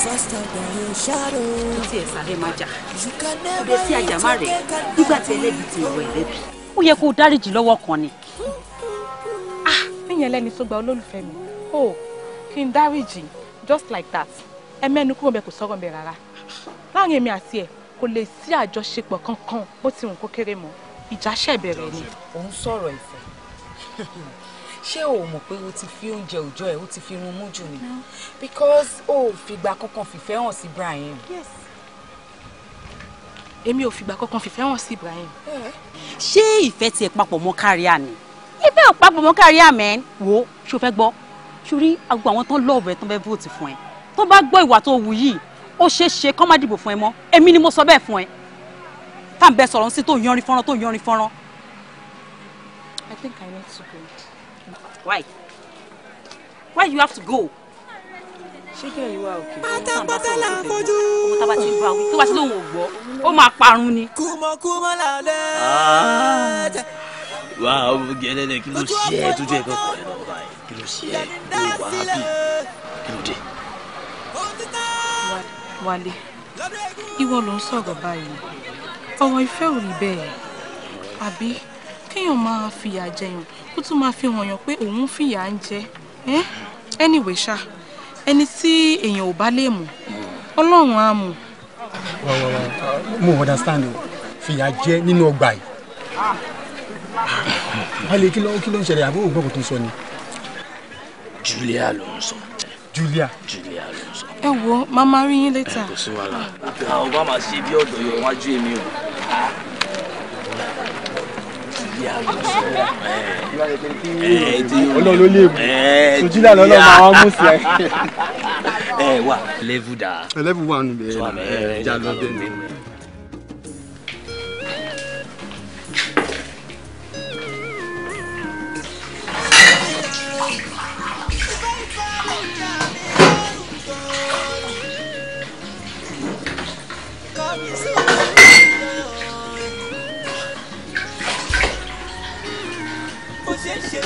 tó tiẹ̀ sáré má jà ọdẹ sí àjàmá rẹ̀ nígbà tí ẹlẹ́bi ti ìwọ ẹlẹ́bi. ó yẹ kó o dáríjì lọ́wọ́ kan ni. níyẹn ah, lẹ́ni tó gba olólùfẹ́ mi o oh, kí n dáríjì just like that ẹ mẹ́nu kúrò bẹ́ẹ̀ kò sọ̀rọ̀ bẹ́ẹ̀ rárá láàrin èmi àti ẹ̀ kò lè sí àjọṣepọ̀ kankan bó ti wù kó kéré mọ́ ìjà ṣẹ̀bẹ̀rẹ̀ ni. òun sọ̀rọ̀ ìfẹ́ ṣé o mọ̀ pé o ti fi oúnjẹ òòjọ́ ẹ̀ o ti fi irun mójú ni because o ò fìgbà kankan fìfẹ́ hàn sí Ibrahim. yes èmi ò fìgbà kankan fìfẹ́ hàn sí Ibrahim. Eh. ṣé ìfẹ́ tiẹ̀ papọ̀ mọ́ kárí àmì ìfẹ́ ò papọ̀ mọ́ kárí àmì wo ṣó fẹ́ gbọ́ ṣorí gbogbo àwọn tó ń lọ́ọ̀bù ẹ̀ tó ń bẹ́ vóòtù fún ẹ tó bá gbọ́ ìwà tó wù yìí ó ṣeé ṣe kán má dìbò fún ẹ mọ́ èmi ni mo sọ bẹ́ẹ̀ fún ẹ tá à ń bẹ sọ̀rọ̀ ń sí tó yanrin fọ́nrán tó yanrin fọ́nrán. I think I need to go. Why? Why you have to go? ṣé kí ẹ̀yin wá òkè. pátápátá là ń fojú. ọmọ tábà ti bá wí tó bá ti lóun ò gbọ́ ó máa parun ni. kúmọkúmọ là ń lẹ. wà á wọ kí ló ṣe é tójú ẹ kọkọ ẹ lọ́wọ́ báyìí kí ló ṣe é wà á bì kí ló dé. wálé ìwọ ló ń sọ̀rọ̀ báyìí ọ̀rọ̀ ìfẹ́ ò rí bẹ́ẹ̀ àbí kéèyàn máa fìyà jẹyàn ó tún máa fi hàn yàn pé òun fìyà ń jẹ eh? anyway ṣá ẹni tí èèyàn ò bá lè mú ọlọ́run á mú. mo understand o fìyà jẹ nínú ọgbà yìí wálé ah, kí ló ń ṣẹlẹ̀ àbúrò gbọ́kàn tó sọ ni. Julia ló ń sọ. Julia. Julia ló ń sọ. ẹ wo màmá rí yín létà. kò sí wàhálà. àwọn bá máa ṣe bí ọ̀dọ́ yọ wájú èmi o ọlọ́run ló lè mú sojúlá lọ́lọ́ máa wá mú sí ẹ. ẹ wà lẹ́fù dà. lẹ́fù wà nù bẹ́ẹ̀ ẹ jà lọ bẹ́ẹ̀ ni. Come, you see. ṣe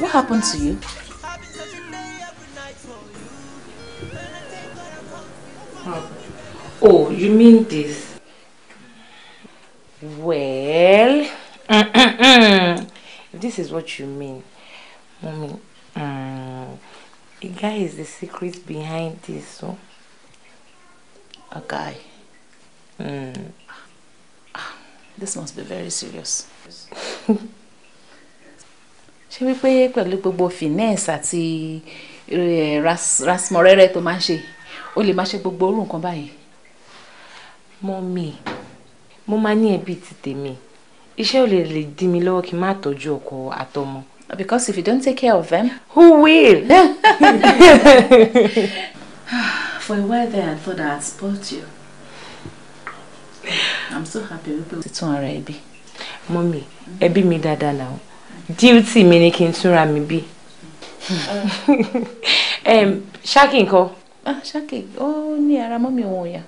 What happened to you? Oh, you mean this? Well, if this is what you mean, mommy, um, the guy is the secret behind this, so a guy. Mm. This must be very serious. ṣé wípé pẹ̀lú gbogbo finesse àti eh, rasmọ̀rẹ́rẹ́ tó máa ń ṣe o lè máa ṣe gbogbo orú nǹkan báyìí mọ́mì mo máa ní ẹbí ti tèmi iṣẹ́ ò lè lè dí mi lọ́wọ́ kí n má tọ́jú ọkọ àtọmọ. because if you don't take care of them. who will. for a while there I thought I had spoilt you. I'm so happy wípé o ti tún ara ẹbí mọ́mì ẹbí mi dáadáa náà duty mi ni kí n túnra mi bí. Mm. ṣáàkì nǹkan ah ṣáké Oh, ní ara mọ́ mi òun ọ̀yà.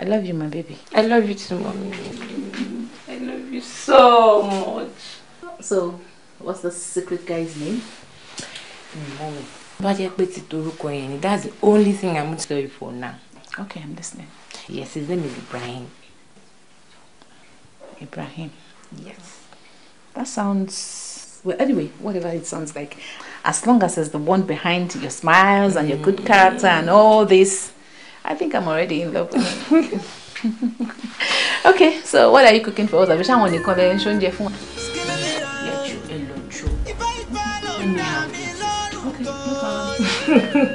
I love you my baby. I love you too mommy. I love you so much. So what's the secret guy's name? Mm, mommy. bá jẹ́ pé ti torúkọ yẹn ni that's the only thing I'm going to tell you for now. Okay, I'm listening. Yes, his name is Ibrahim. Ibrahim. Yes. That sounds well, anyway, whatever it sounds like, as long as there's the one behind your smiles and your good character and all this, I think I'm already in love okay, so what are you cooking for us? I wish I want to call the insurance Jeff.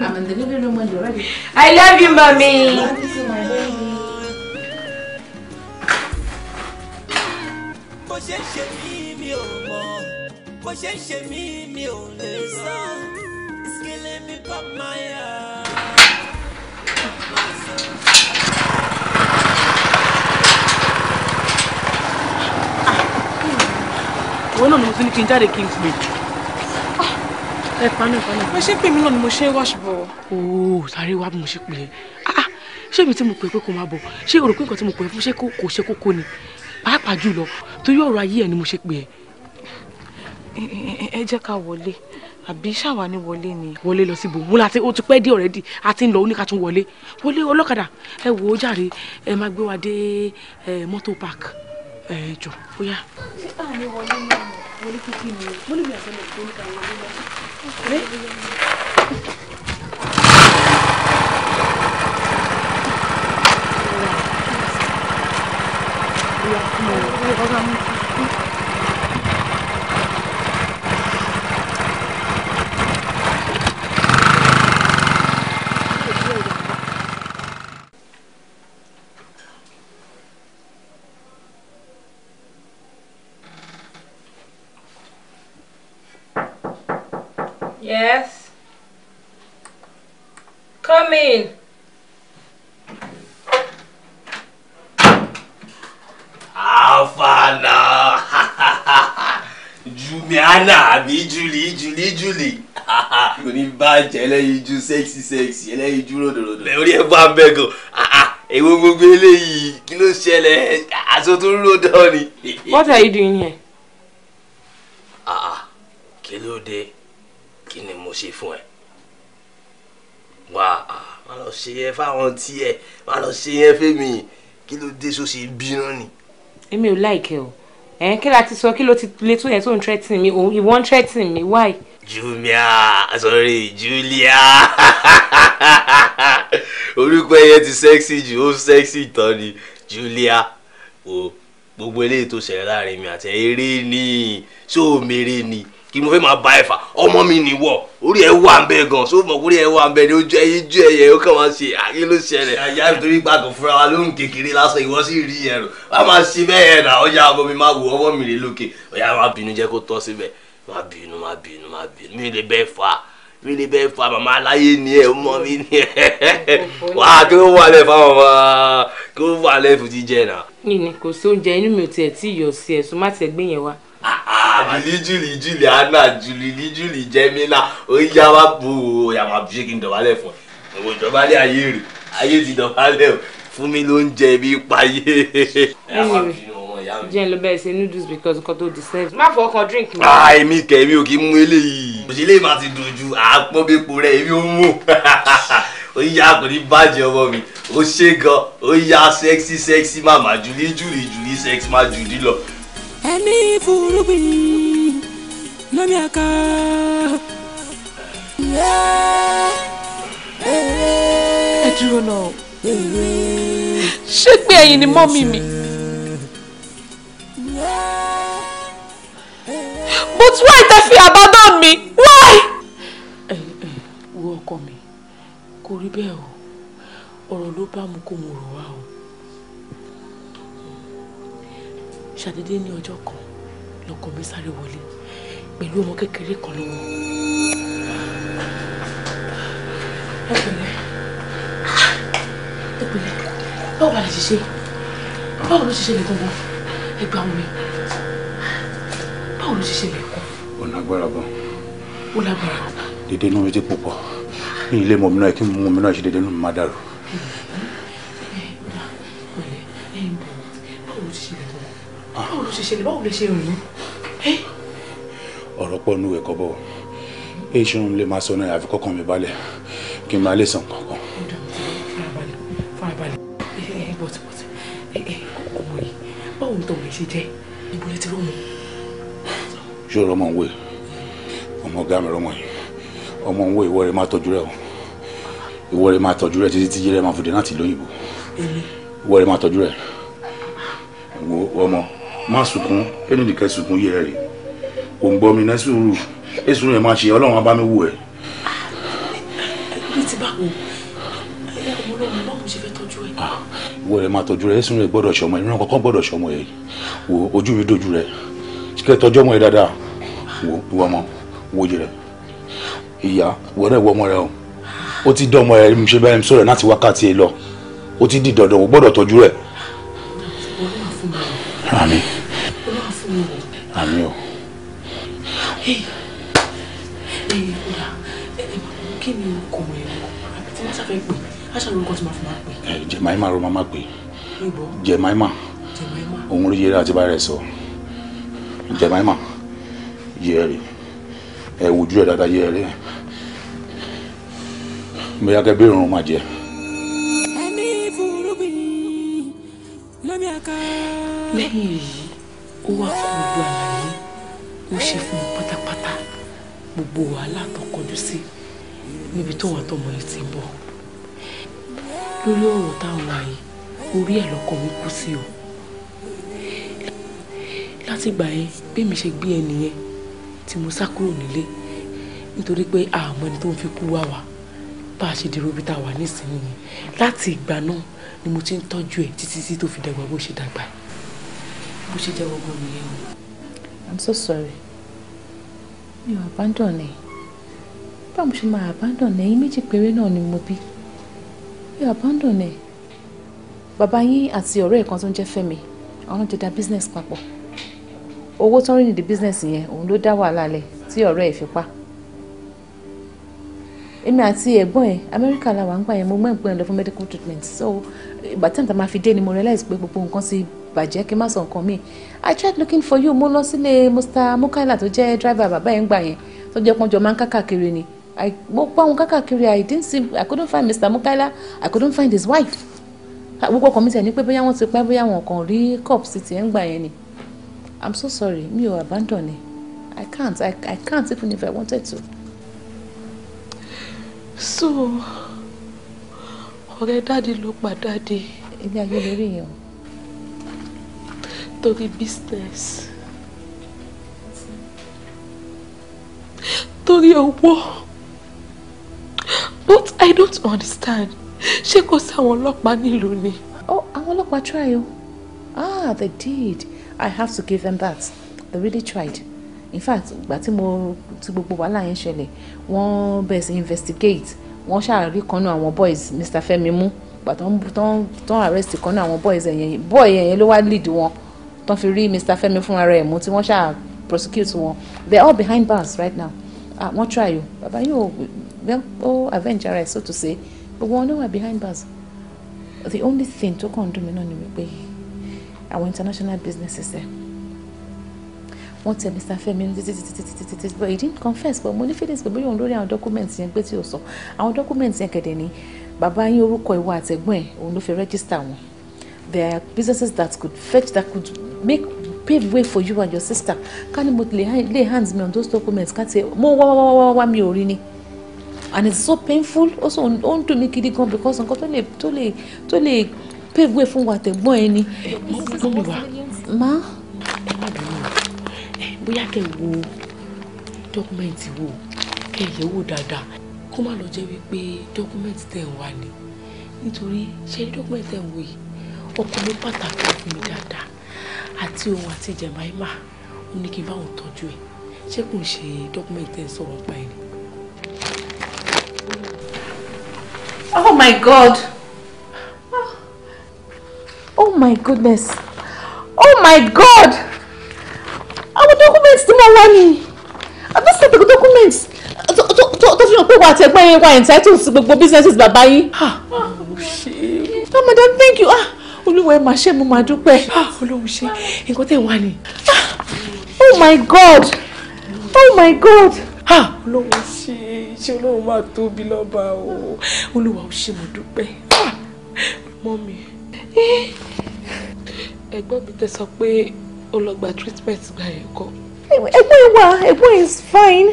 I'm in the living room when you're ready. I love you, mommy. I love you, too, my baby. bó ṣe ń ṣe mí mi ò lè sọ it's killing me but my heart. Ah, ìwọ náà ni mo ti ní kí n jáde kí n pè. Ah, ẹ panu panu. mo ṣe pè mí náà ni mo ṣe wá ṣùgbọ́. ooo sáré wá bí mo ṣe pè é ah, ṣé èmi tí mo pè é pé kó máa bọ̀ ṣé o rò pé nǹkan tí mo pè é fún ṣé kò ṣe kókó ni pàápàá jùlọ torí ọ̀rọ̀ ayé ẹ̀ ni mo ṣe pè é ẹ jẹ́ ká wọlé àbí ṣàwà ni wọlé ni. wọlé lọ sí ibò wúlò àti ó ti pẹ́ dé ọ̀rẹ́dì àti ń lọ oníkà tún wọlé wọlé ọlọ́kadà ẹ wò ó jàre ẹ máa gbé wa dé mọ́tò park ẹ jọ ó yá. títà ni wọlé náà wọlé Yes. Come in. Afana. Jumiana me Julie Julie Julie. Kò ní bàjẹ́ ẹlẹ́yin ju sexy sexy ẹlẹ́yin ju ròdòròdò. Lẹ́yìn orí ẹ̀ bá ń bẹ̀ ah, ah Èwo gbogbo eléyìí kí ló ṣẹlẹ̀ aṣọ tó ń ròdò ni. What are you doing here? Ah ah, kilo de kí ni mo ṣe fún ẹ wà á má lọ ṣe yẹn fáwọn tiẹ má lọ ṣe yẹn fẹmi kí ló dé sọ ṣe bínú ni. èmi ò láìkẹ́ o ẹ̀ kí la ti sọ kí ló ti le tó yẹn tó ń threaten mi òun ìwọ ń threaten mi why. Jumia sorry Julia orúkọ ẹyẹ ti sexy ju ó sexy tán ni Julia o gbogbo eléyìí tó ṣẹlẹ̀ láàrin mi àti eré ni ṣó o mèrè ni kí mo fẹ́ máa bá ẹ fà ọmọ mi nìwọ orí ẹ wà ń bẹ gan so mọ̀ orí ẹ wà ń bẹ ní ojú ẹyin jú ẹyẹ ó kàn máa ṣe àyè ló ṣẹlẹ̀. àyà nítorí gbàgbọ́ fúnra wa lóhùn kékeré lásán ìwọ sì rí yẹn rò wá máa ṣe bẹ́ẹ̀ yẹn náà ọjà ọmọ mi máa wò ọmọ mi rè lókè ọ̀yà máa bínú jẹ́ kó tọ́ síbẹ̀ máa bínú máa bínú máa bínú mi lè bẹ́ẹ̀ fà mi lè bẹ́ẹ̀ fà màmá aláyé ni ẹ ọmọ mi ni ẹ wá kí ló wà lẹ́ẹ̀ fáwọn ọmọ kí ló wà lẹ́ẹ̀ fún jíjẹ náà. yìnyín kò sí oúnjẹ inú mi jìlìjìlì jìlì anna jìlìjìlì jẹmínà ó yá wá bu òyà máa bí kí n dọ̀bálẹ̀ fún ẹ òwò ìdọ̀bálẹ̀ ayé rè ayé ti dọ̀bálẹ̀ fún mi ló ń jẹ bí payé. Hmm. jẹ́ ń lọ bẹ́ẹ̀ ṣe noodles because nǹkan tó deserve. má fọkàn drink mi. a ah, èmi kẹ èmi ò kí mú eléyìí. òṣèlè máa ti dojú àpọ́n bẹ́pọ̀ rẹ̀ èmi ò mú ó kò ní bàjẹ́ ọmọ mi ó ṣe gan ó sexy sexy mama Julie, Julie, jùlí sexy má jùlí lọ ẹni fúrúgbìn lómi àká. ẹ dúró náà ṣé pé ẹ̀yin ni mọ́mì mi. but why tẹ fi abandon mi why. ẹ ẹ wo ọkọ mi kò rí bẹ́ẹ̀ o ọ̀rọ̀ ló bá mu kó mo rò wá o. ṣàdédé ní ọjọ́ kan lọ́kọ mi sáré wọlé pẹ̀lú ọmọ kékeré kan lọ́wọ́. ẹ pẹ̀lẹ́ ẹ pẹ̀lẹ́ báwo la lè ṣiṣẹ́ báwo ló ṣiṣẹ́ lè gangan ẹ gbà wọn mi báwo ló ṣiṣẹ́ lè kọ́. ó lágbára gan. ó lágbára. dédé inú mi ti púpọ̀ ní ilé mọ̀mí náà kí mọ̀mí náà ṣe dédé inú mi má dàrú. Hmm. ṣe ṣẹlẹ̀ báwo lè ṣe rìn yín. ọ̀rọ̀ pọ̀ nù ẹ̀kọ́ bọ̀ èyí ṣe ń lè máa sọ náà àfi kọ́kàn mi balẹ̀ kí n máa lè sàn kankan. farabalẹ̀ farabalẹ̀ bọ̀tìbọ̀tì ọmọ yìí báwo ni tọmọ yìí ṣe jẹ́ ibo lè ti rọ́mọ. ṣé o rọmọ ń wé ọmọ ọgá mi rọmọ yìí ọmọ ń wé ìwọ rẹ máa tọ́jú rẹ o ìwọ rẹ máa tọ́jú rẹ títí tí yẹrẹ máa fòdè láti lóyìnbó ìwọ rẹ máa tọ́jú rẹ wo ọmọ má sunkún ẹni nìkan sunkún yẹ rẹ kò ń gbọ́ mi náà sùúrù èsùn rẹ̀ máa ṣe ọlọ́run abámiwò ẹ̀. ní ti báwo ah, ìwọ rẹ máa tọ́jú rẹ èsùn rẹ gbọ́dọ̀ ṣọmọ ìran kankan gbọ́dọ̀ ṣọmọ ẹ wo ojú mi dojú rẹ kẹ tọ́jú ọmọ ẹ dáadáa wo ìwọ ọmọ wojú rẹ ìyá ìwọ náà ìwọ ọmọ rẹ o ó ti dán ọmọ ẹ ṣe bẹ́ẹ̀ sọ̀rọ̀ láti wákàtí ẹ lọ ó ti di dandan o gbọ́dọ̀ tọ́jú rẹ àmì àmì o. kí ni ọkọ̀ rẹ̀ tí wọ́n sáfẹ́ pè aṣàlùkọ́ tí máa fi máa pè. jẹ̀máìmá ló máa pè jẹ̀máìmá òun ló yẹra àti bá rẹ̀ sọ jẹ̀máìmá yẹ̀rì ẹ̀ wojú ẹ̀ dáadáa yẹ̀rì ẹ̀ bóyá kẹ́ bí irun máa jẹ. ẹni burú bíi lómi àká lẹ́yìn èyí ó wá fún gbogbo àlàyé ó ṣe fún mi pátápátá gbogbo wàhálà tó kọjú sí níbi tó wà tọmọ yìí ti ń bọ̀ lórí ọ̀rọ̀ táwọn ààyè orí ẹ̀ lọ́kọ̀ mi kú sí o látìgbà yẹn bẹ́ẹ̀mi ṣe gbé ẹni yẹn tí mo sá kúrò nílé nítorí pé àmọ́ ẹni tó ń fi kú wá wa bá a ṣe dèrò ibi tá a wà nísìnyí láti ìgbà náà ni mo ti ń tọ́jú ẹ̀ títí tí tó fi dàgbà bó ṣe dàgbà yìí bó ṣe jẹ́ gbogbo nìyẹn i'm so sorry You abandoned me. ẹ báwo mo ṣe abandon ẹ yín méjì péré náà ni mo bí mi ò abandon ẹ bàbá yín àti ọ̀rẹ́ ẹ̀ kan tó ń jẹ́ fẹ́mi àwọn jẹ́ dá business papọ̀ owó tó ń rí nídìí business yẹn òun ló dá wàhálà lẹ̀ tí ọ̀rẹ́ ẹ̀ fi pa èmi àti ẹ̀gbọ́n ẹ̀ amẹ́ríkà làwọn àgbà yẹn mo mọ̀ ẹ̀gbọ́n ẹ̀ lọ medical treatment so ìgbà tí àǹtà máa fi dé ni mo realize pé gbogbo nǹkan ti bàjẹ́ kí n má sọ nǹkan míì i tried looking for you mo lọ sílé mr mukaila tó jẹ́ driver bàbá ẹ̀ ń gbà yẹn tó jẹ́ pọ́njọ máa ń kákàkiri ni mo pa òun kákàkiri i didn't see i couldn't find mr mukaila i couldn't find his wife gbogbo ọkàn mi tẹ̀ ní pé bóyá wọ́n ti pẹ́ bóyá wọn kàn rí cup sí tiẹ̀ ń gbà yẹn ni i'm so sorry mi ò abandon ẹ i can't I, i can't even if i wanted to. so ọ̀rẹ́ dáàdi ló pa dáàdi. ilé ayé lórí yẹn o torí business torí owó but I don't understand ṣé kò sí àwọn ọlọ́pàá nílùú ni. oh àwọn ọlọ́pàá try o ah they did I have to give them that they really tried in fact ìgbà tí mo ti gbogbo wàhálà yẹn ṣẹlẹ̀ wọ́n bẹ̀rẹ̀ sí investigate wọ́n ṣàárí kanú àwọn boys Mr. Femi. mú ìgbà tó ń arrest kanú àwọn boys ẹ̀yẹn boy ẹ̀yẹn ló wá lead wọn tó fi rí Mr. Femi. fúnra rẹ̀ mú tí wọ́n ṣáà prosecute wọn they are all behind bars right now ah wọ́n try you, baba yóò well ó avenge ara ẹ̀ so to say gbogbo wọn ló wà behind bars the only thing tó kàn ń dùn mí náà ni wípé àwọn international businesses ẹ̀ wọ́n tẹ Mr. Fẹ́mi títí títí títí títí but he didn't confess but mo ní feelings pé bóyá òun lórí àwọn documents yẹn pé tí o sọ àwọn documents yẹn kẹ̀dẹ̀ ni bàbá yín orúkọ ìwà àtẹ̀gbọ́n ẹ̀ òun ló fi register wọn there are businesses that could fetch that could make pave way for you and your sister ká ní mo lay hands me on those documents ká tiẹ̀ mo wá wá wá wá mi ò rí ni and it's so painful also ó ń dùn mí gidi gan because nǹkan to lè To lè To lè pave way fún wa tẹ̀gbọ́n ẹni. mọ́mí wa má má bínú bóyá kẹ́ ẹ wo dọ́kúmẹ́ǹtì wo kẹ́ ẹ yẹ̀ wò dáadáa kó má lọ jẹ́ wípé dọ́kúmẹ́ǹtì tẹ̀ ń wá ni nítorí ṣé dọ́kúmẹ́ǹtì tẹ̀ ń wò yìí ọkọ mi pàtàkì fún mi dáadáa àti òun àti Jemima ó ní kí n báwọn tọ́jú ẹ̀ ṣé kò ń ṣe dọ́kúmẹ̀ntì ẹ̀ sọ̀rọ̀ pa ẹ̀ ni. oh my god oh my goodness oh my god àwọn dọ́kúmẹ̀ntì tí mo wá ni those are the documents tó fi hàn pé wà á ti ẹgbẹ́ yẹn wà entitled sí gbogbo businesses bàbá yín. ah oh, ṣe. oh my god thank you ah olúwa ẹ máa ṣe mo máa dúpẹ́ ah, olóhùn ṣe nǹkan tẹ̀ wá ni ah, oh my god oh my god olóhùn ṣe ṣe olóhùn máa tóbi lọ́ba o olúwa ò ṣe mo dúpẹ́ ah, mọ́mi eh, ẹ̀gbọ́n mi tẹ sọ pé ó lọ gba treatment gba ẹ̀ kọ́. ẹ̀gbọ́n ẹ̀ wà ẹ̀gbọ́n is fine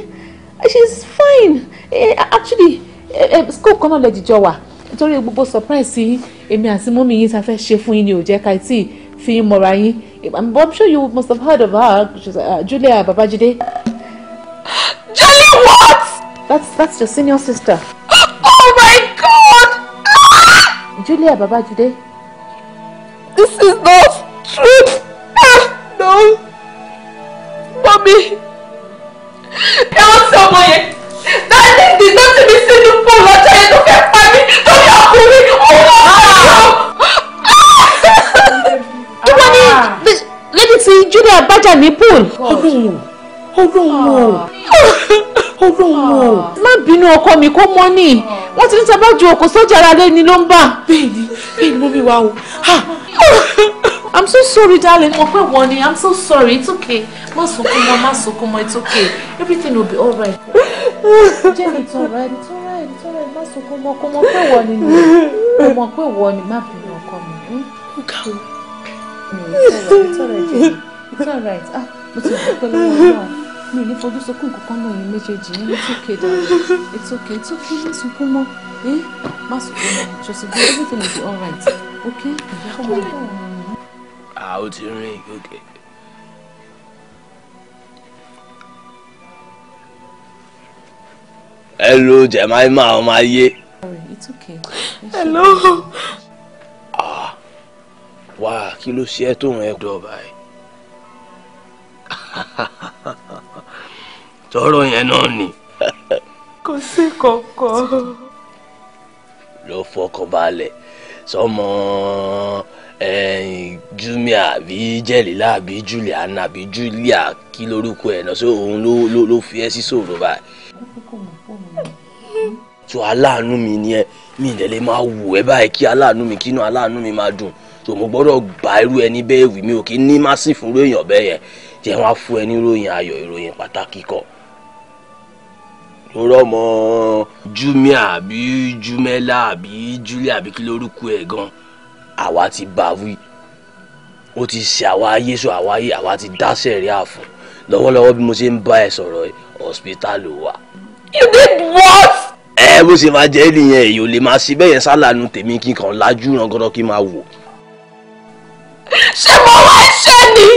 she's fine eh, actually eh, scope kan náà lè jíjọ wà torí gbogbo surprise yìí èmi àti mọ́mí yín ta fẹ́ ṣe fún yín ni ò jẹ́ ká tí fi yín mọ́ra yín I'm sure you must have heard of her uh, Julia Babajide. Julie what? That's that's your senior sister. Oh my God! Ah! Julia Babajide. This is not true. Ah, no, mọ́mí ẹ wá sí ọmọ yẹn dáadé did not be seen in full lọ́jọ́ yẹn tó fẹ́ pa torí ọkùnrin òun náà kí wọ́n ní lẹ́ni tí Julia bájà ní pool. ọlọ́run ọlọ́run ọlọ́run ah. má bínú ọkọ mi kó mọ́ ni wọ́n ti ní sábà ju òkú sọ́jà ara lé ni ló ń bà. bẹ́ẹ̀ni bẹ́ẹ̀ni mo bí wa o. I'm so sorry darling mo pé wọ́n ni I'm so sorry it's okay má sunkún mọ́ má sunkún mọ́ it's okay everything will be alright. jẹ́ mi tán right má sunkún mọ́ kó mọ̀ pé wọ́n ni mi kó mọ̀ pé wọ́n ni má bínú ọkọ mi. ó hm? it's all right it's all ah mo ti dúpẹ́ lọ́wọ́ náà mi ní fojú sunkún kankan náà ní méjèèjì ní it's okay darling it's okay it's okay má sunkún mọ́ eh má sunkún mọ́ just go everything will be all right okay. ah o ti rìn okay. hello jemima ọmọ ayé. hello. Ah, wá kí ló ṣe ẹ́ tó ń ẹ dọ̀ báyìí. tọrọ yẹn náà ni. Kosi koko. kankan. lọ fọkàn balẹ̀ sọmọ jumia àbí jẹ́lílá àbí juliana bi julia kí lórúkọ ẹ̀ so sí òun ló fi ẹ́ sí sọ̀rọ̀ báyìí tó aláàánú mi ni ẹ mi ìdẹ̀ lè máa wù ẹ báyìí kí aláàánú mi kínú aláàánú mi máa dùn tó mo gbọ́dọ̀ gba irú ẹni bẹ́ẹ̀ wì mí ò kí ní má sì fún ròyìn ọ̀bẹ yẹn jẹ́ wọ́n á fún ẹ ní ròyìn ayọ̀ ìròyìn pàtàkì kọ́ lórọ́ mọ́ jumia àbí jumela àbí julia àbí kí lórúkọ ẹ̀ gan àwa ti bá wí ó ti ṣe àwa ayé sọ àwa ayé àwa ti dá sẹ̀rí àfọ̀ lọ́wọ́lọ́wọ́ bí mo ṣe ń bá ẹ sọ̀rọ̀ hospital ló you did what. ẹ bó ṣe máa jẹ́ nìyẹn èyí ò lè máa ṣe bẹ́ẹ̀ yẹn sálànù tèmi kíkan lájú rangọdọ kí n máa wò. ṣé mo wá iṣẹ́ ni.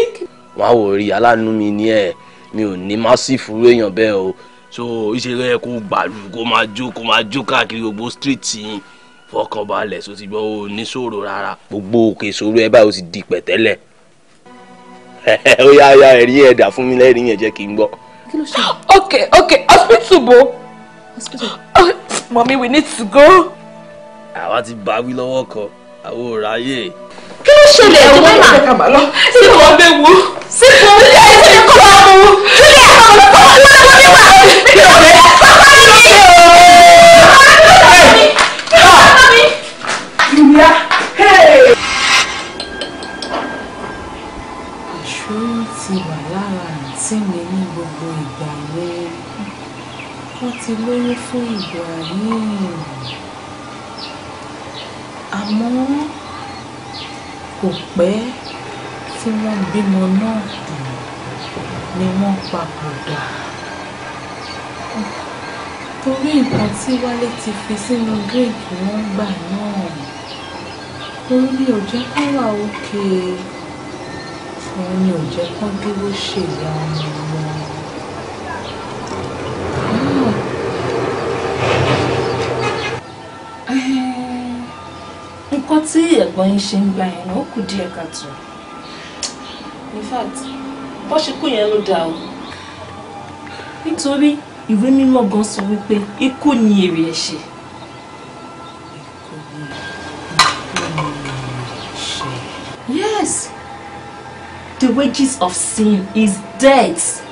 wọn á wò rí aláàánú mi ní ẹ mi ò ní má sí fúru èèyàn bẹ́ẹ̀ o so ìṣèlú ẹ kó gbàlù kó máa jó kó máa jó káàkiri gbogbo street yìí fọkànbalẹ̀ so ti gbọ́ o ní sòrò rárá gbogbo òkè sòrò ẹ báyìí o ti di pẹ̀tẹ́lẹ̀ ó yá yá ẹ̀rí ẹ̀dà fún mi lẹ́rìí yẹn jẹ́ kí n gbọ́ kí ló ṣe. ok ok hospital bo. hospital. Oh, mọ̀mí we need to go. àwa ti bá wí lọ́wọ́ kan àwọn ò ráyè. kí ló ṣẹlẹ̀ ẹ̀wọ̀n náà. ṣé kàmá lọ. ṣé kàmá bẹ wo. ṣé kàmá bẹ wo. ṣé kàmá bẹ wo. ṣé kàmá bẹ wo. ṣé kàmá bẹ wo. ṣé kàmá bẹ wo. bàbá mi. bàbá mi. bàbá mi. bàbá mi. ó ti lóyún fún Ibrahim àmọ́ kò pẹ́ tí wọ́n bímọ náà tán ni wọ́n papòdà torí nǹkan tí Wálé ti fi sínú gíréèkì wọn gbà náà òun ni ò jẹ́ wà òkè òun ni ò jẹ́ dúró ṣèyá ọmọ wọn. Eh, nǹkan tí ẹ̀gbọ́n yín ṣe ń gba yẹn ó kù díẹ̀ káàtó in bó ṣe kú yẹn ló dáa o nítorí ìwé mímọ́ gan sọ wípé ikú ni èrè ẹ̀ṣẹ̀. yes the wages of sin is death.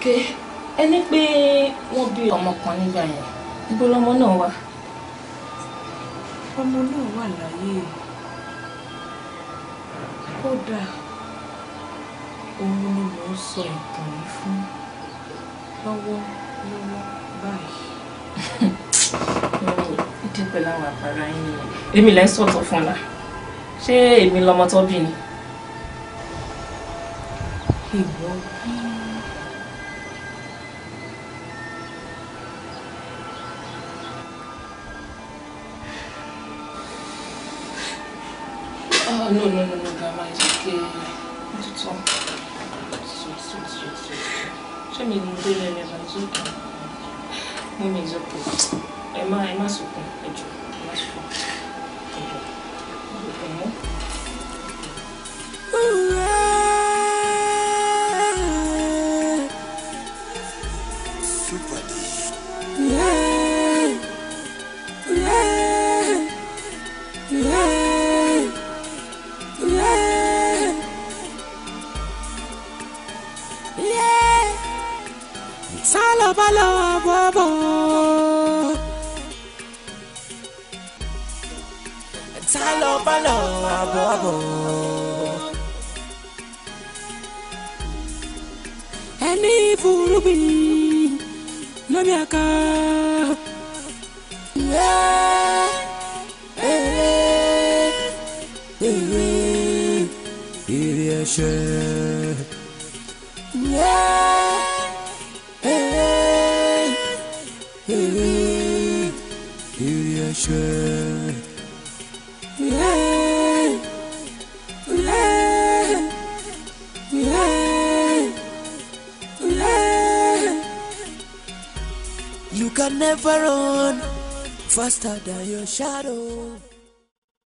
ok ẹni pé wọ́n bí ọmọ kan nígbà yẹn ibo lọmọ náà wà. ọmọ náà wà láyé kódà òun ni mò ń sọ ìtàn yìí fún lọ́wọ́ lọ́wọ́ báyìí. dípẹ́ láwọn àbára yín nìyẹn èmi lẹ́ ń sọ̀tọ̀ fún la ṣé èmi lọmọ tó bí ni. ìwọ bí Oh, no, no, no, no, Grandma, it's okay. Not at all. Sweet, sweet, sweet, sweet. Show me the day you never. It's okay. Mommy, it's okay. Emma, Emma, sunkún. Ẹjọ́, Emma, sunkún. Ẹjọ́. Ẹjọ́. Ooh. Malam Baba. Ta ló bá lọ àbọ̀ àbọ̀? Ẹni fúrúgbìn lómi àká. Èrè Yeah. you can never run faster than your shadow.